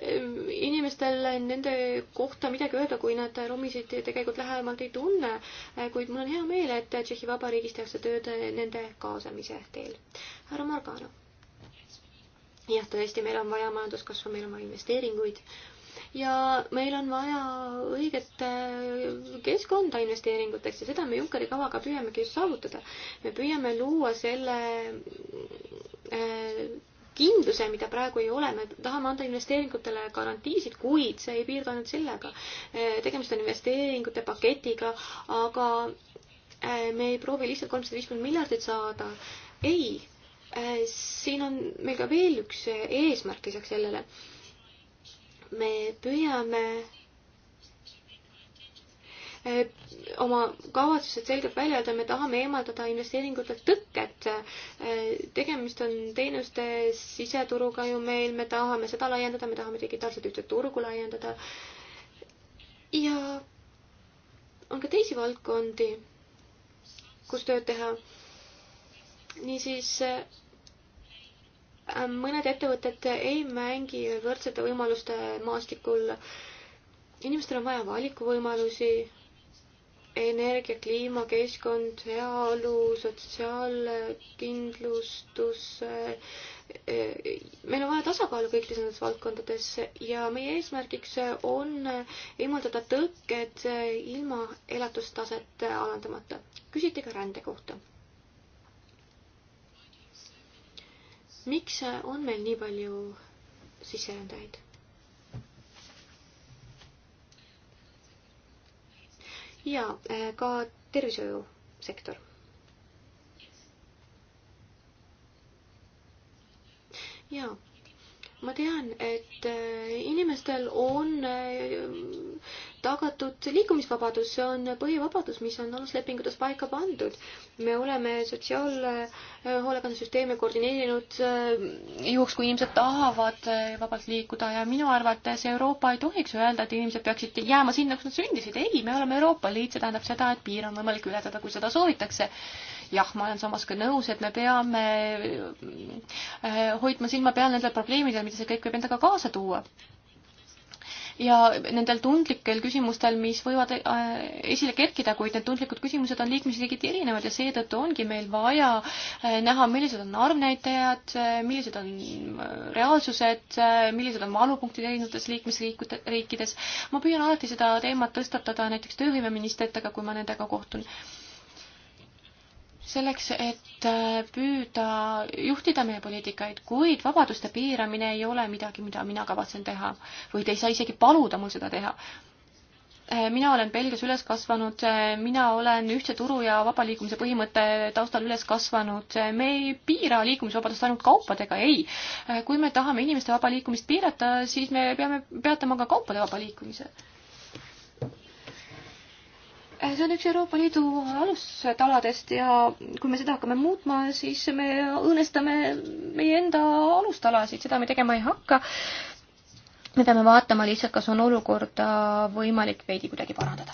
eh, inimestel nende kohta midagi öelda, kui nad romisid tegelikult lähemalt ei tunne, eh, kuid mul on hea meel, et Tšehhi Vabariigis tehakse tööd eh, nende kaasamise teel. härra Margano. jah, tõesti, meil on vaja majanduskasvu, meil on vaja investeeringuid ja meil on vaja õiget keskkonda investeeringuteks ja seda me Junckeri kavaga püüamegi just saavutada. me püüame luua selle kindluse, mida praegu ei ole, me tahame anda investeeringutele garantiisid, kuid see ei piirdu ainult sellega. Eh, tegemist on investeeringute paketiga, aga eh, me ei proovi lihtsalt kolmsada viiskümmend miljardit saada. ei, eh, siin on meil ka veel üks eesmärk lisaks sellele. me püüame Eh, oma kavatsused selgelt välja öelda, me tahame eemaldada investeeringutelt tõkked. Eh, tegemist on teenuste siseturuga ju meil, me tahame seda laiendada, me tahame digitaalset ühtset turgu laiendada. ja on ka teisi valdkondi, kus tööd teha. niisiis eh, mõned ettevõtted ei mängi võrdsete võimaluste maastikul. inimestel on vaja valikuvõimalusi energia, kliima, keskkond, heaolu, sotsiaalkindlustus. Eh, meil on vaja tasakaalu kõikides nendes valdkondades ja meie eesmärgiks on eemaldada tõkked ilma elatustaset alandamata. küsiti ka rände kohta. miks on meil nii palju sisserändajaid? ja äh, ka tervishoiusektor. ja ma tean, et äh, inimestel on äh, tagatud liikumisvabadus, see on põhivabadus, mis on aluslepingutes paika pandud. me oleme sotsiaalhoolekandesüsteeme koordineerinud eh, juhuks, kui inimesed tahavad eh, vabalt liikuda ja minu arvates Euroopa ei tohiks öelda, et inimesed peaksid jääma sinna, kus nad sündisid. ei, me oleme Euroopa Liit, see tähendab seda, et piir on võimalik ületada, kui seda soovitakse jah, ma olen samas ka nõus, et me peame eh, hoidma silma peal nendel probleemidel, mida see kõik võib endaga kaasa tuua ja nendel tundlikel küsimustel, mis võivad äh, esile kerkida, kuid need tundlikud küsimused on liikmesriigiti erinevad ja seetõttu ongi meil vaja äh, näha, millised on arvnäitajad, äh, millised on reaalsused, millised on valupunktid erinevates liikmesriikides. ma püüan alati seda teemat tõstatada näiteks töövõimeministritega, kui ma nendega kohtun selleks, et äh, püüda juhtida meie poliitikaid, kuid vabaduste piiramine ei ole midagi, mida mina kavatsen teha või te ei saa isegi paluda mul seda teha. Äh, mina olen Belgias üles kasvanud, äh, mina olen ühtse turu ja vaba liikumise põhimõtte taustal üles kasvanud. me ei piira liikumisvabadust ainult kaupadega, ei. kui me tahame inimeste vaba liikumist piirata, siis me peame peatama ka kaupade vaba liikumise Eh, see on üks Euroopa Liidu alustaladest ja kui me seda hakkame muutma, siis me õõnestame meie enda alustalasid, seda me tegema ei hakka. me peame vaatama lihtsalt, kas on olukorda võimalik veidi kuidagi parandada.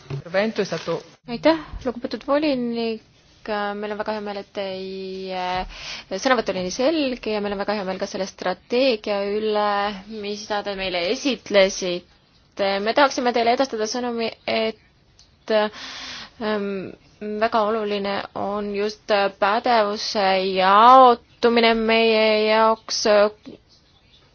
aitäh, lugupeetud volinik meil on väga hea meel, et teie sõnavõtt oli nii selge ja meil on väga hea meel ka selle strateegia üle, mida te meile esitlesite. me tahaksime teile edastada sõnumi, et et ähm, väga oluline on just pädevuse jaotumine meie jaoks äh,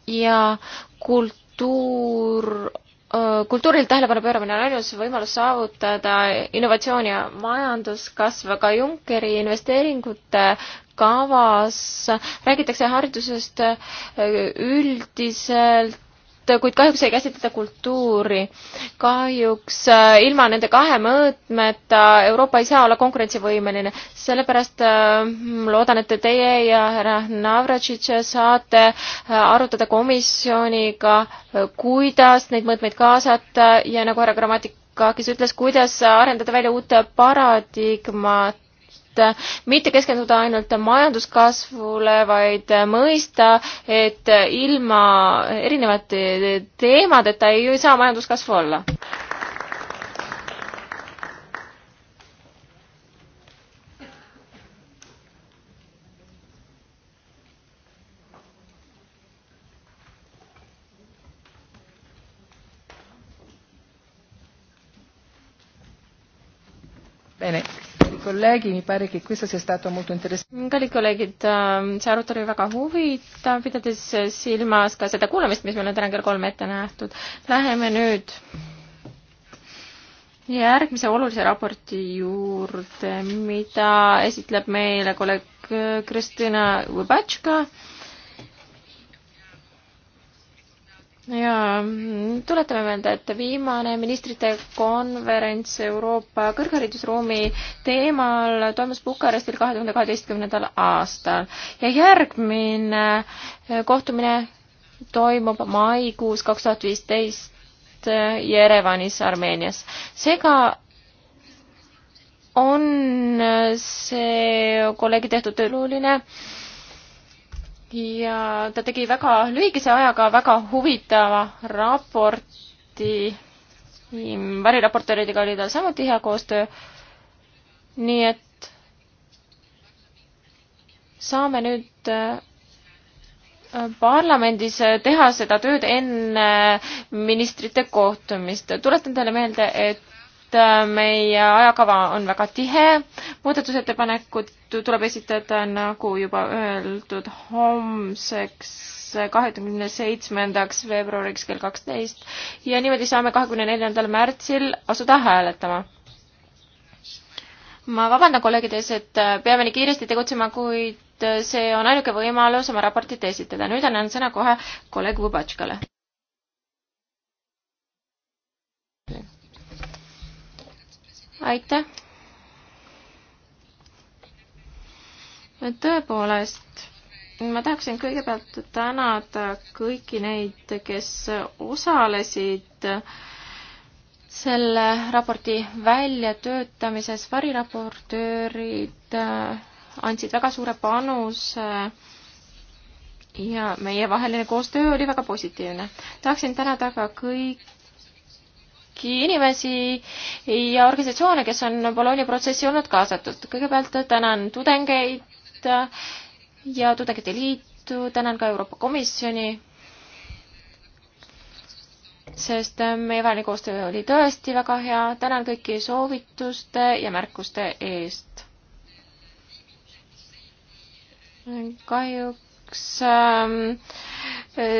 ja kultuur, äh, kultuurile tähelepanu pööramine on ainus võimalus saavutada innovatsioon ja majanduskasv, aga Junckeri investeeringute kavas räägitakse haridusest äh, üldiselt tegevust, kuid kahjuks ei käsitleta kultuuri. kahjuks äh, ilma nende kahe mõõtmeta Euroopa ei saa olla konkurentsivõimeline. sellepärast äh, loodan, et teie ja härra Navratšitš saate äh, arutada komisjoniga, kuidas neid mõõtmeid kaasata ja nagu härra Grammatik Kaakis ütles, kuidas arendada välja uut paradigmat mitte keskenduda ainult majanduskasvule, vaid mõista, et ilma erinevate teemadeta ei saa majanduskasvu olla. Bene kallid kolleegid, see arutelu oli väga huvitav, pidades silmas ka seda kuulamist, mis meil on täna kell kolm ette nähtud. Läheme nüüd järgmise olulise raporti juurde, mida esitleb meile kolleeg Kristina Võbatška ja tuletame meelde, et viimane ministrite konverents Euroopa kõrgharidusruumi teemal toimus Bukarestil kahe tuhande kaheteistkümnendal aastal ja järgmine eh, kohtumine toimub maikuus kaks tuhat viisteist eh, Jerevanis, Armeenias. seega on eh, see kolleegi tehtud töö oluline ja ta tegi väga lühikese ajaga väga huvitava raporti. variraportööridega oli tal samuti hea koostöö. nii et saame nüüd äh, parlamendis teha seda tööd enne ministrite kohtumist. tuletan teile meelde, et et äh, meie ajakava on väga tihe, muudatusettepanekud tuleb esitada, nagu juba öeldud, homseks äh, kahekümne seitsmendaks veebruariks kell kaksteist ja niimoodi saame kahekümne neljandal märtsil asuda hääletama ma vabandan kolleegide ees, et äh, peame nii kiiresti tegutsema, kuid see on ainuke võimalus oma raportit esitada. nüüd annan sõna kohe kolleeg Vubatškale. aitäh. tõepoolest, ma tahaksin kõigepealt tänada kõiki neid, kes osalesid selle raporti väljatöötamises, variraportöörid äh, andsid väga suure panuse ja meievaheline koostöö oli väga positiivne. tahaksin tänada ka kõiki kõiki inimesi ja organisatsioone, kes on Bologna protsessi olnud kaasatud. kõigepealt tänan tudengeid ja Tudengite Liitu, tänan ka Euroopa Komisjoni, sest meievaheline koostöö oli tõesti väga hea. tänan kõiki soovituste ja märkuste eest. kahjuks ähm,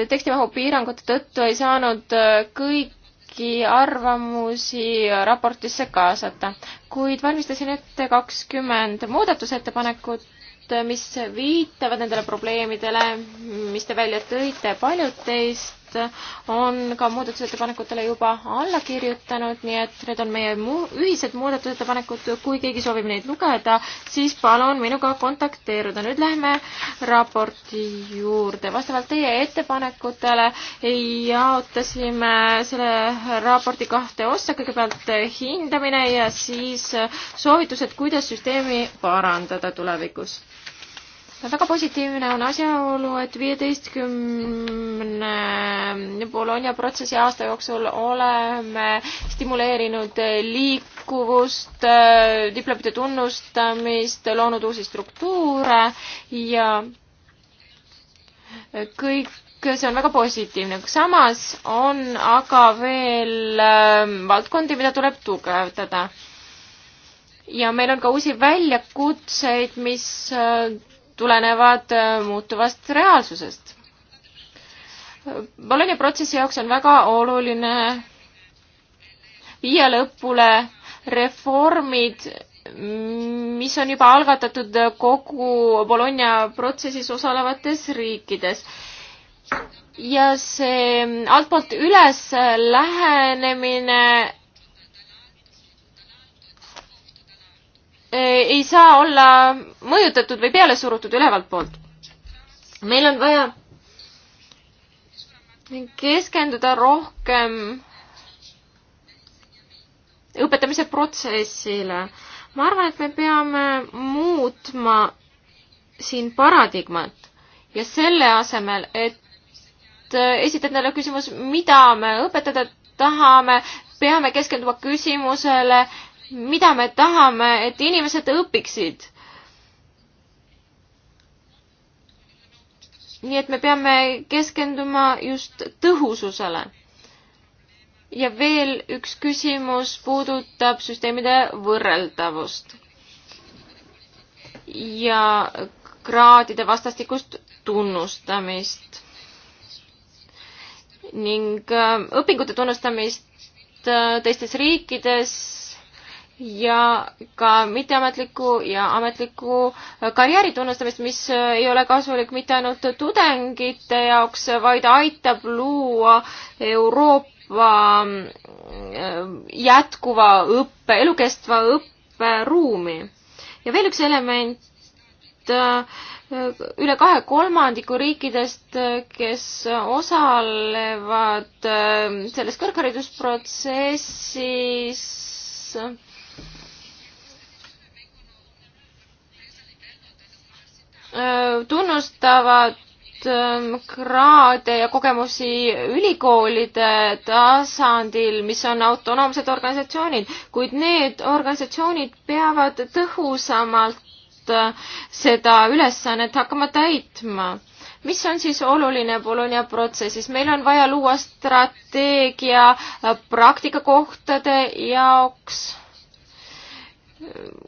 tekstimahu piirangute tõttu ei saanud kõik kõiki arvamusi raportisse kaasata, kuid valmistasin ette kakskümmend muudatusettepanekut, mis viitavad nendele probleemidele, mis te välja tõite, paljud teist on ka muudatusettepanekutele juba alla kirjutanud, nii et need on meie mu-, ühised muudatusettepanekud, kui keegi soovib neid lugeda, siis palun minuga kontakteeruda. nüüd lähme raporti juurde. vastavalt teie ettepanekutele jaotasime selle raporti kahte ossa, kõigepealt hindamine ja siis soovitused, kuidas süsteemi parandada tulevikus väga positiivne on asjaolu, et viieteistkümne Bologna protsessi aasta jooksul oleme stimuleerinud liikuvust, diplomite tunnustamist, loonud uusi struktuure ja kõik see on väga positiivne, samas on aga veel ähm, valdkondi, mida tuleb tugevdada. ja meil on ka uusi väljakutseid, mis äh, tulenevad äh, muutuvast reaalsusest. Bologna protsessi jaoks on väga oluline viia lõpule reformid, mis on juba algatatud kogu Bologna protsessis osalevates riikides. ja see altpoolt üles lähenemine Eh, ei saa olla mõjutatud või peale surutud ülevalt poolt. meil on vaja keskenduda rohkem õpetamise protsessile. ma arvan, et me peame muutma siin paradigmat ja selle asemel, et eh, esitad neile küsimus, mida me õpetada tahame, peame keskenduma küsimusele, mida me tahame, et inimesed õpiksid. nii et me peame keskenduma just tõhususele. ja veel üks küsimus puudutab süsteemide võrreldavust ja kraadide vastastikust tunnustamist ning äh, õpingute tunnustamist äh, teistes riikides ja ka mitteametliku ja ametliku karjääri tunnustamist, mis ei ole kasulik mitte ainult tudengite jaoks, vaid aitab luua Euroopa äh, jätkuva õppe, elukestva õppe ruumi. ja veel üks element, äh, üle kahe kolmandiku riikidest, kes osalevad äh, selles kõrgharidusprotsessis, tunnustavad kraade ja kogemusi ülikoolide tasandil, mis on autonoomsed organisatsioonid, kuid need organisatsioonid peavad tõhusamalt seda ülesannet hakkama täitma mis on siis oluline Bologna protsessis? meil on vaja luua strateegia praktikakohtade jaoks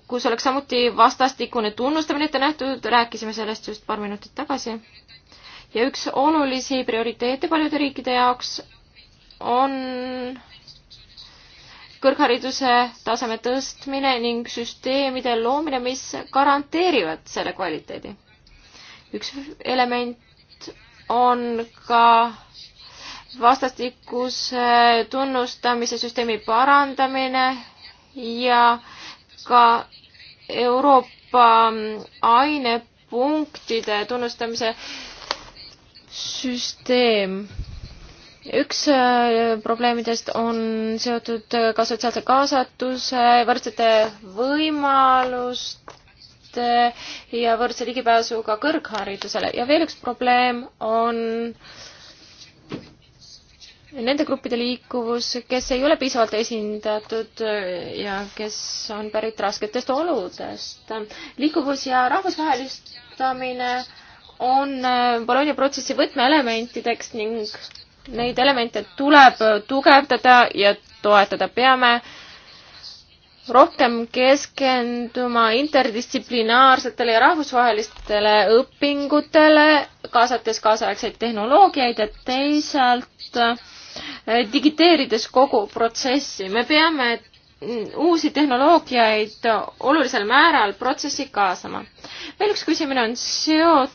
kus oleks samuti vastastikune tunnustamine ette nähtud, rääkisime sellest just paar minutit tagasi. ja üks olulisi prioriteete paljude riikide jaoks on kõrghariduse taseme tõstmine ning süsteemide loomine, mis garanteerivad selle kvaliteedi. üks element on ka vastastikuse tunnustamise süsteemi parandamine ja äh, ka Euroopa ainepunktide tunnustamise süsteem. üks äh, probleemidest on seotud ka sotsiaalse kaasatuse, võrdsete võimaluste ja võrdse ligipääsuga kõrgharidusele ja veel üks probleem on äh, nende gruppide liikuvus, kes ei ole piisavalt esindatud äh, ja kes on pärit rasketest oludest. liikuvus ja rahvusvahelistamine on äh, Bologna protsessi võtmeelementideks ning neid elemente tuleb tugevdada ja toetada. peame rohkem keskenduma interdistsiplinaarsetele ja rahvusvahelistele õpingutele, kaasates kaasaegseid tehnoloogiaid ja teisalt Äh, digiteerides kogu protsessi. me peame mm, uusi tehnoloogiaid äh, olulisel määral protsessi kaasama. veel üks küsimine on seotud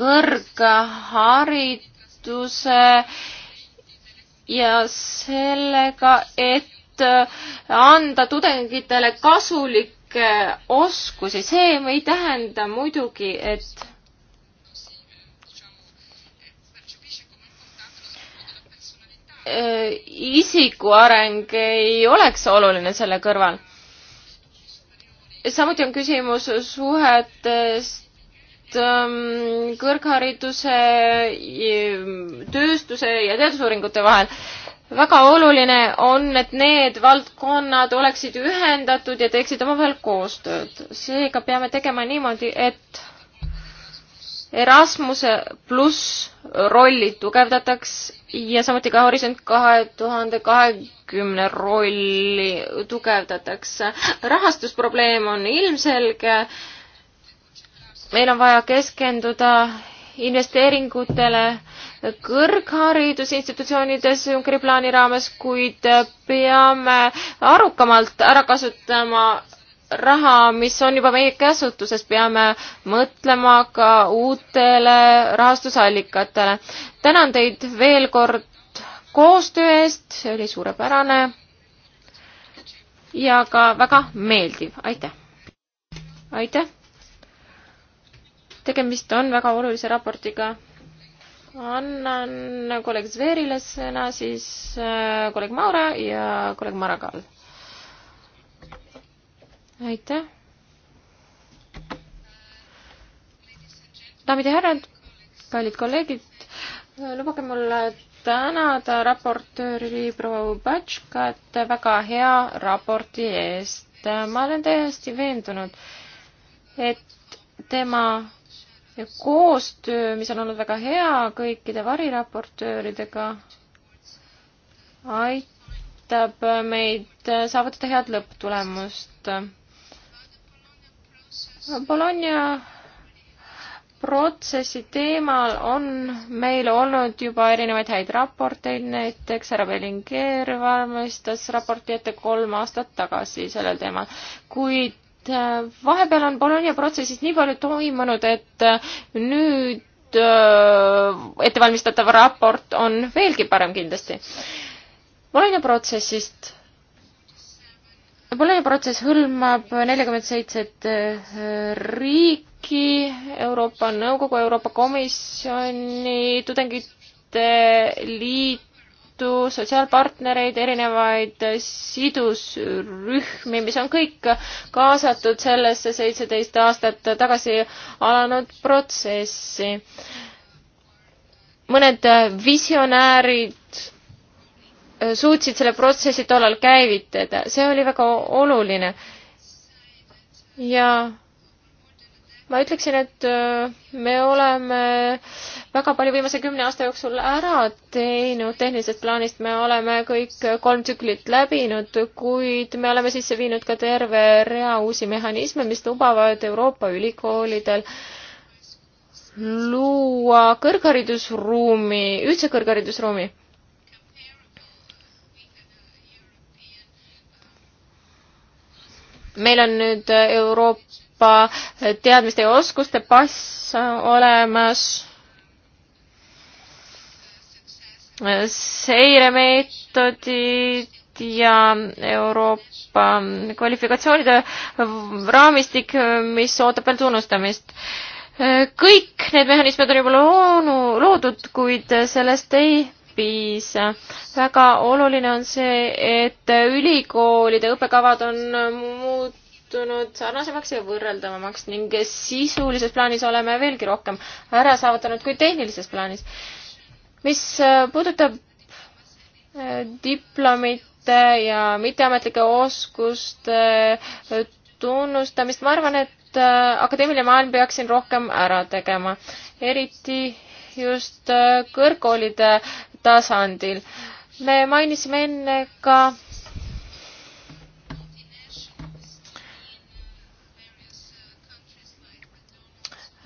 kõrghariduse ja sellega, et äh, anda tudengitele kasulikke oskusi. see ei tähenda muidugi, et Äh, isiku areng ei oleks oluline selle kõrval. samuti on küsimus suhetest ähm, kõrghariduse, tööstuse ja teadusuuringute vahel. väga oluline on, et need valdkonnad oleksid ühendatud ja teeksid omavahel koostööd. seega peame tegema niimoodi, et Erasmuse pluss rolli tugevdataks ja samuti ka Horisont kahe tuhande kahekümne rolli tugevdatakse. rahastusprobleem on ilmselge. meil on vaja keskenduda investeeringutele kõrgharidusinstitutsioonides Junckeri plaani raames, kuid peame arukamalt ära kasutama raha, mis on juba meie käsutuses, peame mõtlema ka uutele rahastusallikatele. tänan teid veel kord koostöö eest, see oli suurepärane ja ka väga meeldiv, aitäh! aitäh! tegemist on väga olulise raportiga. annan kolleeg Zverile sõna, siis äh, kolleeg Maure ja kolleeg Maragall aitäh. daamid ja härrad, kallid kolleegid, lubage mul tänada raportööri proua Ubatškat väga hea raporti eest. ma olen täiesti veendunud, et tema koostöö, mis on olnud väga hea kõikide variraportööridega, aitab meid saavutada head lõpptulemust Bologna protsessi teemal on meil olnud juba erinevaid häid raporteid, näiteks härra Bellinger valmistas raporti ette kolm aastat tagasi sellel teemal, kuid äh, vahepeal on Bologna protsessis nii palju toimunud, et äh, nüüd äh, ettevalmistatav raport on veelgi parem kindlasti. Bologna protsessist Bologna protsess hõlmab nelikümmend seitset äh, riiki, Euroopa Nõukogu, Euroopa Komisjoni, Tudengite Liitu, sotsiaalpartnereid, erinevaid äh, sidusrühmi, mis on kõik kaasatud sellesse seitseteist aastat tagasi alanud protsessi. mõned visionäärid suutsid selle protsessi tollal käivitada, see oli väga oluline. ja ma ütleksin, et äh, me oleme väga palju viimase kümne aasta jooksul ära teinud tehnilisest plaanist, me oleme kõik kolm tsüklit läbinud, kuid me oleme sisse viinud ka terve rea uusi mehhanisme, mis lubavad Euroopa ülikoolidel luua kõrgharidusruumi, ühtse kõrgharidusruumi meil on nüüd äh, Euroopa äh, teadmiste ja oskuste pass äh, olemas. seiremeetodid ja Euroopa kvalifikatsioonide raamistik, mis ootab veel tunnustamist. kõik need mehhanismid on juba loonu, loodud, kuid sellest ei viis. väga oluline on see, et ülikoolide õppekavad on muutunud sarnasemaks ja võrreldavamaks ning sisulises plaanis oleme veelgi rohkem ära saavutanud kui tehnilises plaanis. mis puudutab eh, diplomite ja mitteametlike oskuste eh, tunnustamist, ma arvan, et eh, akadeemiline maailm peaks siin rohkem ära tegema. eriti just äh, kõrgkoolide tasandil. me mainisime enne ka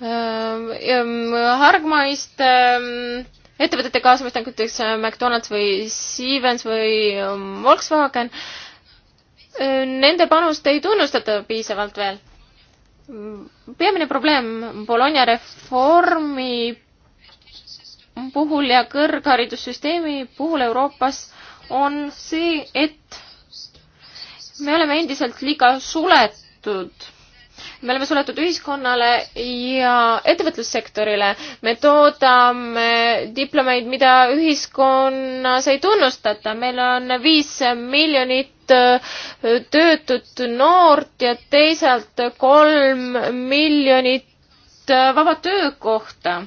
ähm, mm, hargmaist ähm, ettevõtete kaasamist, nagu näiteks äh, McDonalds või Siemens või ähm, Volkswagen, äh, nende panust ei tunnustata piisavalt veel. Mm, peamine probleem Bologna reformi puhul ja kõrgharidussüsteemi puhul Euroopas on see, et me oleme endiselt liiga suletud. me oleme suletud ühiskonnale ja ettevõtlussektorile. me toodame diplomeid, mida ühiskonnas ei tunnustata. meil on viis miljonit äh, töötut noort ja teisalt kolm miljonit äh, vaba töökohta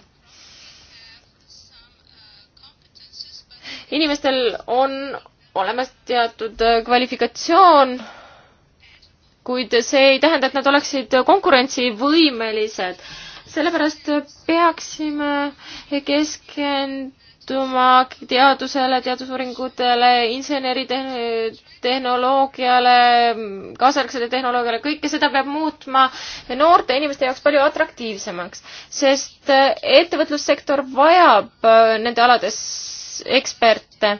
inimestel on olemas teatud äh, kvalifikatsioon, kuid see ei tähenda, et nad oleksid konkurentsivõimelised. sellepärast peaksime keskenduma teadusele, teadusuuringutele, inseneritehnoloogiale, kaasaegsele tehnoloogiale, kõike seda peab muutma noorte inimeste jaoks palju atraktiivsemaks, sest äh, ettevõtlussektor vajab äh, nende alades eksperte,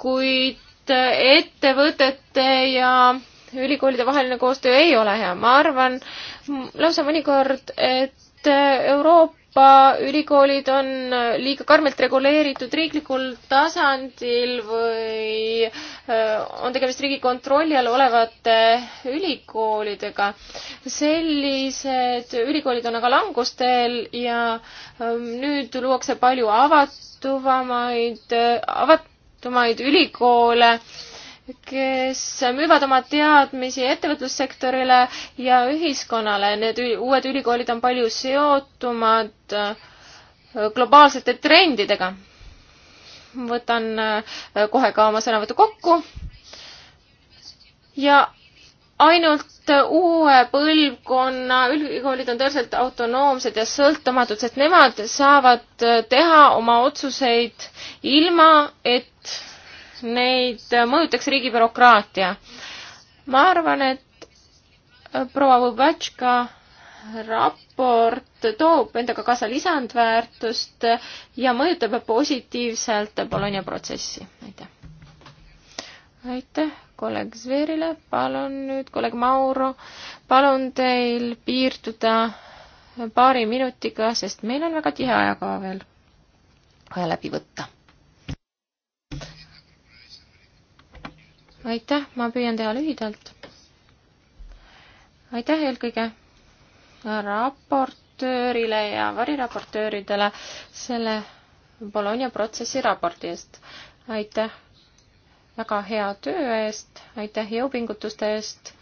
kuid ettevõtete ja ülikoolide vaheline koostöö ei ole hea. ma arvan lausa mõnikord, et Äh, Euroopa ülikoolid on äh, liiga karmilt reguleeritud riiklikul tasandil või äh, on tegemist riigi kontrolli all olevate ülikoolidega. sellised ülikoolid on aga langustel ja ähm, nüüd luuakse palju avatuvamaid, avatumaid ülikoole kes müüvad oma teadmisi ettevõtlussektorile ja ühiskonnale. Need uued ülikoolid on palju seotumad äh, globaalsete trendidega. võtan äh, kohe ka oma sõnavõtu kokku. ja ainult uue põlvkonna ülikoolid on tõeliselt autonoomsed ja sõltumatud, sest nemad saavad äh, teha oma otsuseid ilma, et neid mõjutaks riigi bürokraatia. ma arvan, et proua Vubatška raport toob endaga kaasa lisandväärtust ja mõjutab positiivselt Bologna protsessi. aitäh. aitäh kolleeg Zverile, palun nüüd kolleeg Mauro, palun teil piirduda paari minutiga, sest meil on väga tihe ajakava veel vaja läbi võtta aitäh, ma püüan teha lühidalt. aitäh eelkõige raportöörile ja variraportööridele selle Bologna protsessi raporti eest. aitäh väga hea töö eest, aitäh jõupingutuste eest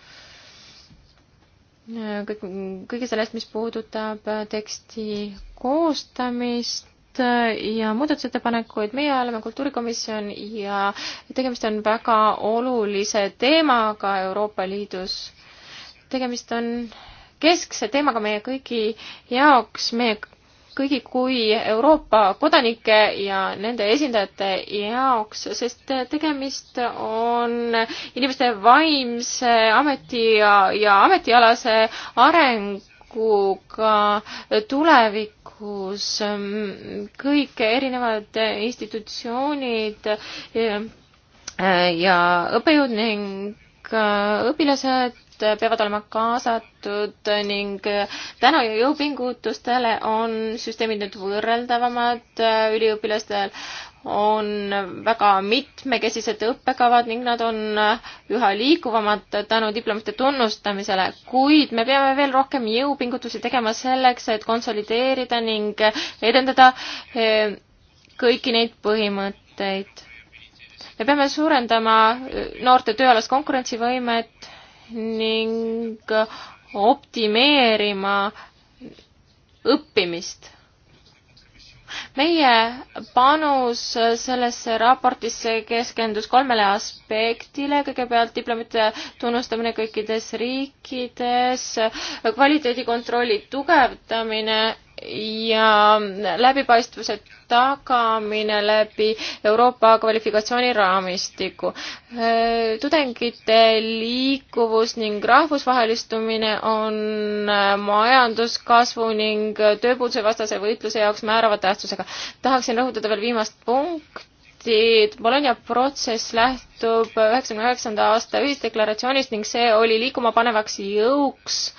kõik, kõige sellest, mis puudutab teksti koostamist Äh, ja muudatusettepanekuid. meie oleme kultuurikomisjon ja tegemist on väga olulise teemaga Euroopa Liidus. tegemist on keskse teemaga meie kõigi jaoks, meie kõigi kui Euroopa kodanike ja nende esindajate jaoks, sest tegemist on inimeste vaimse ameti ja, ja ametialase arenguga tulevik kus ähm, kõik erinevad äh, institutsioonid äh, äh, ja õppejõud ning õpilased peavad olema kaasatud ning tänu jõupingutustele on süsteemid nüüd võrreldavamad üliõpilastel on väga mitmekesised õppekavad ning nad on üha liikuvamad tänu diplomite tunnustamisele, kuid me peame veel rohkem jõupingutusi tegema selleks, et konsolideerida ning edendada eh, kõiki neid põhimõtteid. me peame suurendama eh, noorte tööalast konkurentsivõimet ning optimeerima õppimist meie panus sellesse raportisse keskendus kolmele aspektile, kõigepealt diplomite tunnustamine kõikides riikides, kvaliteedikontrolli tugevdamine ja läbipaistvuse tagamine läbi Euroopa kvalifikatsiooniraamistiku. tudengite liikuvus ning rahvusvahelistumine on majanduskasvu ning tööpuuduse vastase võitluse jaoks määrava tähtsusega. tahaksin rõhutada veel viimast punkti Eesti Bologna protsess lähtub üheksakümne üheksanda aasta ühisdeklaratsioonist ning see oli liikumapanevaks jõuks äh,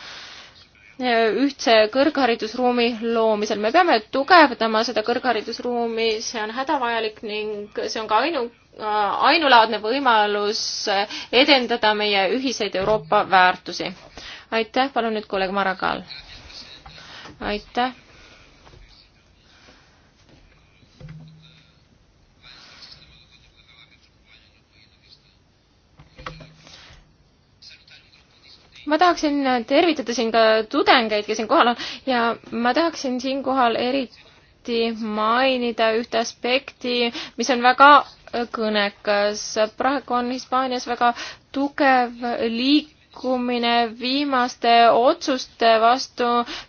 ühtse kõrgharidusruumi loomisel. me peame tugevdama seda kõrgharidusruumi, see on hädavajalik ning see on ka ainu, äh, ainulaadne võimalus edendada meie ühiseid Euroopa väärtusi. aitäh, palun nüüd kolleeg Mara Kaal. aitäh ma tahaksin tervitada siin ka tudengeid, kes siin kohal on ja ma tahaksin siinkohal eriti mainida ühte aspekti, mis on väga äh, kõnekas. praegu on Hispaanias väga tugev liik-, liikumine viimaste otsuste vastu,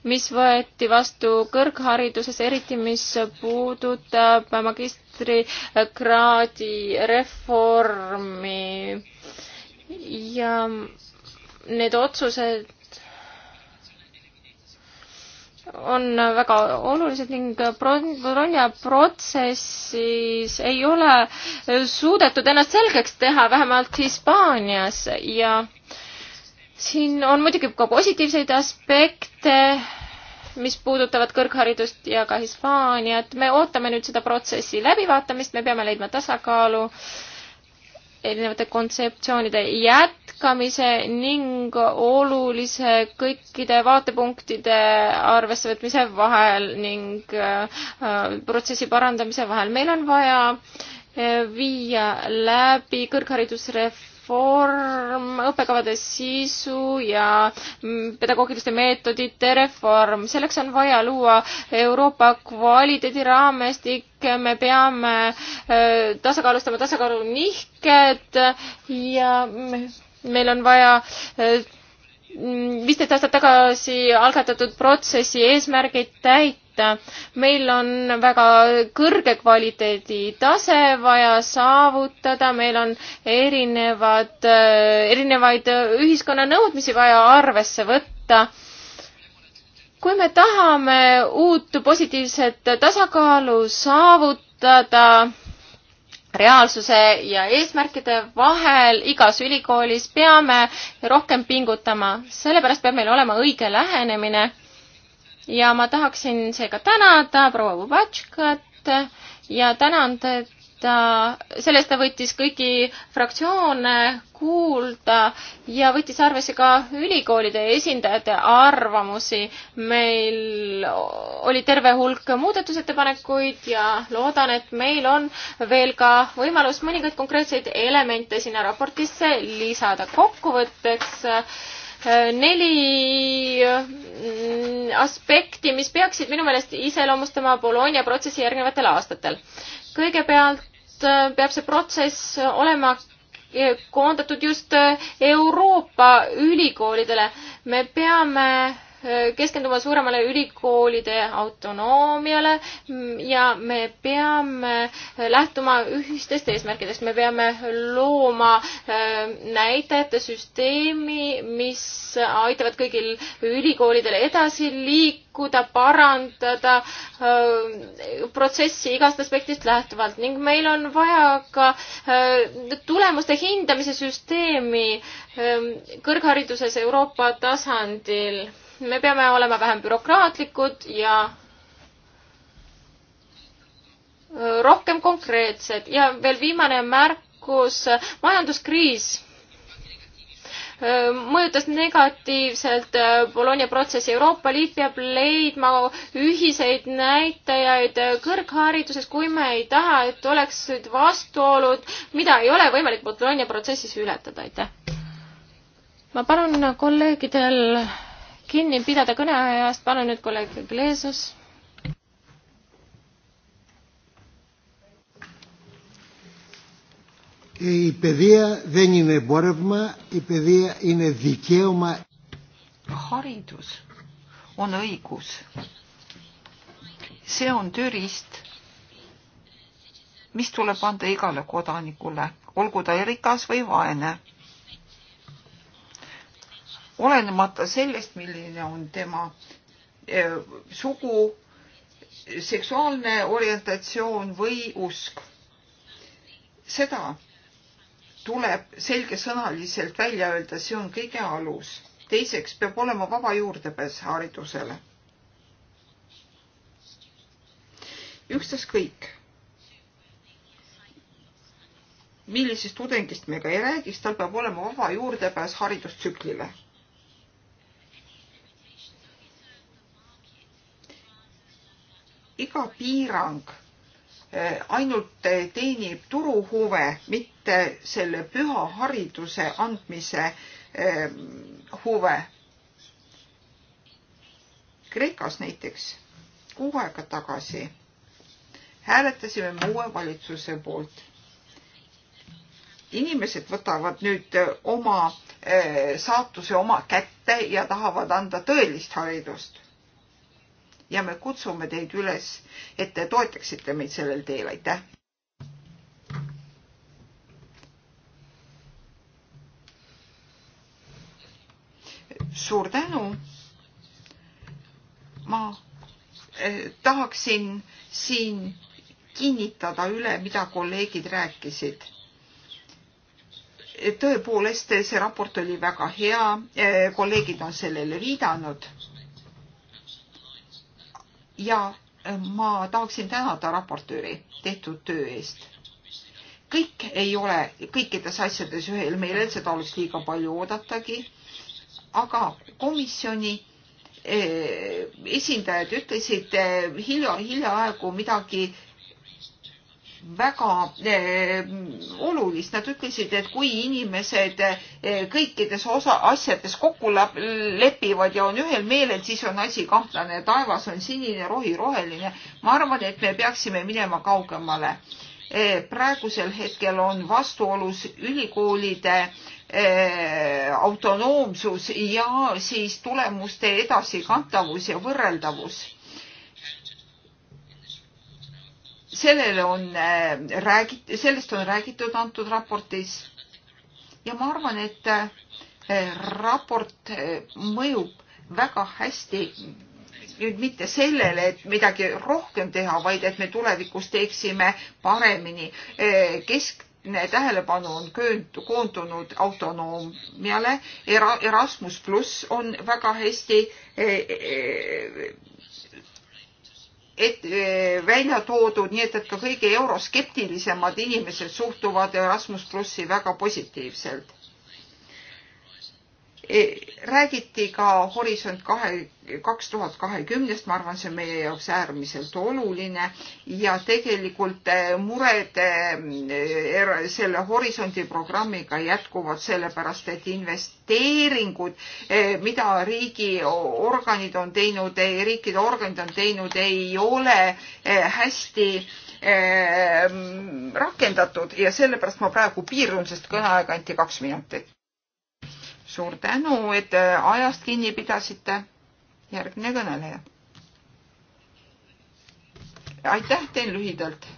mis võeti vastu kõrghariduses, eriti mis puudutab magistrikraadi reformi. ja need otsused on väga olulised ning Bologna protsessis ei ole suudetud ennast selgeks teha, vähemalt Hispaanias ja siin on muidugi ka positiivseid aspekte, mis puudutavad kõrgharidust ja ka Hispaaniat. me ootame nüüd seda protsessi läbivaatamist, me peame leidma tasakaalu erinevate kontseptsioonide jät-, märkamise ning olulise kõikide vaatepunktide arvessevõtmise vahel ning äh, protsessi parandamise vahel. meil on vaja äh, viia läbi kõrgharidusreform, õppekavade sisu ja mm, pedagoogiliste meetodite reform. selleks on vaja luua Euroopa kvaliteediraamestik, me peame äh, tasakaalustama tasakaalu nihked ja mm, meil on vaja äh, viisteist aastat tagasi algatatud protsessi eesmärgid täita. meil on väga kõrge kvaliteeditase vaja saavutada, meil on erinevad, äh, erinevaid ühiskonna nõudmisi vaja arvesse võtta kui me tahame uut positiivset tasakaalu saavutada, reaalsuse ja eesmärkide vahel igas ülikoolis peame rohkem pingutama, sellepärast peab meil olema õige lähenemine. ja ma tahaksin seega tänada proua Vubatškat ja tänan ta, sellest ta võttis kõiki fraktsioone kuulda ja võttis arvesse ka ülikoolide esindajate arvamusi. meil oli terve hulk muudatusettepanekuid ja loodan, et meil on veel ka võimalus mõningaid konkreetseid elemente sinna raportisse lisada. kokkuvõtteks äh, neli mm, aspekti, mis peaksid minu meelest iseloomustama Bologna protsessi järgnevatel aastatel. kõigepealt Äh, peab see protsess äh, olema äh, koondatud just Euroopa ülikoolidele. me peame keskenduma suuremale ülikoolide autonoomiale ja me peame lähtuma ühistest eesmärkidest, me peame looma äh, näitajate süsteemi, mis aitavad kõigil ülikoolidel edasi liikuda, parandada äh, protsessi igast aspektist lähtuvalt ning meil on vaja ka äh, tulemuste hindamise süsteemi kõrghariduses Euroopa tasandil me peame olema vähem bürokraatlikud ja äh, rohkem konkreetsed ja veel viimane märkus, majanduskriis äh, mõjutas negatiivselt äh, Bologna protsessi. Euroopa Liit peab leidma ühiseid näitajaid kõrghariduses, kui me ei taha, et oleksid vastuolud, mida ei ole võimalik Bologna protsessis ületada, aitäh. ma palun kolleegidel kinni pidada kõneajast, palun nüüd kolleeg Gleesus. Η παιδεία δεν είναι εμπόρευμα, η παιδεία είναι δικαίωμα. Haridus on õigus. See on tööriist, mis tuleb anda igale kodanikule, olgu ta rikas või vaene olenemata sellest, milline on tema eh, sugu, seksuaalne orientatsioon või usk. seda tuleb selgesõnaliselt välja öelda, see on kõige alus. teiseks peab olema vaba juurdepääs haridusele. ükstaskõik, millisest tudengist me ka ei räägiks, tal peab olema vaba juurdepääs haridustsüklile iga piirang äh, ainult äh, teenib turuhuve, mitte selle püha hariduse andmise ähm, huve. Kreekas näiteks kuu aega tagasi hääletasime me uue valitsuse poolt. inimesed võtavad nüüd äh, oma saatuse oma kätte ja tahavad anda tõelist haridust ja me kutsume teid üles, et te toetaksite meid sellel teel, aitäh! suur tänu! ma eh, tahaksin siin kinnitada üle, mida kolleegid rääkisid eh, tõepoolest see raport oli väga hea, eh, kolleegid on sellele viidanud ja äh, ma tahaksin tänada raportööri tehtud töö eest. kõik ei ole kõikides asjades ühel meelel, seda oleks liiga palju oodatagi. aga komisjoni äh, esindajad ütlesid äh, hilja, hiljaaegu midagi väga eh, olulist. Nad ütlesid, et kui inimesed eh, kõikides osa, asjades kokku lepivad ja on ühel meelel, siis on asi kahtlane. taevas on sinine, rohi roheline. ma arvan, et me peaksime minema kaugemale. Eh, praegusel hetkel on vastuolus ülikoolide autonoomsus ja siis tulemuste edasikantavus ja võrreldavus sellele on äh, räägit-, sellest on räägitud antud raportis. ja ma arvan, et äh, raport äh, mõjub väga hästi nüüd mitte sellele, et midagi rohkem teha, vaid et me tulevikus teeksime paremini. keskne tähelepanu on köönt, koondunud autonoomiale, Erasmus pluss on väga hästi et, e, välja toodud, nii et, et ka kõige euroskeptilisemad inimesed suhtuvad Erasmus plussi väga positiivselt. E, räägiti ka Horisont kahe, kaks tuhat kahekümnest, ma arvan, see on meie jaoks äärmiselt oluline ja tegelikult e, mured e, er, selle Horisondi programmiga jätkuvad, sellepärast et investeeringud, mida riigiorganid on teinud, riikide organid on teinud, ei ole hästi rakendatud ja sellepärast ma praegu piirun, sest kõneaeg anti kaks minutit suur tänu, et äh, ajast kinni pidasite. järgmine kõneleja. aitäh, teen lühidalt.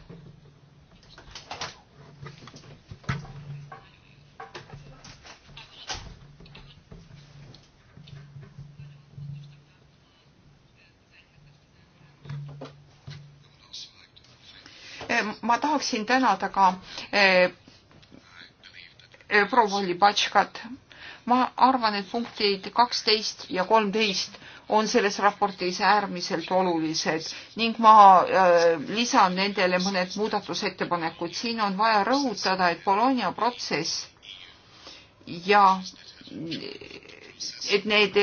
Äh, ma tahaksin tänada ka äh, proua Libatškat ma arvan, et punktid kaksteist ja kolmteist on selles raportis äärmiselt olulised ning ma äh, lisan nendele mõned muudatusettepanekud. siin on vaja rõhutada, et Bologna protsess ja et need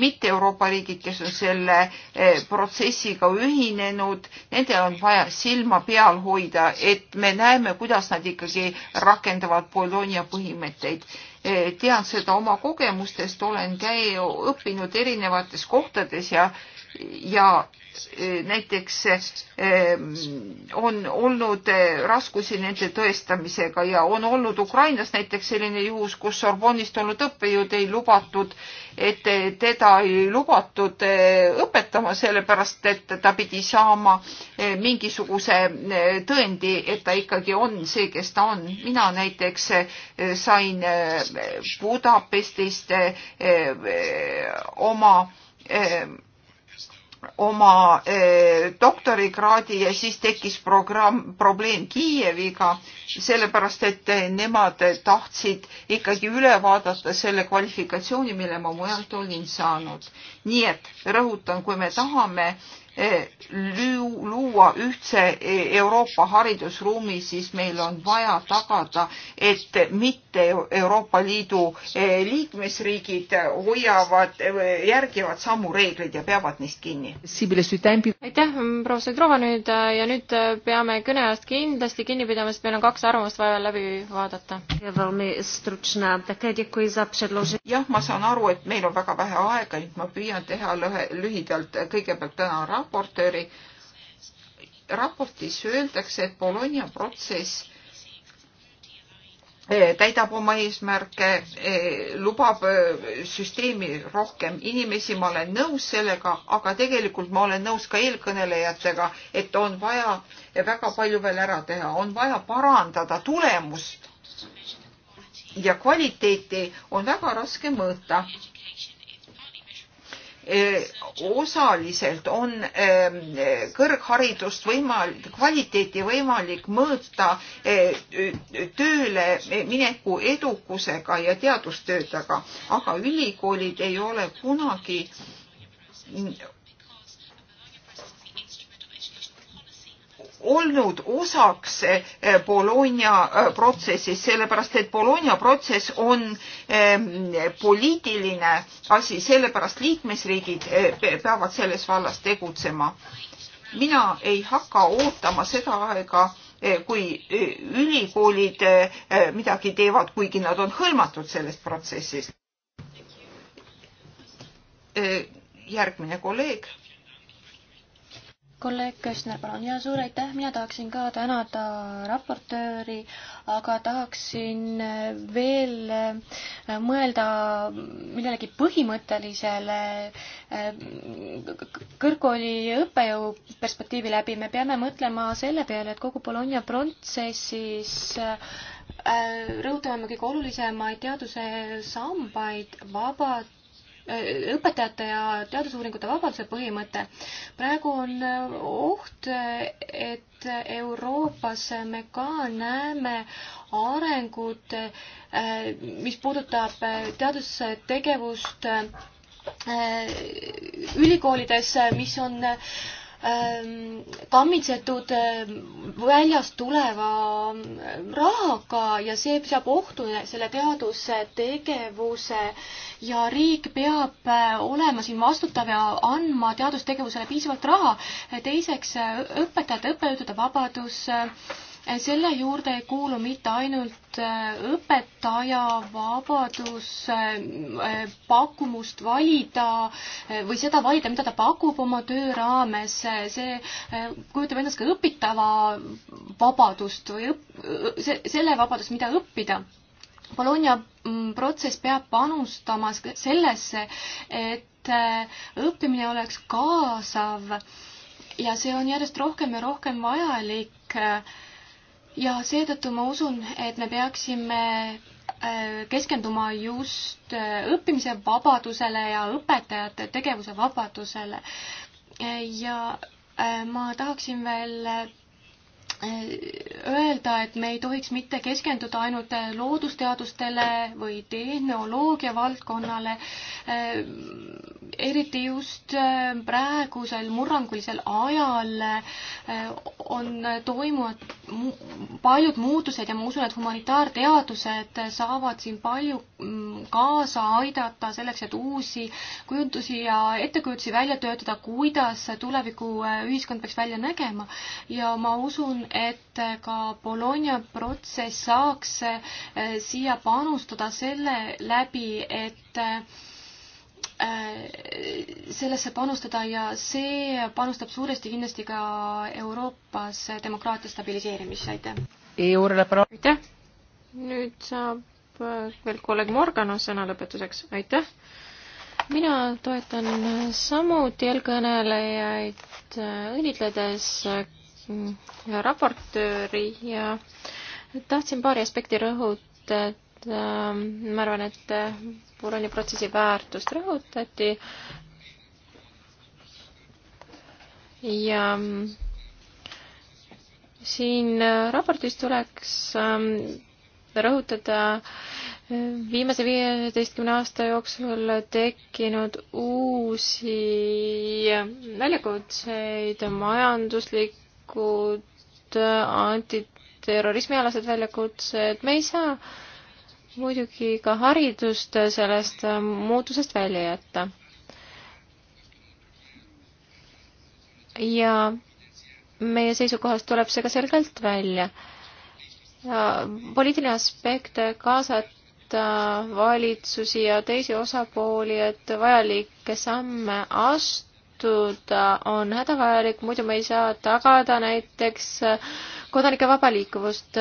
mitte Euroopa riigid, kes on selle äh, protsessiga ühinenud, nendel on vaja silma peal hoida, et me näeme, kuidas nad ikkagi rakendavad Bologna põhimõtteid. Eh, tean seda oma kogemustest, olen käi-, õppinud erinevates kohtades ja, ja Äh, näiteks ähm, on olnud äh, raskusi nende tõestamisega ja on olnud Ukrainas näiteks selline juhus, kus Sorbonnist olnud õppejõud ei lubatud, et äh, teda ei lubatud õpetama, sellepärast et ta pidi saama mingisuguse tõendi, et ta ikkagi on see, kes ta on. mina näiteks sain Budapestist oma oma doktorikraadi ja siis tekkis programm, probleem Kiieviga, sellepärast et äh, nemad tahtsid ikkagi üle vaadata selle kvalifikatsiooni, mille ma mujalt olin saanud. nii et rõhutan, kui me tahame Eh, luua ühtse eh, Euroopa haridusruumi, siis meil on vaja tagada, et mitte Euroopa Liidu eh, liikmesriigid hoiavad, järgivad samu reegleid ja peavad neist kinni. aitäh, proua Sõdrova nüüd ja nüüd peame kõneajast kindlasti kinni pidama, sest meil on kaks arvamust vaja läbi vaadata. jah, ma saan aru, et meil on väga vähe aega, nüüd ma püüan teha lühidalt, kõigepealt tänan rahvast raportööri. raportis öeldakse, et Bologna protsess eh, täidab oma eesmärke, eh, lubab eh, süsteemi rohkem inimesi, ma olen nõus sellega, aga tegelikult ma olen nõus ka eelkõnelejatega, et on vaja väga palju veel ära teha, on vaja parandada tulemust ja kvaliteeti on väga raske mõõta osaliselt on kõrgharidust võimalik, kvaliteeti võimalik mõõta tööle mineku edukusega ja teadustöödega, aga ülikoolid ei ole kunagi olnud osaks eh, Bologna eh, protsessist, sellepärast et Bologna protsess on ehm, poliitiline asi, sellepärast liikmesriigid eh, peavad selles vallas tegutsema. mina ei hakka ootama seda aega, kui ülikoolid midagi teevad, kuigi nad on hõlmatud sellest protsessist. järgmine kolleeg kolleeg Kösner, palun. ja suur aitäh, mina tahaksin ka tänada raportööri, aga tahaksin veel äh, mõelda millelegi põhimõttelisele äh, kõrgkooli õppejõu perspektiivi läbi. me peame mõtlema selle peale, et kogu Bologna protsessis äh, rõhutame kõige olulisemaid teaduse sambaid, vabad õpetajate ja teadusuuringute vabaduse põhimõte. praegu on oht, et Euroopas me ka näeme arengut, mis puudutab teadustegevust ülikoolides, mis on äh, Ähm, kammitsetud ähm, väljast tuleva ähm, rahaga ja see seab ohtu selle teaduse tegevuse ja riik peab äh, olema siin vastutav ja andma teadustegevusele piisavalt raha. teiseks äh, õpetajate, õppejõudude vabadus äh, selle juurde ei kuulu mitte ainult et äh, õpetaja vabadus äh, äh, pakkumust valida või seda valida, mida ta pakub oma töö raames, see kujutab endast ka õpitava vabadust või õp-, selle vabadust, mida õppida Bologna mm, protsess peab panustama sellesse, et õppimine oleks kaasav ja see on järjest rohkem ja rohkem vajalik ja seetõttu ma usun, et me peaksime äh, keskenduma just äh, õppimise vabadusele ja õpetajate tegevuse vabadusele. ja äh, ma tahaksin veel öelda, et me ei tohiks mitte keskenduda ainult loodusteadustele või tehnoloogia valdkonnale, eriti just äh, praegusel murrangulisel ajal äh, on toimuvad paljud muutused ja ma usun, et humanitaarteadused saavad siin palju mm, kaasa aidata selleks, et uusi kujundusi ja ettekujutusi välja töötada, kuidas tuleviku äh, ühiskond peaks välja nägema ja ma usun, et ka Bologna protsess saaks eh, siia panustada selle läbi, et eh, sellesse panustada ja see panustab suuresti kindlasti ka Euroopas demokraatia stabiliseerimisse, aitäh! E aitäh! nüüd saab eh, veel kolleeg Morgana sõna lõpetuseks, aitäh! mina toetan samuti eelkõnelejaid õnnitledes Mm, raportööri ja tahtsin paari aspekti rõhutada. ma arvan, et Burani äh, protsessi väärtust rõhutati ja mm, siin äh, raportis tuleks ähm, rõhutada äh, viimase viieteistkümne aasta jooksul tekkinud uusi väljakutseid, majanduslik väljakud, antiterrorismialased väljakutsed, me ei saa muidugi ka haridust sellest muutusest välja jätta. ja meie seisukohast tuleb see ka selgelt välja. poliitiline aspekt kaasata valitsusi ja teisi osapooli, et vajalikke samme astuda, liituda on hädavajalik, muidu me ei saa tagada näiteks kodanike vaba liikuvust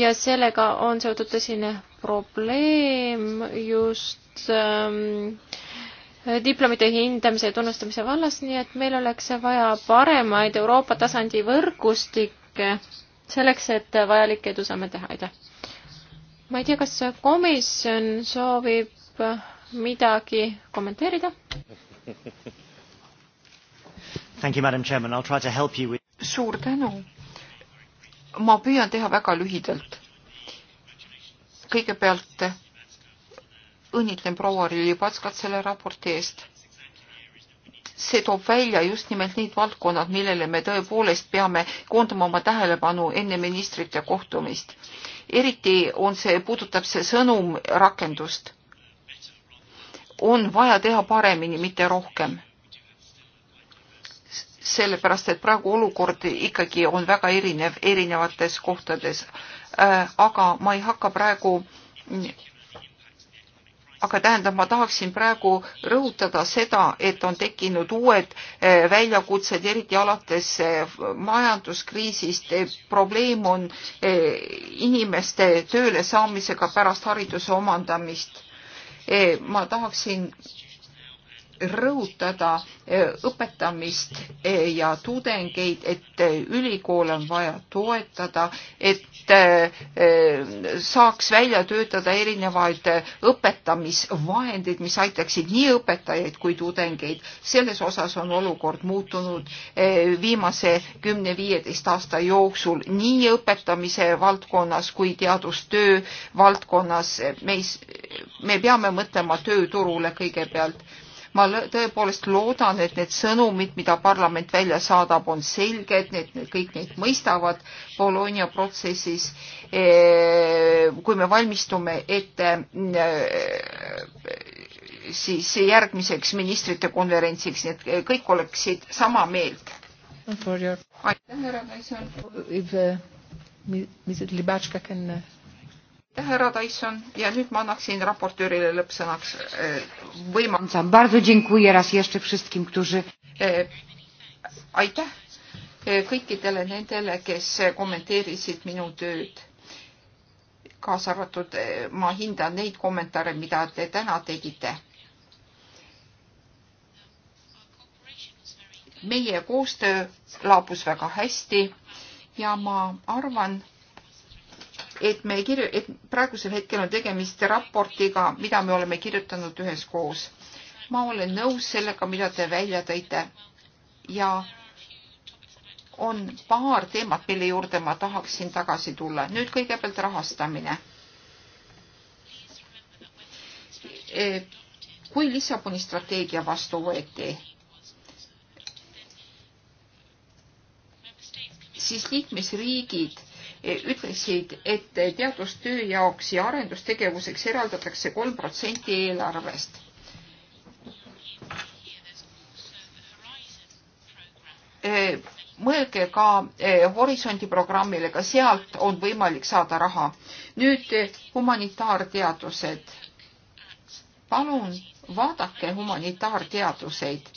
ja sellega on seotud tõsine probleem just ähm, diplomite hindamise ja tunnustamise vallas, nii et meil oleks vaja paremaid Euroopa tasandi võrgustikke selleks, et vajalikke edusamme teha, aitäh. ma ei tea, kas komisjon soovib midagi kommenteerida Thank you, madam chairman, I will try to help you with suur tänu. ma püüan teha väga lühidalt. kõigepealt õnnitlen proua Lilipatskat selle raporti eest. see toob välja just nimelt need valdkonnad, millele me tõepoolest peame koondama oma tähelepanu enne ministrite kohtumist. eriti on see, puudutab see sõnum rakendust. on vaja teha paremini, mitte rohkem sellepärast et praegu olukord ikkagi on väga erinev erinevates kohtades. Äh, aga ma ei hakka praegu, aga tähendab, ma tahaksin praegu rõhutada seda, et on tekkinud uued äh, väljakutsed, eriti alates äh, majanduskriisist. probleem on inimeste tööle saamisega pärast hariduse omandamist. ma tahaksin rõhutada eh, õpetamist eh, ja tudengeid, et eh, ülikool on vaja toetada, et saaks välja töötada erinevaid õpetamisvahendeid, mis aitaksid nii õpetajaid kui tudengeid. selles osas on olukord muutunud viimase kümne-viieteist aasta jooksul nii õpetamise valdkonnas kui teadustöö valdkonnas. me ei, me peame mõtlema tööturule kõigepealt ma tõepoolest loodan, et need sõnumid, mida parlament välja saadab, on selged, need, need kõik neid mõistavad Bologna protsessis. Eh, kui me valmistume ette eh, siis järgmiseks ministrite konverentsiks, nii et kõik oleksid sama meelt. aitäh, härra Kaisel. If uh, eh, Mrs. Libatška can uh, aitäh, härra Tyson ja nüüd ma annaksin raportöörile lõppsõnaks eh, võimaluse. Eh, aitäh eh, kõikidele nendele, kes kommenteerisid minu tööd. kaasa arvatud, ma hindan neid kommentaare, mida te täna tegite meie koostöö laabus väga hästi ja ma arvan, et me kirju-, et praegusel hetkel on tegemist raportiga, mida me oleme kirjutanud üheskoos. ma olen nõus sellega, mida te välja tõite ja on paar teemat, mille juurde ma tahaksin tagasi tulla. nüüd kõigepealt rahastamine. E, kui Lissaboni strateegia vastu võeti, siis liikmesriigid ütlesid, et teadustöö jaoks ja arendustegevuseks eraldatakse kolm protsenti eelarvest. mõelge ka eh, Horisondi programmile, ka sealt on võimalik saada raha. nüüd eh, humanitaarteadused. palun vaadake humanitaarteaduseid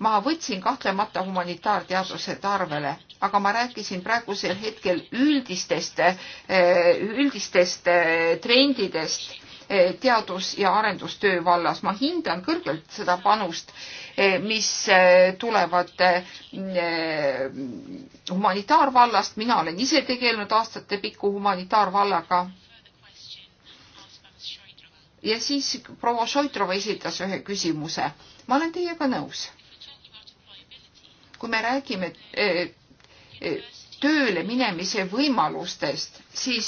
ma võtsin kahtlemata humanitaarteadused arvele aga ma rääkisin praegusel hetkel üldistest, eh, üldistest eh, trendidest eh, teadus- ja arendustöö vallas. ma hindan kõrgelt seda panust, mis tulevad humanitaarvallast. mina olen ise tegelenud aastatepikku humanitaarvallaga. ja siis proua Šoitrova esitas ühe küsimuse. ma olen teiega nõus. kui me räägime E, tööle minemise võimalustest, siis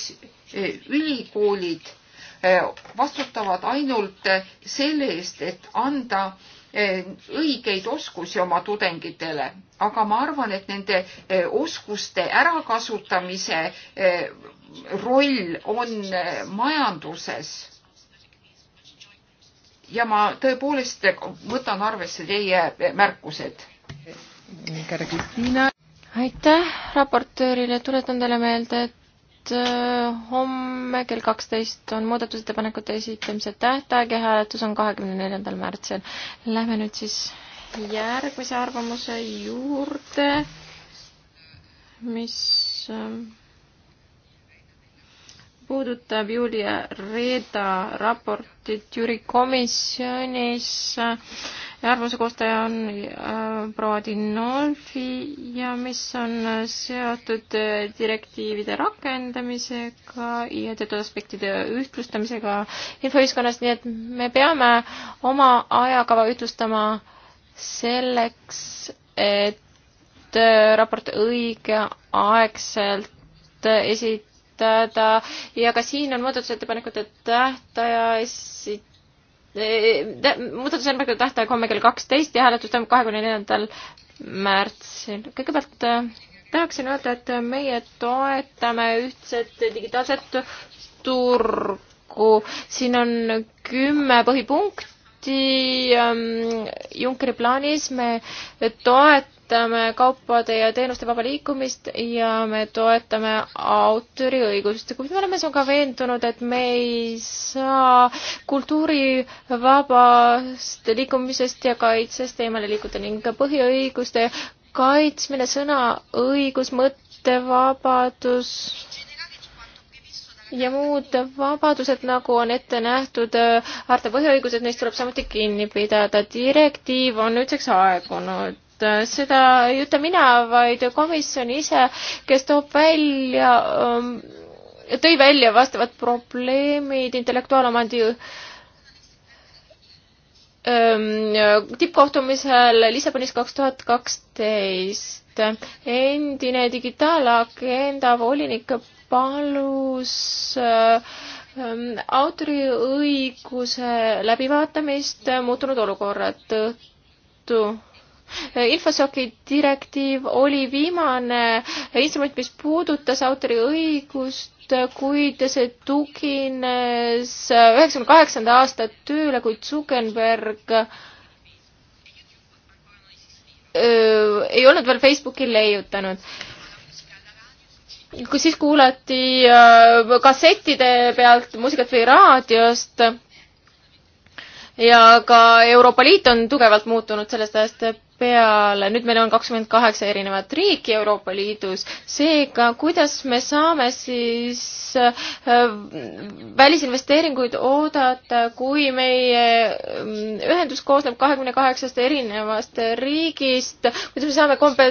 e, ülikoolid e, vastutavad ainult selle eest, et anda õigeid oskusi oma tudengitele, aga ma arvan, et nende oskuste ärakasutamise roll on majanduses. ja ma tõepoolest võtan arvesse teie märkused. Kristiina aitäh raportöörile, tuletan teile meelde, et äh, homme kell kaksteist on muudatusettepanekute esitamise tähtaeg ja hääletus on kahekümne neljandal märtsil. Lähme nüüd siis järgmise arvamuse juurde, mis äh, puudutab Julia Reeda raportit Jüri komisjonis äh, arvamuse koostaja on äh, proua Dinolfi ja mis on seotud äh, direktiivide rakendamisega ja teatud aspektide ühtlustamisega infoühiskonnas, nii et me peame oma ajakava ühtlustama selleks, et äh, raport õigeaegselt esitada ja ka siin on muudatusettepanekute tähtaja esit-, muudatusettepanekute tähtaeg homme kell kaksteist ja hääletus toimub kahekümne neljandal märtsil. kõigepealt äh, tahaksin öelda, et meie toetame ühtset digitaalset turgu. siin on kümme põhipunkti ähm, Junckeri plaanis, me toetame toetame kaupade ja teenuste vaba liikumist ja me toetame autoriõigust, kuid me oleme sinuga veendunud, et me ei saa kultuurivabast liikumisest ja kaitsest eemale liikuda ning põhiõiguste kaitsmine, sõnaõigus, mõttevabadus ja muud vabadused, nagu on ette nähtud äh, harta põhiõigused, neist tuleb samuti kinni pidada. direktiiv on nüüdseks aegunud Äh, seda ei ütle mina, vaid komisjon ise, kes toob välja, ähm, tõi välja vastavad probleemid intellektuaalomandi ähm, tippkohtumisel Lissabonis kaks tuhat kaksteist. endine digitaalagenda volinik palus äh, ähm, autoriõiguse läbivaatamist muutunud olukorra tõttu infosoki direktiiv oli viimane instrument, mis puudutas autoriõigust, kuid see tugines üheksakümne kaheksanda aasta tööle, kui Zuckerberg öö, ei olnud veel Facebooki leiutanud. kui siis kuulati öö, kassettide pealt muusikat või raadiost ja ka Euroopa Liit on tugevalt muutunud sellest ajast peale, nüüd meil on kakskümmend kaheksa erinevat riiki Euroopa Liidus, seega kuidas me saame siis äh, välisinvesteeringuid oodata, kui meie mm, ühendus koosneb kahekümne kaheksast erinevast riigist, kuidas me saame kompe-,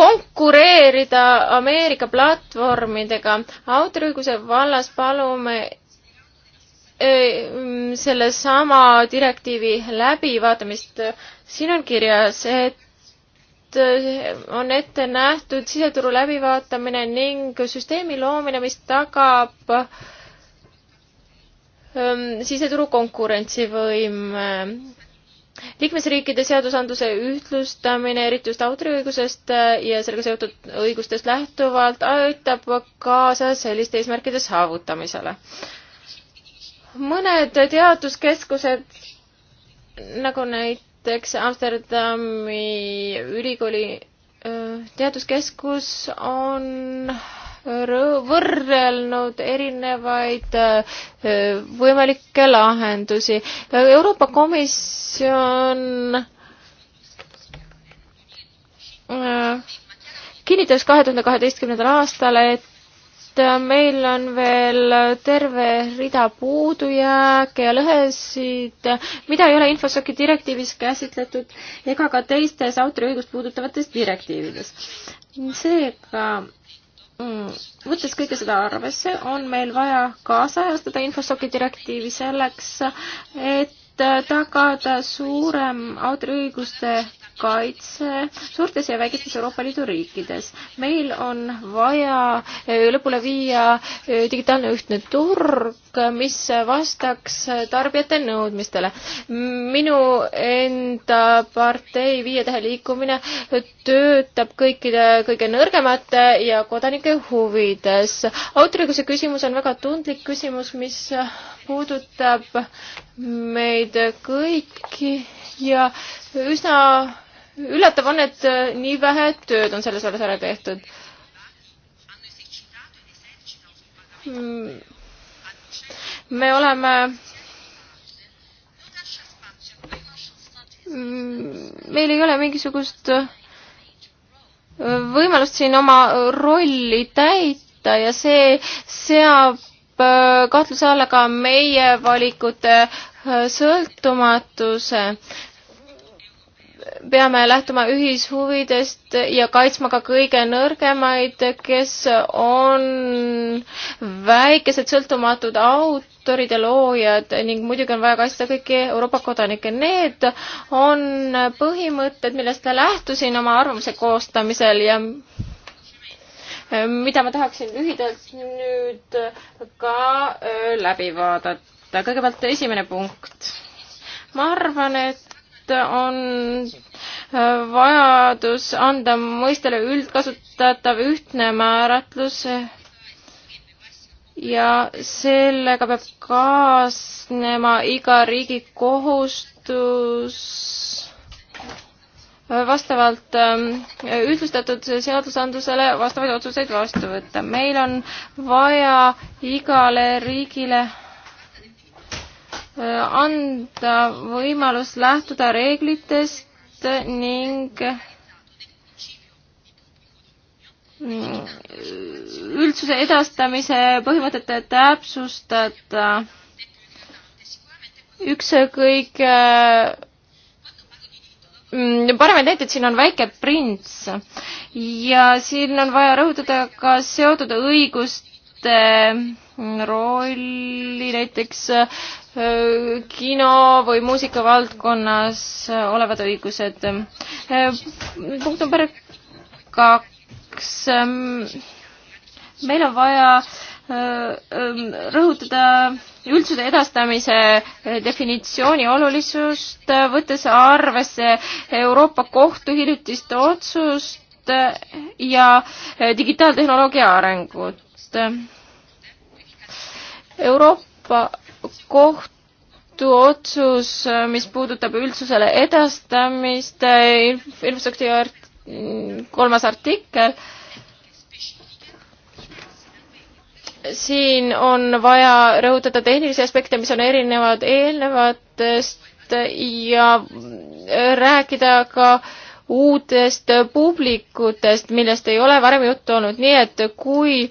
konkureerida Ameerika platvormidega. autoriõiguse vallas palume äh, mm, sellesama direktiivi läbivaatamist siin on kirjas, et äh, on ette nähtud siseturu läbivaatamine ning süsteemi loomine, mis tagab ähm, siseturu konkurentsivõime. liikmesriikide seadusandluse ühtlustamine, eriti just autoriõigusest äh, ja sellega seotud õigustest lähtuvalt, aitab kaasa selliste eesmärkide saavutamisele. mõned teaduskeskused nagu näiteks näiteks Amsterdami ülikooli äh, teaduskeskus on võrrelnud erinevaid äh, võimalikke lahendusi. Euroopa Komisjon äh, kinnitas kahe tuhande kaheteistkümnendal aastal, et et äh, meil on veel terve rida puudujääke ja lõhesid, mida ei ole infosoki direktiivis käsitletud ega ka teistes autoriõigust puudutavates direktiivides. seega mm, võttes kõike seda arvesse, on meil vaja kaasajastada infosoki direktiivi selleks, et tagada suurem autoriõiguste kaitse suurtes ja väikestes Euroopa Liidu riikides. meil on vaja eh, lõpule viia eh, digitaalne ühtne turg, mis vastaks tarbijate nõudmistele. minu enda partei Viie Tähe liikumine töötab kõikide kõige nõrgemate ja kodanike huvides. autoriõiguse küsimus on väga tundlik küsimus, mis puudutab meid kõiki ja üsna üllatav on, et äh, nii vähe tööd on selles vallas ära tehtud. Mm. me oleme mm, meil ei ole mingisugust äh, võimalust siin oma rolli täita ja see seab äh, kahtluse alla ka meie valikute sõltumatuse peame lähtuma ühishuvidest ja kaitsma ka kõige nõrgemaid, kes on väikesed sõltumatud autorid ja loojad ning muidugi on vaja kaitsta kõiki Euroopa kodanikke. Need on põhimõtted, millest ma lähtusin oma arvamuse koostamisel ja mida ma tahaksin lühidalt nüüd ka äh, läbi vaadata. kõigepealt esimene punkt. ma arvan, et on äh, vajadus anda mõistele üldkasutatav ühtne määratlus ja sellega peab kaasnema iga riigi kohustus äh, vastavalt äh, ühtlustatud seadusandlusele vastavaid otsuseid vastu võtta. meil on vaja igale riigile Äh, anda võimalus lähtuda reeglitest ning äh, üldsuse edastamise põhimõtete täpsustada. üks kõige äh, mm, paremaid näiteid siin on Väike prints ja siin on vaja rõhutada ka seotud õiguste mm, rolli näiteks kino või muusikavaldkonnas olevad õigused. punkt number kaks. meil on vaja ähm, rõhutada üldsude edastamise definitsiooni olulisust, võttes arvesse Euroopa Kohtu hiljutist otsust ja digitaaltehnoloogia arengut. Euroopa kohtuotsus, mis puudutab üldsusele edastamist, äh, infrastruktuuri art-, kolmas artikkel, siin on vaja rõhutada tehnilisi aspekte, mis on erinevad eelnevatest ja rääkida ka uutest publikutest, millest ei ole varem juttu olnud, nii et kui äh,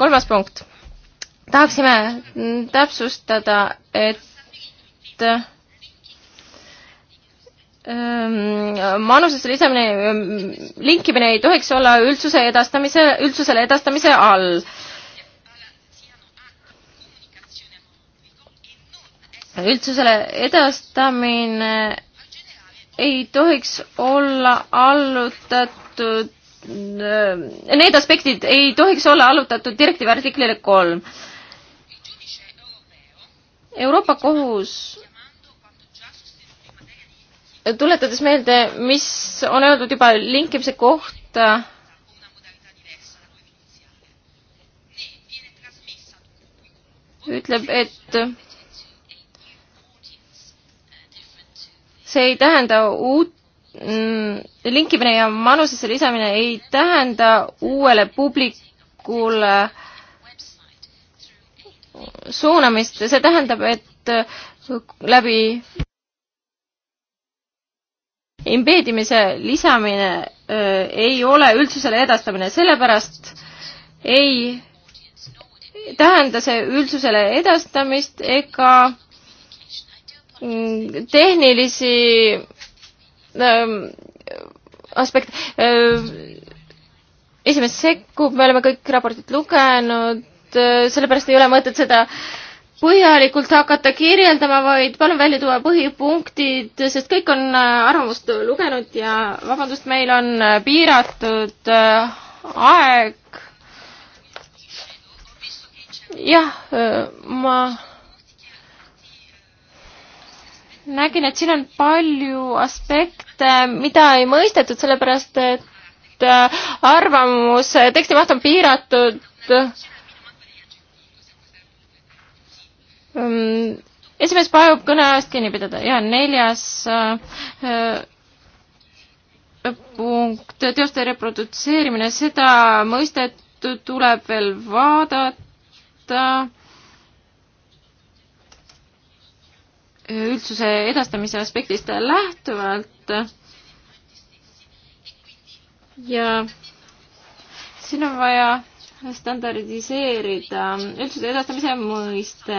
kolmas punkt. tahaksime täpsustada, et ähm, manusesse lisamine, ähm, linkimine ei tohiks olla üldsuse edastamise, üldsusele edastamise all. üldsusele edastamine ei tohiks olla allutatud Äh, need aspektid ei tohiks olla allutatud direktiivi artiklile kolm. Euroopa Kohus, tuletades meelde, mis on öeldud juba linkimise kohta, ütleb, et see ei tähenda uut Mm, linkimine ja manusesse lisamine ei tähenda uuele publikule suunamist, see tähendab, et äh, läbi embeedimise lisamine öö, äh, ei ole üldsusele edastamine, sellepärast ei tähenda see üldsusele edastamist ega mm, tehnilisi Ehm, aspekt. Ehm, esimees sekkub, me oleme kõik raportid lugenud, eh, sellepärast ei ole mõtet seda põhjalikult hakata kirjeldama, vaid palun välja tuua põhipunktid, sest kõik on eh, arvamust lugenud ja vabandust, meil on eh, piiratud aeg. jah, ma nägin, et siin on palju aspekte, mida ei mõistetud, sellepärast et äh, arvamus, äh, teksti maht on piiratud. Ähm, esimees palub kõne ajast kinni pidada ja neljas äh, punkt, teoste reprodutseerimine, seda mõistet tuleb veel vaadata üldsuse edastamise aspektist lähtuvalt. ja siin on vaja standardiseerida üldsuse edastamise mõiste.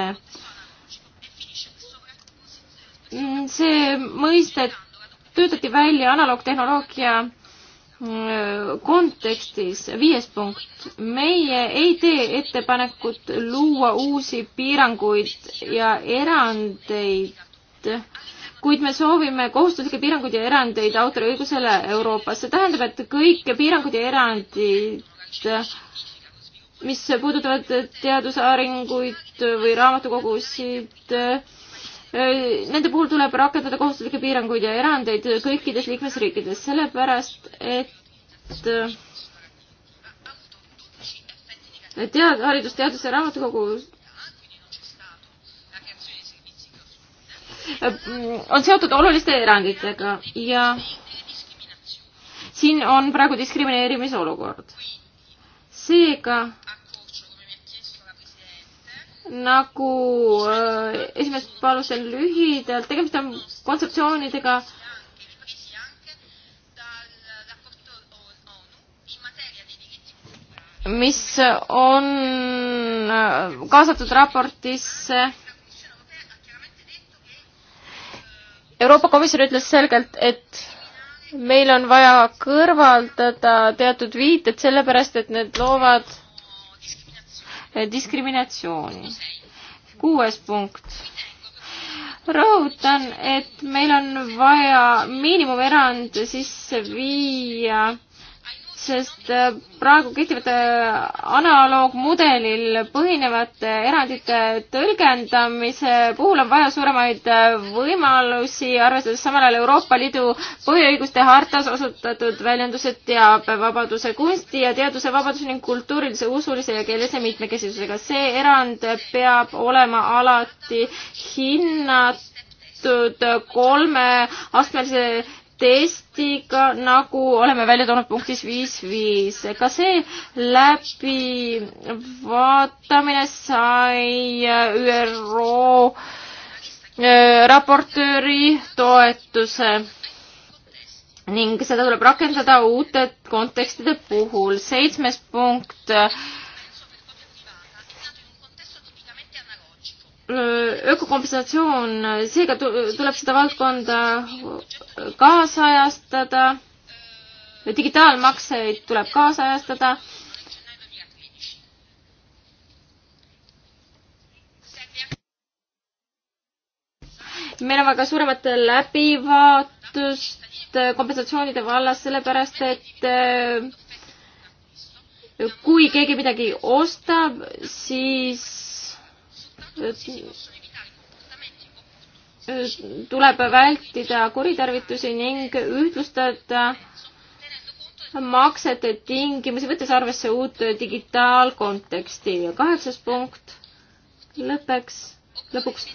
see mõiste töötati välja analoogtehnoloogia kontekstis, viies punkt, meie ei tee ettepanekut luua uusi piiranguid ja erandeid, kuid me soovime kohustuslikke piiranguid ja erandeid autoriõigusele Euroopas. see tähendab, et kõik piirangud ja erandid, mis puudutavad teadusarenguid või raamatukogusid, Äh, nende puhul tuleb rakendada kohustuslikke piiranguid ja erandeid kõikides liikmesriikides, sellepärast et äh, tead-, haridusteaduse raamatukogu on seotud oluliste eranditega ja siin on praegu diskrimineerimise olukord. seega nagu äh, esimest palusin lühidalt, tegemist on kontseptsioonidega, mis on äh, kaasatud raportisse. Euroopa Komisjon ütles selgelt, et meil on vaja kõrvaldada teatud viited, sellepärast et need loovad diskriminatsiooni. kuues punkt. rõhutan, et meil on vaja miinimumerand sisse viia sest äh, praegu kehtivate äh, analoogmudelil põhinevate erandite tõlgendamise puhul on vaja suuremaid äh, võimalusi, arvestades samal ajal Euroopa Liidu põhiõiguste hartas osutatud väljenduse teabevabaduse, kunsti ja teaduse vabaduse ning kultuurilise, usulise ja keelelise mitmekesisusega. see erand peab olema alati hinnatud kolmeastmelise testiga, nagu oleme välja toonud punktis viis viis. ka see läbivaatamine sai äh, ÜRO äh, raportööri toetuse ning seda tuleb rakendada uute kontekstide puhul. seitsmes punkt ökokompensatsioon, seega tuleb seda valdkonda kaasajastada, digitaalmakseid tuleb kaasajastada. meil on vaja suuremat läbivaatust kompensatsioonide vallas, sellepärast et kui keegi midagi ostab, siis tuleb vältida kuritarvitusi ning ühtlustada maksete tingimusi, võttes arvesse uut digitaalkonteksti. kaheksas punkt lõpeks, lõpuks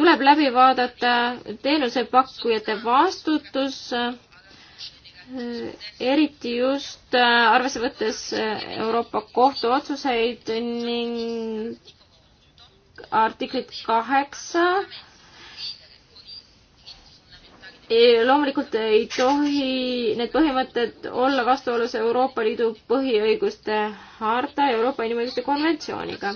tuleb läbi vaadata teenusepakkujate vastutus, eriti just arvesse võttes Euroopa Kohtu otsuseid ning artiklit kaheksa. E, loomulikult ei tohi need põhimõtted olla vastuolus Euroopa Liidu põhiõiguste harta ja Euroopa Inimõiguste konventsiooniga.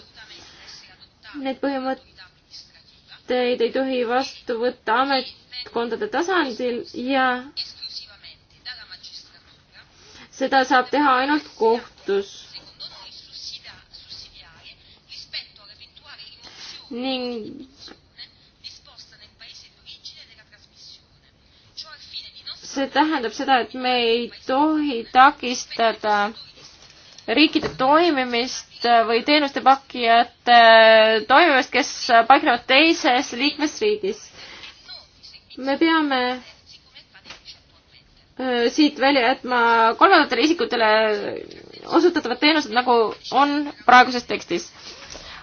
Need põhimõtteid ei tohi vastu võtta ametkondade tasandil ja seda saab teha ainult kohtus ning see tähendab seda, et me ei tohi takistada riikide toimimist või teenuste pakkijate toimimist, kes paiknevad teises liikmesriigis. me peame siit välja jätma kolmandatele isikutele osutatavad teenused, nagu on praeguses tekstis.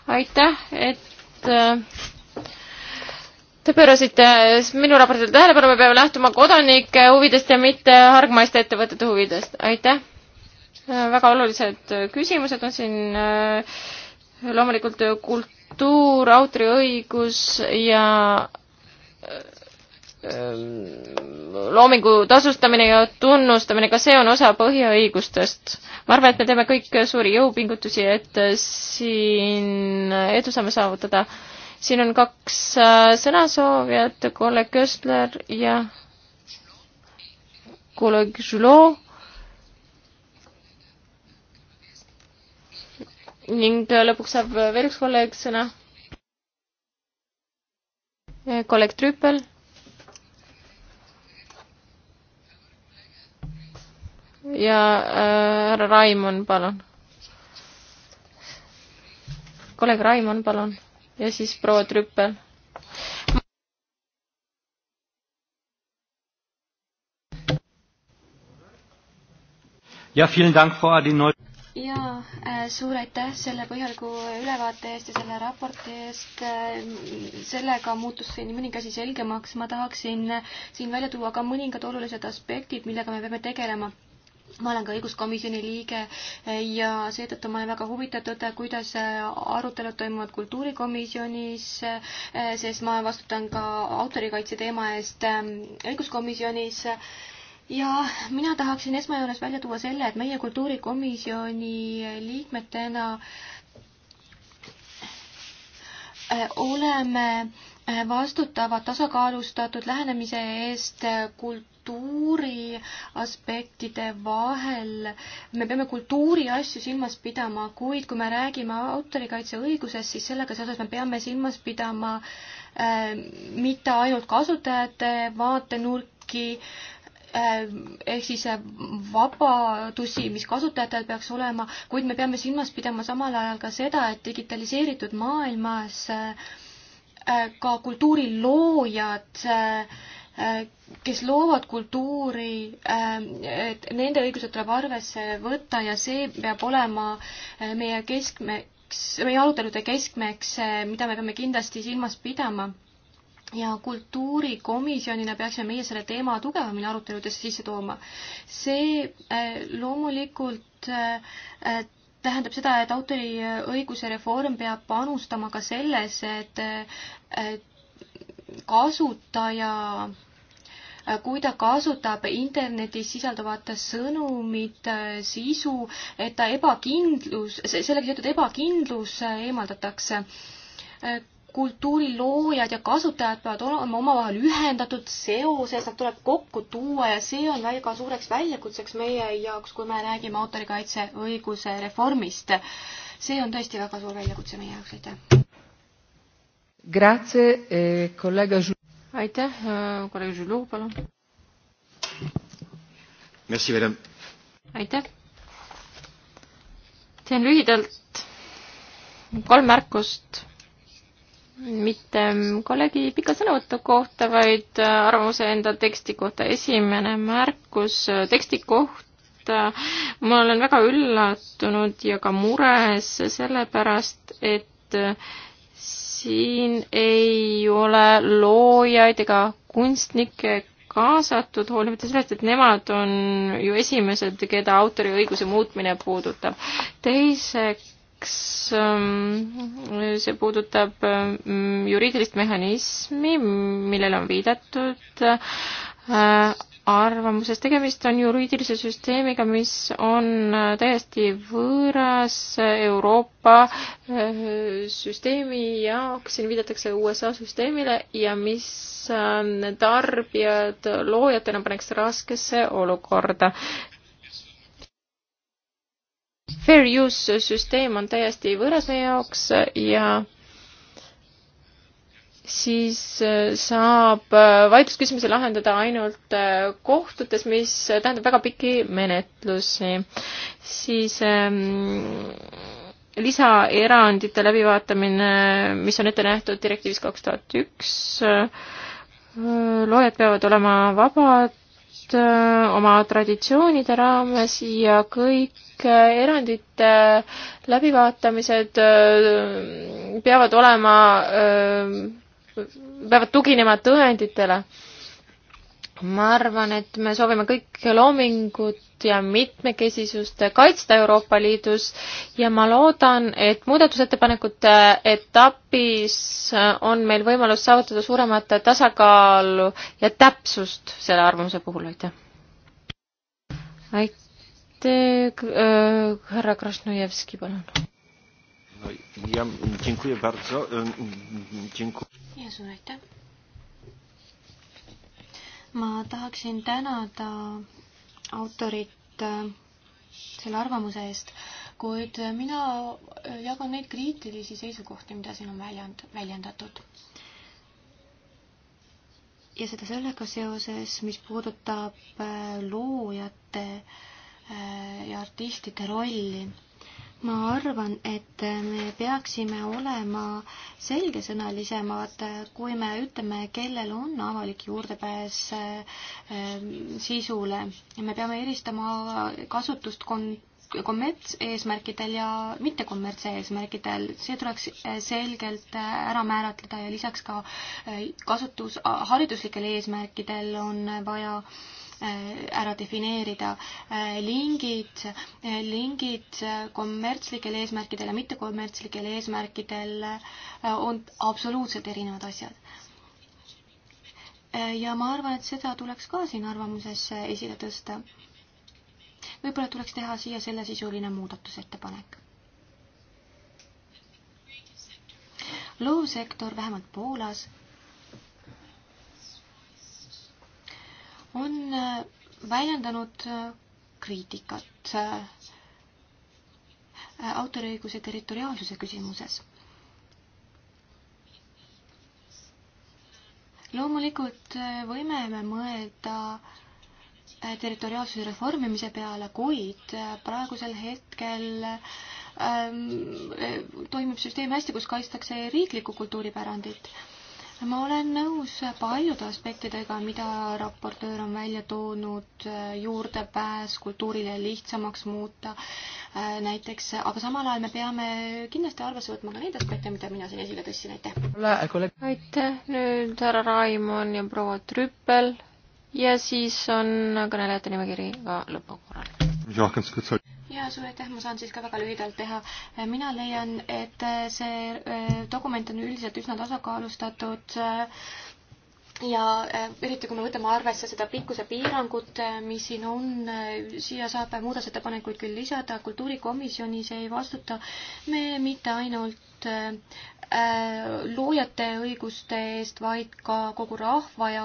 aitäh, et Äh, te pöörasite minu raportile tähelepanu, me peame lähtuma kodanike huvidest ja mitte hargmaiste ettevõtete huvidest. aitäh! Äh, väga olulised küsimused on siin äh, loomulikult kultuur, autoriõigus ja Ehm, loomingu tasustamine ja tunnustamine, ka see on osa põhiõigustest. ma arvan, et me teeme kõik suuri jõupingutusi, et äh, siin edu saame saavutada. siin on kaks äh, sõnasoovijat, kolleeg Köstler ja kolleeg Žulo. ning äh, lõpuks saab veel üks kolleeg sõna. kolleeg Trüppel ja äh, härra äh, Raimon, palun. kolleeg Raimon, palun. ja siis proua Trüppel. ja, ja äh, suur aitäh selle põhjaliku ülevaate eest ja selle raporti eest. Äh, sellega muutus nii mõnigi asi selgemaks. ma tahaksin siin välja tuua ka mõningad olulised aspektid, millega me peame tegelema ma olen ka õiguskomisjoni liige ja seetõttu ma olen väga huvitatud, kuidas arutelud toimuvad kultuurikomisjonis, sest ma vastutan ka autorikaitse teema eest õiguskomisjonis ja mina tahaksin esmajoones välja tuua selle, et meie kultuurikomisjoni liikmetena äh, oleme äh, vastutavad tasakaalustatud lähenemise eest kult-, kultuuri aspektide vahel, me peame kultuuri asju silmas pidama, kuid kui me räägime autorikaitseõigusest, siis sellega seoses me peame silmas pidama äh, mitte ainult kasutajate vaatenurki äh,, ehk siis äh, vabadusi, mis kasutajatel peaks olema, kuid me peame silmas pidama samal ajal ka seda, et digitaliseeritud maailmas äh, ka kultuuriloojad äh, Äh, kes loovad kultuuri, ähm, et nende õigused tuleb arvesse võtta ja see peab olema äh, meie keskmeks, meie arutelude keskmeks, äh, mida me peame kindlasti silmas pidama. ja kultuurikomisjonina peaksime meie selle teema tugevamini aruteludesse sisse tooma. see loomulikult tähendab seda, et autoriõiguse reform peab panustama ka selles, et kasutaja Äh, kui ta kasutab internetis sisalduvat sõnumit, äh, sisu, et ta ebakindlus, sellega seotud ebakindlus äh, eemaldatakse kultuuriloojad ja kasutajad peavad olema omavahel ühendatud seoses, nad tuleb kokku tuua ja see on väga suureks väljakutseks meie jaoks, kui me räägime autorikaitseõiguse reformist. see on tõesti väga suur väljakutse meie jaoks, aitäh. Grazie eh,, kolleeg aitäh, äh, kolleeg Žulov, palun. Merci, madame. aitäh. teen lühidalt kolm märkust, mitte kolleegi pika sõnavõtu kohta, vaid äh, arvamuse enda teksti kohta. esimene märkus äh, teksti kohta. ma olen väga üllatunud ja ka mures sellepärast, et siin ei ole loojaid ega kunstnikke kaasatud, hoolimata sellest, et nemad on ju esimesed, keda autoriõiguse muutmine puudutab. teiseks, ähm, see puudutab ähm, juriidilist mehhanismi, millele on viidatud, Äh, arvamuses. tegemist on juriidilise süsteemiga, mis on äh, täiesti võõras Euroopa äh, süsteemi jaoks, siin viidatakse USA süsteemile ja mis tarbijad loojatena paneks raskesse olukorda. Fair use süsteem on täiesti võõras meie jaoks ja siis äh, saab äh, vaidlusküsimusi lahendada ainult äh, kohtutes, mis tähendab väga pikki menetlusi. siis ähm, lisaerandite läbivaatamine, mis on ette nähtud direktiivis kaks tuhat üks, loojad peavad olema vabad oma traditsioonide raames ja kõik erandite läbivaatamised peavad olema öö, peavad tuginema tõenditele. ma arvan, et me soovime kõik loomingut ja mitmekesisust kaitsta Euroopa Liidus ja ma loodan, et muudatusettepanekute etapis on meil võimalus saavutada suuremat tasakaalu ja täpsust selle arvamuse puhul, aitäh! aitäh, äh, härra Krasnojevski, palun! no ja dziękuję bardzo. Dziękuję. ja suur aitäh. ma tahaksin tänada autorit e, selle arvamuse eest, kuid mina jagan neid kriitilisi seisukohti, mida siin on väljend, väljendatud. ja seda sellega seoses, mis puudutab e, loojate e, ja artistide rolli ma arvan, et me peaksime olema selgesõnalisemad, kui me ütleme, kellel on avalik juurdepääs ähm, sisule ja me peame eristama kasutust kon-, kommertseesmärkidel ja mittekommertseesmärkidel, see tuleks äh, selgelt äh, ära määratleda ja lisaks ka äh, kasutus hariduslikel eesmärkidel on vaja äh, Äh, ära defineerida äh, lingid, äh, lingid kommertslikel eesmärkidel ja mittekommertslikel eesmärkidel on absoluutselt erinevad asjad. ja ma arvan, et seda tuleks ka siin arvamuses esile tõsta. võib-olla tuleks teha siia sellesisuline muudatusettepanek. loovsektor vähemalt Poolas on äh, väljendanud äh, kriitikat äh, autoriõiguse territoriaalsuse küsimuses. loomulikult võime me mõelda territoriaalsuse reformimise peale, kuid praegusel hetkel ähm, toimib süsteem hästi, kus kaitstakse riiklikku kultuuripärandit ma olen nõus paljude aspektidega, mida raportöör on välja toonud, juurdepääs kultuurile lihtsamaks muuta äh, näiteks, aga samal ajal me peame kindlasti arvesse võtma ka neid aspekte, mida mina siin esile tõstsin, aitäh. aitäh, nüüd härra Raimon ja proua Trüppel ja siis on kõnelejate nimekiri ka lõpukorral ja suur aitäh, ma saan siis ka väga lühidalt teha. mina leian, et see äh, dokument on üldiselt üsna tasakaalustatud äh, ja äh, eriti, kui me võtame arvesse seda pikkuse piirangut, mis siin on, siia saab muudatusettepanekuid küll lisada, kultuurikomisjonis ei vastuta me mitte ainult Äh, loojate õiguste eest, vaid ka kogu rahva ja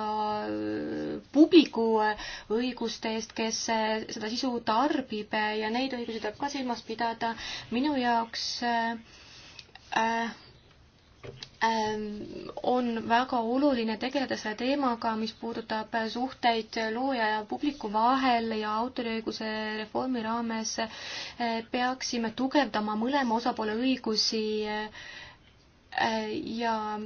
äh, publiku äh, õiguste eest, kes seda sisu tarbib ja neid õigusi tuleb ka silmas pidada. minu jaoks äh, on väga oluline tegeleda selle teemaga, mis puudutab suhteid looja ja publiku vahel ja autoriõiguse reformi raames peaksime tugevdama mõlema osapoole õigusi äh, ja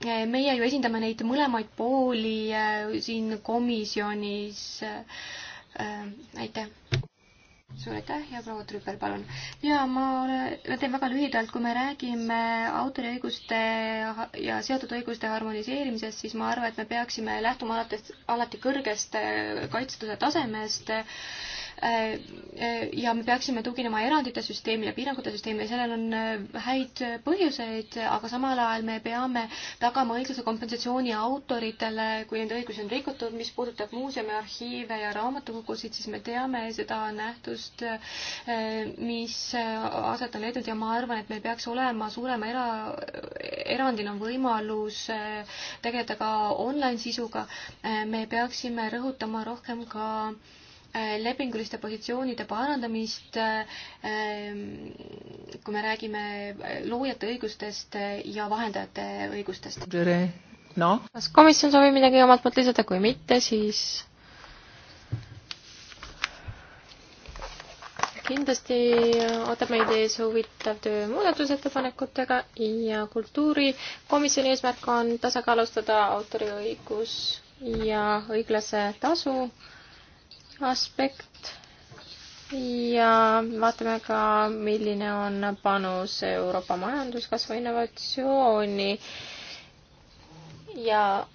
eh, meie ju esindame neid mõlemaid pooli eh, siin komisjonis. Eh, aitäh. suur aitäh ja proua Trüppel, palun. ja ma teen väga lühidalt, kui me räägime autoriõiguste ja seotud õiguste harmoniseerimisest, siis ma arvan, et me peaksime lähtuma alates, alati kõrgest kaitstuse tasemest Äh, äh, ja me peaksime tuginema erandite süsteemile, piirangute süsteemile, sellel on äh, häid põhjuseid, aga samal ajal me peame tagama õiglase kompensatsiooni autoritele, kui nende õigusi on rikutud, mis puudutab muuseume, arhiive ja raamatukogusid, siis me teame seda nähtust, mis aset on leidnud ja ma arvan, et meil peaks olema suurema era, erandina võimalus tegeleda ka online sisuga. me peaksime rõhutama rohkem ka äh, Äh, lepinguliste positsioonide parandamist, äh, kui me räägime äh, loojate õigustest ja vahendajate õigustest. No. kas komisjon soovib midagi omalt poolt lisada, kui mitte, siis kindlasti ootab meid ees huvitav töö muudatusettepanekutega ja kultuurikomisjoni eesmärk on tasakaalustada autoriõigus ja õiglase tasu äh, aspekt ja vaatame ka, milline on panus Euroopa majanduskasvu innovatsiooni ja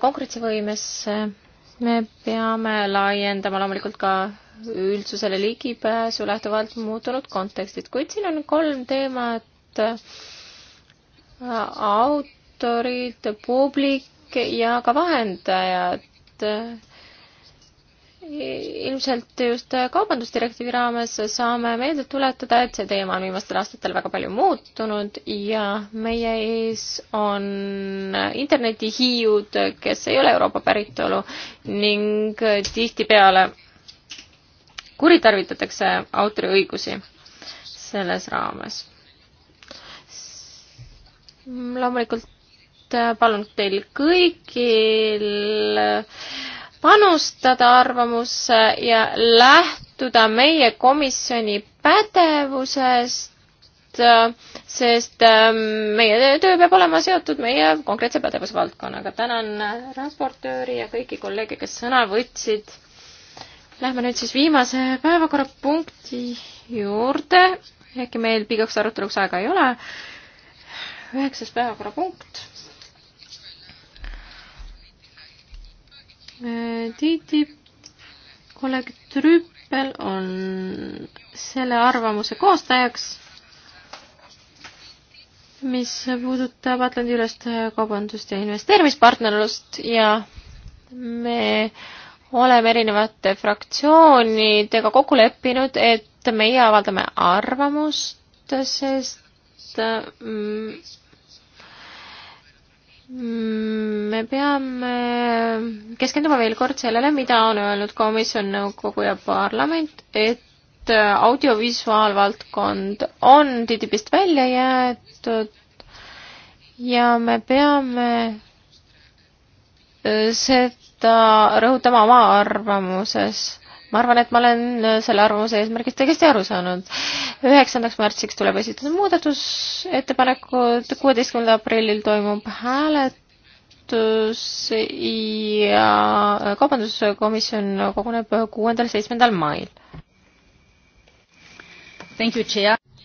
konkurentsivõimesse. me peame laiendama loomulikult ka üldsusele ligipääsu lähtuvalt muutunud kontekstid, kuid siin on kolm teemat. autorid, publik ja ka vahendajad ilmselt just kaubandusdirektiivi raames saame meelde tuletada, et see teema on viimastel aastatel väga palju muutunud ja meie ees on internetihiiud, kes ei ole Euroopa päritolu ning tihtipeale kuritarvitatakse autoriõigusi selles raames. loomulikult palun teil kõigil panustada arvamusse ja lähtuda meie komisjoni pädevusest, sest ähm, meie töö peab olema seotud meie konkreetse pädevusvaldkonnaga. tänan transportööri äh, ja kõiki kolleege, kes sõna võtsid. Lähme nüüd siis viimase päevakorrapunkti juurde. äkki meil pikaks aruteluks aega ei ole. üheksas päevakorrapunkt TTIP, kolleeg Trüppel on selle arvamuse koostajaks, mis puudutab Atlandi-ülest kaubandust ja investeerimispartnerlust ja me oleme erinevate fraktsioonidega kokku leppinud, et meie avaldame arvamust, sest mm, Mm, me peame keskenduma veel kord sellele, mida on öelnud komisjon, nõukogu ja parlament, et audiovisuaalvaldkond on TTIP-ist välja jäetud ja me peame äh, seda rõhutama oma arvamuses ma arvan, et ma olen äh, selle arvamuse eesmärgist õigesti aru saanud. üheksandaks märtsiks tuleb esitada muudatusettepanekud, kuueteistkümnendal aprillil toimub hääletus ja äh, kaubanduskomisjon koguneb kuuendal-seitsmendal mail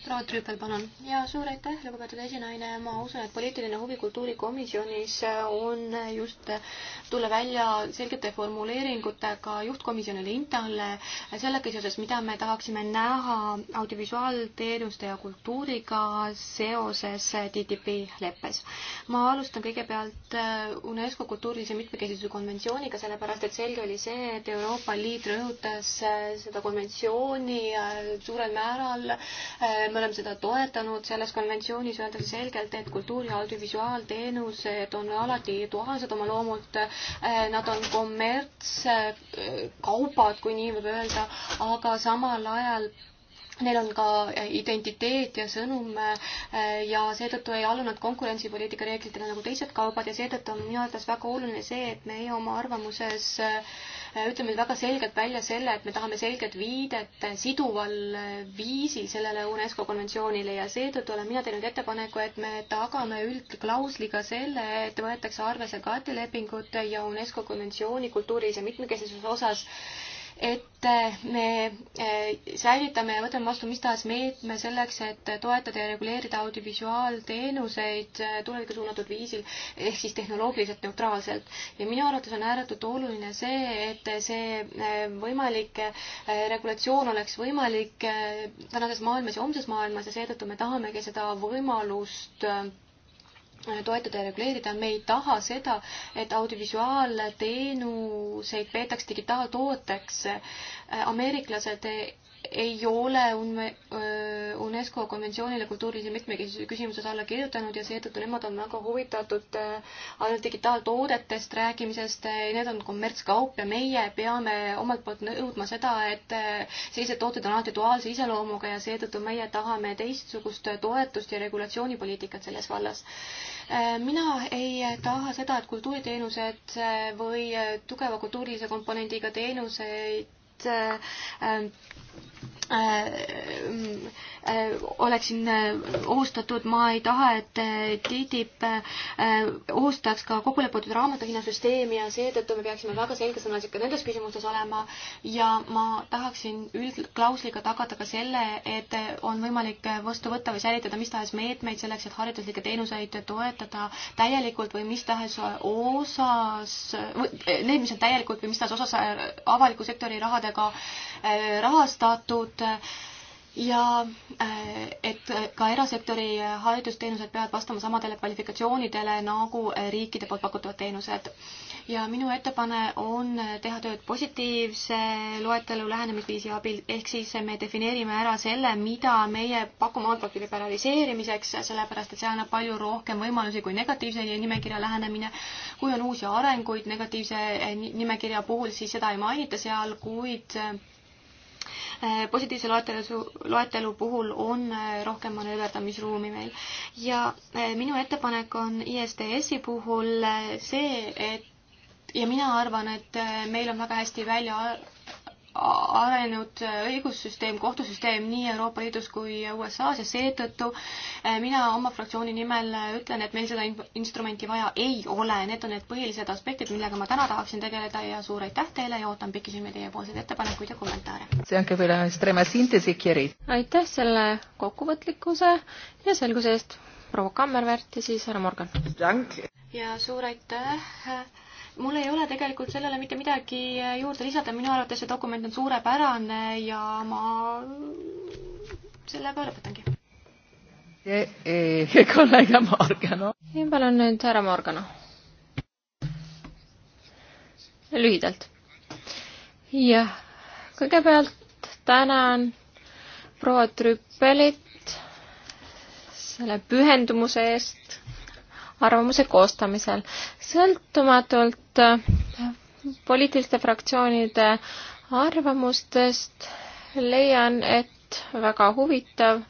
proua Trüüpel, palun. ja suur aitäh, lugupeetud esinaine, ma usun, et poliitiline huvi kultuurikomisjonis on just tulla välja selgete formuleeringutega juhtkomisjonile Intale sellega seoses, mida me tahaksime näha audiovisuaalteenuste ja kultuuriga seoses TTIP leppes. ma alustan kõigepealt UNESCO kultuurilise mitmekesisuse konventsiooniga, sellepärast et selge oli see, et Euroopa Liit rõhutas seda konventsiooni suurel määral me oleme seda toetanud, selles konventsioonis öeldakse selgelt, et kultuuri audiovisuaalteenused on alati tuhanded oma loomult, eh, nad on kommertskaubad, eh, kui nii võib öelda, aga samal ajal Neil on ka identiteet ja sõnum eh, ja seetõttu ei allu nad konkurentsipoliitika reeglitele nagu teised kaubad ja seetõttu on minu arvates väga oluline see, et meie oma arvamuses äh, ütleme nüüd väga selgelt välja selle, et me tahame selget viidet siduval viisil sellele UNESCO konventsioonile ja seetõttu olen mina teinud ettepaneku, et me tagame üldklausliga selle, et võetakse arvesse ka lepingut ja UNESCO konventsiooni kultuurilise mitmekesisuse osas et äh, me äh, säilitame ja võtame vastu mis tahes meetme selleks, et toetada ja reguleerida audiovisuaalteenuseid äh, tulevikku suunatud viisil ehk siis tehnoloogiliselt neutraalselt. ja minu arvates on ääretult oluline see, et see võimalik regulatsioon oleks võimalik tänases maailmas ja homses maailmas ja seetõttu me tahamegi seda võimalust toetada ja reguleerida, me ei taha seda, et audiovisuaalteenuseid peetaks digitaaltooteks. ameeriklased ei ole UNESCO konventsioonile kultuurilise mitmekesisuse küsimuses alla kirjutanud ja seetõttu nemad on väga huvitatud ainult digitaaltoodetest rääkimisest, need on kommertskaup ja meie peame omalt poolt nõudma seda, et sellised tooted on alati duaalse iseloomuga ja seetõttu meie tahame teistsugust toetust ja regulatsioonipoliitikat selles vallas. mina ei taha seda, et kultuuriteenused või tugeva kultuurilise komponendiga teenuseid Äh, mm, äh, oleksin äh, ohustatud, ma ei taha, et TTIP ohustaks ka kokkulepetud raamatuhinnasüsteemi ja seetõttu me peaksime väga selgesõnalised ka nendes küsimustes olema ja ma tahaksin üldklausliga tagada ka selle, et on võimalik vastu võtta või säilitada mis tahes meetmeid selleks, et hariduslikke teenuseid toetada täielikult või mis tahes osas, need, mis on täielikult või mis tahes osas avaliku sektori rahadega rahastatud, muutunud ja äh, et ka erasektori haridusteenused peavad vastama samadele kvalifikatsioonidele nagu riikide poolt pakutavad teenused. ja minu ettepane on teha tööd positiivse loetelu lähenemisviisi abil, ehk siis me defineerime ära selle, mida meie pakume altpoolt liberaliseerimiseks, sellepärast et see annab palju rohkem võimalusi kui negatiivse nimekirja lähenemine. kui on uusi arenguid negatiivse nimekirja puhul, siis seda ei mainita seal, kuid Äh, positiivse loetelu, loetelu puhul on äh, rohkem manööverdamisruumi meil. ja äh, minu ettepanek on ISDS-i puhul see, et ja mina arvan, et meil on väga hästi välja arenenud õigussüsteem, kohtusüsteem nii Euroopa Liidus kui USA-s ja seetõttu eh, mina oma fraktsiooni nimel ütlen, et meil seda instrumenti vaja ei ole. Need on need põhilised aspektid, millega ma täna tahaksin tegeleda ja suur aitäh teile ja ootan pikisilmi teiepoolseid ettepanekuid ja kommentaare. aitäh selle kokkuvõtlikkuse ja selguse eest, proua Kammerväärt ja siis härra Morgan. ja suur aitäh mul ei ole tegelikult sellele mitte midagi eh, juurde lisada, minu arvates see dokument on suurepärane ja ma sellega lõpetangi. kolleeg eh, eh, Morgano. palun nüüd härra Morgano. lühidalt. jah, kõigepealt tänan proua Trüppelit selle pühendumuse eest arvamuse koostamisel. sõltumatult äh, poliitiliste fraktsioonide arvamustest leian, et väga huvitav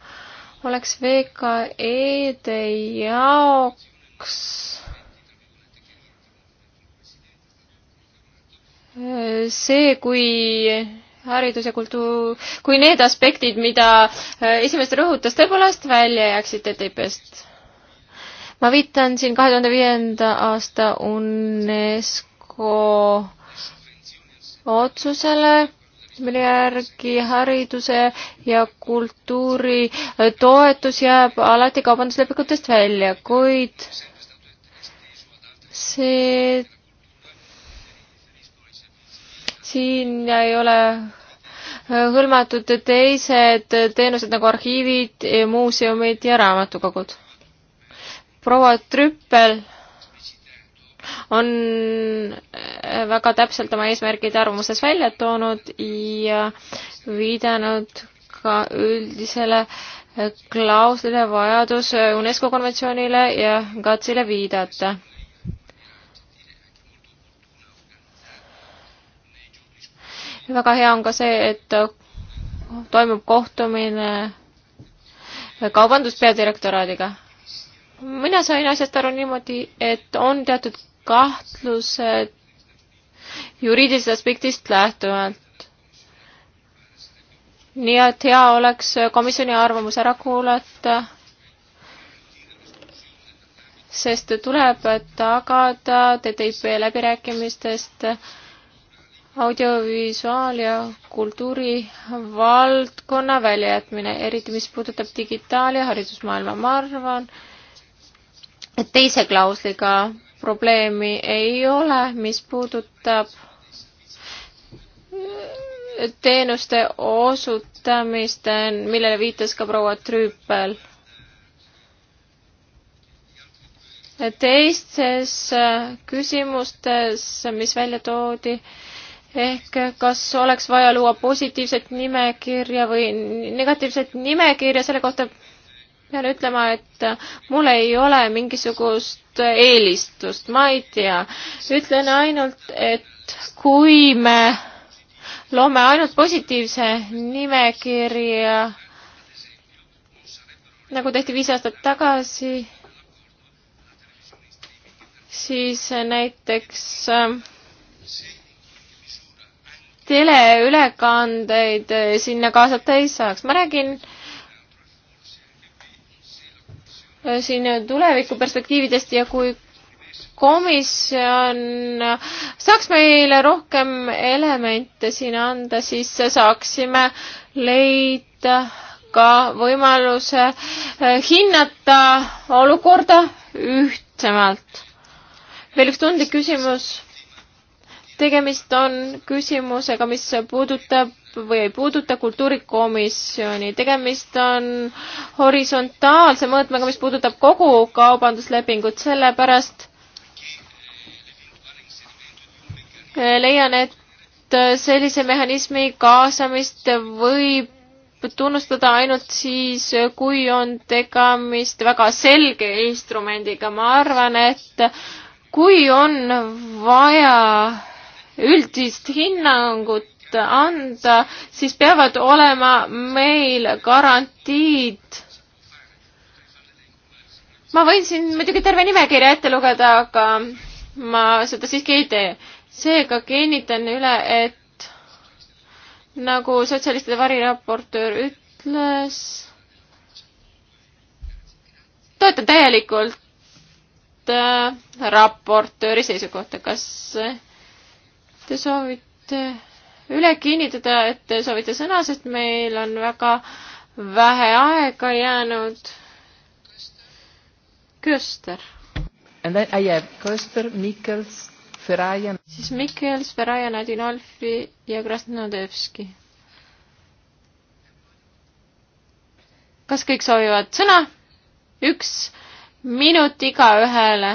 oleks VKE-de jaoks äh, see, kui haridus ja kultuur, kui need aspektid, mida äh, esimest rõhutas, tõepoolest välja jääksid e TTIP-st ma viitan siin kahe tuhande viienda aasta UNESCO otsusele, mille järgi hariduse ja kultuuri toetus jääb alati kaubanduslepingutest välja, kuid see siin ei ole hõlmatud teised teenused nagu arhiivid, muuseumid ja raamatukogud proua Trüppel on väga täpselt oma eesmärgid arvamuses välja toonud ja viidanud ka üldisele klauslile vajadus UNESCO konventsioonile ja GATS-ile viidata. väga hea on ka see, et toimub kohtumine kaubanduspeadirektoraadiga mina sain asjast aru niimoodi, et on teatud kahtlused juriidilisest aspektist lähtuvalt. nii et hea oleks komisjoni arvamus ära kuulata, sest tuleb tagada TTIP läbirääkimistest audiovisuaal- ja kultuurivaldkonna väljajätmine, eriti mis puudutab digitaal- ja haridusmaailma. ma arvan, teise klausliga probleemi ei ole, mis puudutab äh, teenuste osutamist, millele viitas ka proua Trüüpel. teistes äh, küsimustes, mis välja toodi, ehk kas oleks vaja luua positiivset nimekirja või negatiivset nimekirja selle kohta, pean ütlema, et mul ei ole mingisugust eelistust, ma ei tea. ütlen ainult, et kui me loome ainult positiivse nimekirja, nagu tehti viis aastat tagasi, siis näiteks ähm, teleülekandeid äh, sinna kaasata ei saaks. ma räägin äh, Äh, siin tulevikuperspektiividest ja kui komisjon äh, saaks meile rohkem elemente siin anda, siis saaksime leida ka võimaluse äh, hinnata olukorda ühtsemalt. veel üks tundlik küsimus tegemist on küsimusega, mis puudutab või ei puuduta kultuurikomisjoni, tegemist on horisontaalse mõõtmega, mis puudutab kogu kaubanduslepingut, sellepärast leian, et sellise mehhanismi kaasamist võib tunnustada ainult siis, kui on tegemist väga selge instrumendiga, ma arvan, et kui on vaja üldist hinnangut anda, siis peavad olema meil garantiid. ma võin siin muidugi terve nimekirja ette lugeda, aga ma seda siiski ei tee. seega kinnitan üle, et nagu sotsialistide variraportöör ütles, toetan täielikult äh, raportööri seisukohta, kas äh, Te soovite üle kinnitada, et te soovite sõna, sest meil on väga vähe aega jäänud. Köster. Ah, yeah. Köster, Mikkels, Feraja. siis Mikkels, Feraja, Nadine Alfi ja Krasnodevski. kas kõik soovivad sõna? üks minut igaühele,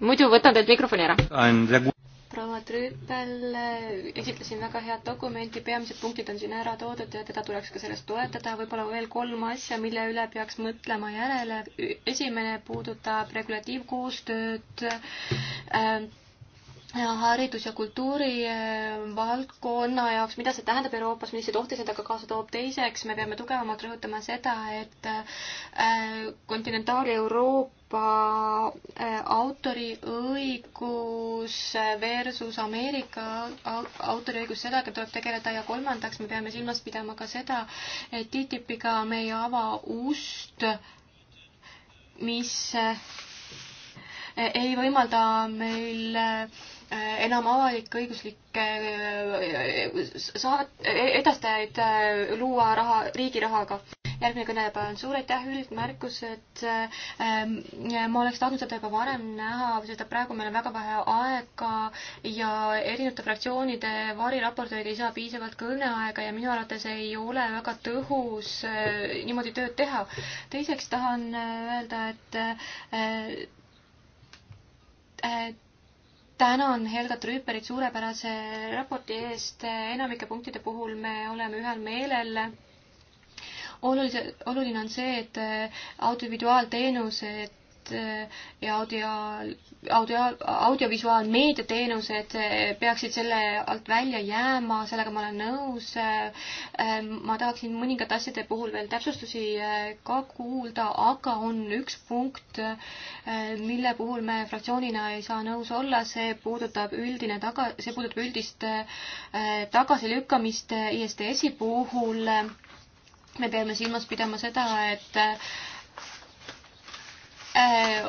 muidu võtan teilt mikrofoni ära proua Trüüpel esitlesin väga head dokumenti, peamised punktid on siin ära toodud ja teda tuleks ka selles toetada, võib-olla veel kolm asja, mille üle peaks mõtlema järele. esimene puudutab regulatiivkoostööd äh, haridus- ja kultuurivaldkonna äh, jaoks, mida see tähendab Euroopas, milliseid ohte see taga kaasa toob, teiseks me peame tugevamalt rõhutama seda, et äh, kontinentaal-Euroopa Euroopa äh, autoriõigus versus Ameerika autoriõigus, sellega tuleb tegeleda ja kolmandaks me peame silmas pidama ka seda, et TTIP-iga me ei ava ust, mis äh, ei võimalda meil äh, enam avalik-õiguslikke saat-, e-, edastajaid luua raha, riigi rahaga järgmine kõneleja on suur aitäh, üldmärkused. Ähm, ma oleks tahtnud seda juba varem näha, sest praegu meil on väga vähe aega ja erinevate fraktsioonide variraportöörid ei saa piisavalt kõneaega ja minu arvates ei ole väga tõhus äh, niimoodi tööd teha. teiseks tahan äh, öelda, et äh, tänan Helgat Rüüperit suurepärase raporti eest, enamike punktide puhul me oleme ühel meelel olulise, oluline on see, et äh, audiovisuaalteenused äh, ja audio, audio, audiovisuaalmeedia teenused äh, peaksid selle alt välja jääma, sellega ma olen nõus. ma tahaksin mõningate asjade puhul veel täpsustusi ka kuulda, aga on üks punkt, mille puhul me fraktsioonina ei saa nõus olla, see puudutab üldine taga, see puudutab üldist tagasilükkamist ISDS-i puhul me peame silmas pidama seda, et äh,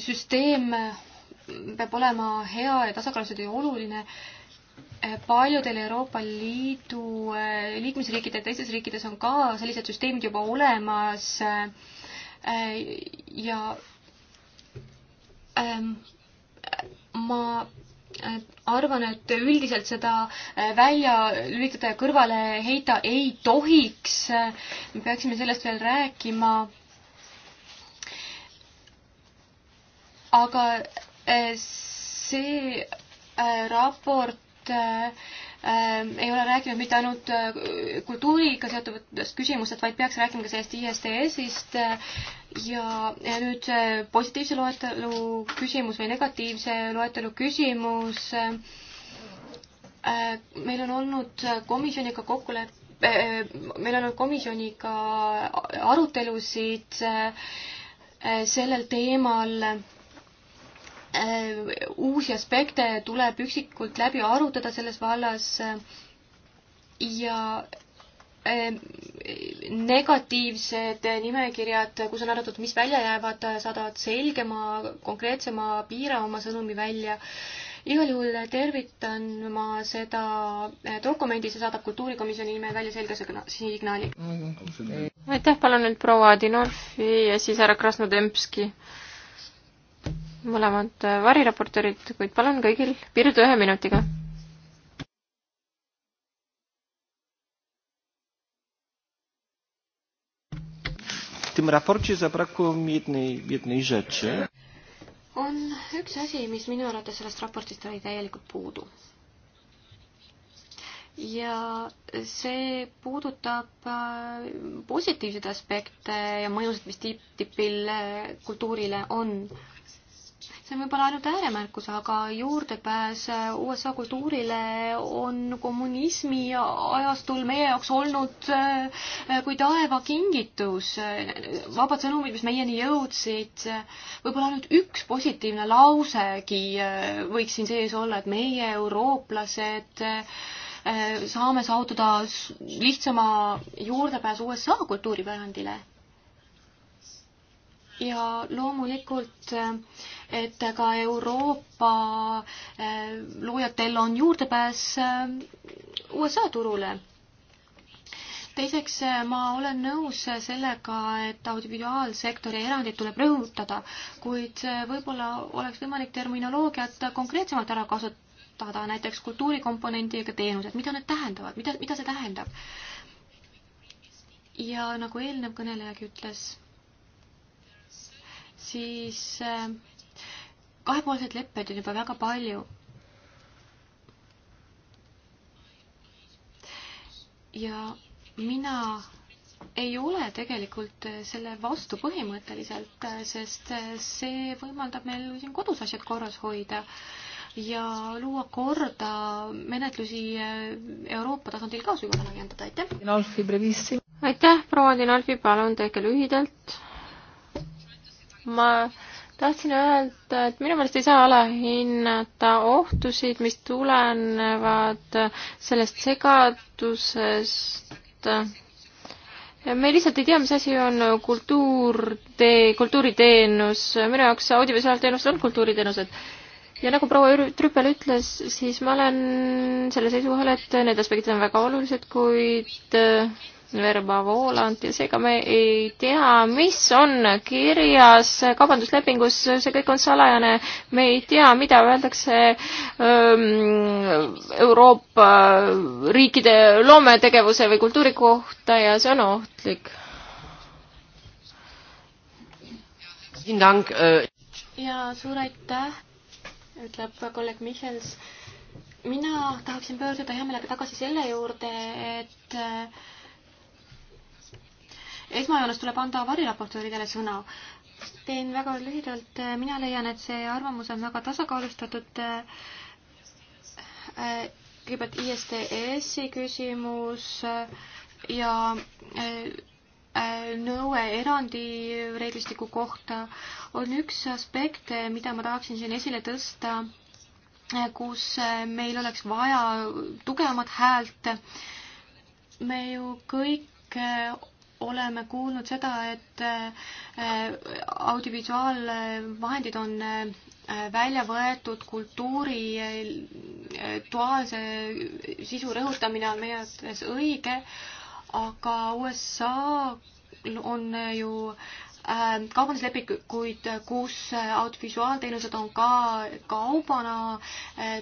süsteem peab olema hea ja tasakaalustatud ja oluline. Äh, paljudel Euroopa Liidu äh, liikmesriikide ja teistes riikides on ka sellised süsteemid juba olemas ja ähm, ma Äh, arvan, et üldiselt seda äh, välja lülitada ja kõrvale heita ei tohiks. Äh, me peaksime sellest veel rääkima. aga see raport Äh, ei ole rääkinud mitte ainult äh, kultuuriga seotuvatest küsimustest, vaid peaks rääkima ka sellest ISDS-ist ja nüüd see positiivse loetelu küsimus või negatiivse loetelu küsimus. Äh, meil on olnud komisjoniga kokkulepe, meil on olnud komisjoniga arutelusid sellel teemal Äh, uusi aspekte tuleb üksikult läbi arutada selles vallas ja ähm, negatiivsed nimekirjad, kus on arvatud, mis välja jäävad, saadavad selgema, konkreetsema, piiravama sõnumi välja. igal juhul tervitan ma seda äh, dokumenti, see saadab Kultuurikomisjoni nimel välja selge signaali. aitäh, palun nüüd proua Adinolfi ja siis härra Krasnodemski mõlemad variraportöörid, kuid palun kõigil piirdu ühe minutiga. on üks asi, mis minu arvates sellest raportist oli täielikult puudu. ja see puudutab äh, positiivseid aspekte ja mõjusid, mis tipp-tipil äh, kultuurile on see on võib-olla ainult ääremärkus, aga juurdepääs USA kultuurile on kommunismi ajastul meie jaoks olnud äh, kui taevakingitus. vabad sõnumid, mis meieni jõudsid, võib-olla ainult üks positiivne lausegi äh, võiks siin sees olla, et meie, eurooplased, äh, saame saavutada lihtsama juurdepääsu USA kultuuripärandile. ja loomulikult äh, et ka Euroopa eh, loojatel on juurdepääs eh, USA turule teiseks, eh, ma olen nõus sellega, et audiovisuaalsektori erandit tuleb rõhutada, kuid võib-olla oleks võimalik terminoloogiat konkreetsemalt ära kasutada, näiteks kultuurikomponendiga teenused, mida need tähendavad, mida, mida see tähendab? ja nagu eelnev kõnelejagi ütles, siis äh, kahepoolseid leppeid on juba väga palju. ja mina ei ole tegelikult selle vastu põhimõtteliselt, sest see võimaldab meil siin kodus asjad korras hoida ja luua korda menetlusi Euroopa tasandil ka sügavale laiendada, aitäh! aitäh, proua Dinalfi, palun tehke lühidalt. ma tahtsin öelda, et minu meelest ei saa alahinnata ohtusid, mis tulenevad sellest segadusest. me lihtsalt ei tea, mis asi on kultuurtee, kultuuriteenus, minu jaoks audiovisuaalteenused on kultuuriteenused ja nagu proua Trüppel ütles, siis ma olen selle seisukohal, et need aspektid on väga olulised, kuid verba voolant ja seega me ei tea, mis on kirjas kaubanduslepingus, see kõik on salajane, me ei tea, mida öeldakse ähm, Euroopa riikide loometegevuse või kultuuri kohta ja see on ohtlik. ja suur aitäh, ütleb kolleeg Michals. mina tahaksin pöörduda hea meelega tagasi selle juurde, et äh, esmajoones tuleb anda variraportööridele sõna. teen väga lühidalt, mina leian, et see arvamus on väga tasakaalustatud. kõigepealt ISTS-i küsimus ja äh, nõue erandi reeglistiku kohta on üks aspekt, mida ma tahaksin siin esile tõsta, kus meil oleks vaja tugevamat häält. me ju kõik oleme kuulnud seda, et äh, audiovisuaalvahendid on äh, välja võetud kultuuri toaalse äh, sisu rõhutamine on meie arvates õige, aga USA-l on ju kaubanduslepikuid, kus audiovisuaalteenused on ka kaubana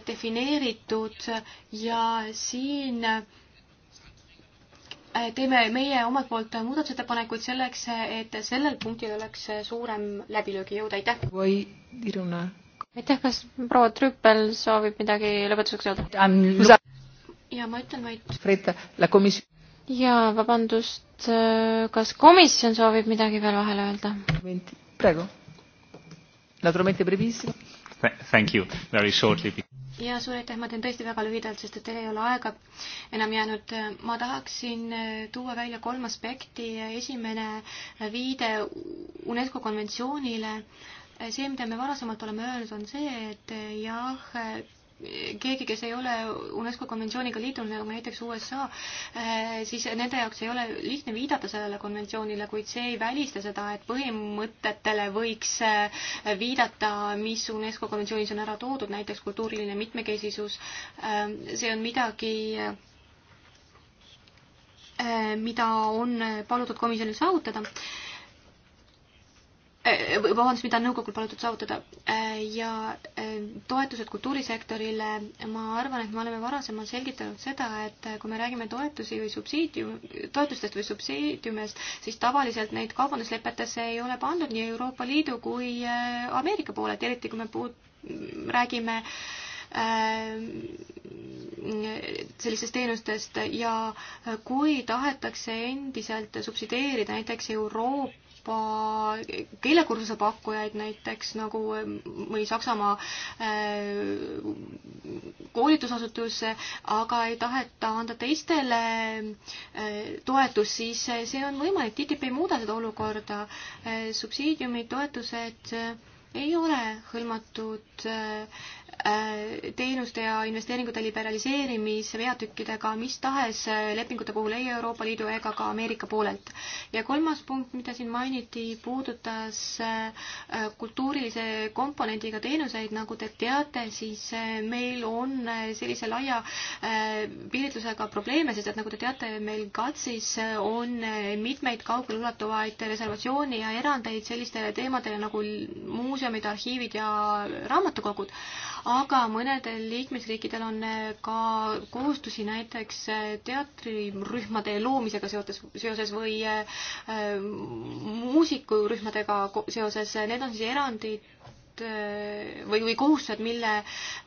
defineeritud ja siin teeme meie omalt poolt muudatusettepanekuid selleks, et sellel punktil oleks suurem läbilöögijõud, aitäh! või Iruna? aitäh, kas proua Trüppel soovib midagi lõpetuseks öelda? ja ma ütlen vaid. ja vabandust, kas komisjon soovib midagi veel vahele öelda? praegu. Naturalmente brevissimo. Thank you, very shortly ja suur aitäh, ma teen tõesti väga lühidalt, sest et teil ei ole aega enam jäänud. ma tahaksin äh, tuua välja kolm aspekti. esimene äh, viide UNESCO konventsioonile äh, see, mida me varasemalt oleme öelnud, on see, et jah, keegi, kes ei ole UNESCO konventsiooniga liitunud, nagu näiteks USA, eh, siis nende jaoks ei ole lihtne viidata sellele konventsioonile, kuid see ei välista seda, et põhimõtetele võiks eh, viidata, mis UNESCO konventsioonis on ära toodud, näiteks kultuuriline mitmekesisus. Eh, see on midagi mida on palutud komisjonil saavutada Äh, vabandust, mida on nõukogul palutud saavutada äh, ja äh, toetused kultuurisektorile, ma arvan, et me oleme varasemalt selgitanud seda, et kui me räägime toetusi või subsiidium, toetustest või subsiidiumist, siis tavaliselt neid kaubanduslepetesse ei ole pandud nii Euroopa Liidu kui Ameerika poolelt, eriti kui me puut-, räägime sellistest teenustest ja kui tahetakse endiselt subsideerida näiteks Euroopa Euroopa keelekursuse pakkujaid näiteks nagu ähm, mõni Saksamaa äh, koolitusasutus, aga ei taheta anda teistele äh, toetust, siis äh, see on võimalik, TTIP ei muuda seda olukorda. subsiidiumid, toetused ei ole hõlmatud Äh, teenuste ja investeeringute liberaliseerimise peatükkidega mis tahes äh, lepingute puhul ei Euroopa Liidu ega ka Ameerika poolelt. ja kolmas punkt, mida siin mainiti, puudutas äh, kultuurilise komponendiga teenuseid, nagu te teate, siis meil on sellise laia piiritlusega probleeme, sest et nagu te teate, meil GATS-is on mitmeid kaugeleulatuvaid reservatsioone ja erandeid sellistele teemadele nagu muuseumid, arhiivid ja raamatukogud aga mõnedel liikmesriikidel on eh, ka kohustusi näiteks eh, teatrirühmade loomisega seotes, seoses või eh, muusikurühmadega seoses, need on siis erandid või, või kohustused, mille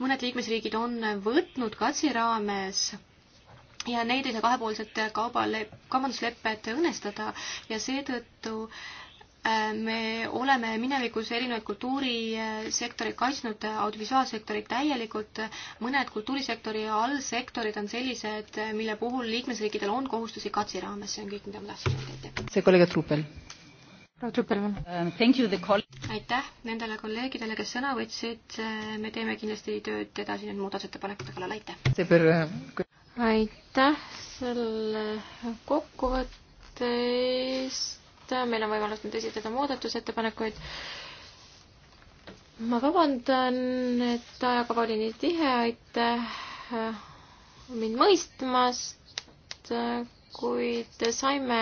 mõned liikmesriigid on võtnud katsi raames ja neid ei saa kahepoolselt kaubale, kaubanduslepped õõnestada ja seetõttu äh, me oleme minevikus erinevaid kultuurisektoreid kaitsnud, audiovisuaalsektorit täielikult, mõned kultuurisektori allsektorid on sellised, mille puhul liikmesriikidel on kohustusi katsi raames, see on kõik, mida ma tahtsin öelda, aitäh. see kolleeg Truppel. proua Truppel, palun. Um, aitäh nendele kolleegidele, kes sõna võtsid, me teeme kindlasti tööd edasi nüüd muudatusettepanekute kallal, aitäh. Äh, aitäh selle kokkuvõtte eest eest, meil on võimalus nüüd esitada muudatusettepanekuid. ma vabandan, et ajakava oli nii tihe, aitäh mind mõistmast, kuid saime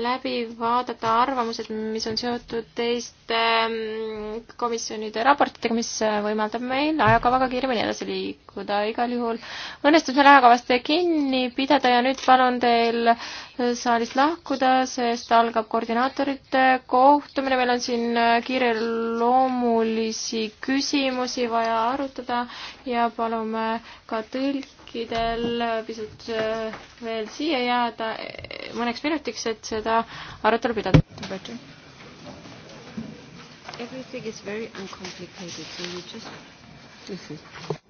läbi vaadata arvamused, mis on seotud teiste ähm, komisjonide raportitega, mis äh, võimaldab meil ajakavaga kiiremini edasi liikuda. igal juhul õnnestus meil ajakavast kinni pidada ja nüüd palun teil äh, saalist lahkuda, sest algab koordinaatorite kohtumine. meil on siin äh, kiireloomulisi küsimusi vaja arutada ja palume ka tõlkidel pisut veel siia jääda mõneks minutiks, et see seda arutelu pidada. Everything is very uncomplicated, so you just listen.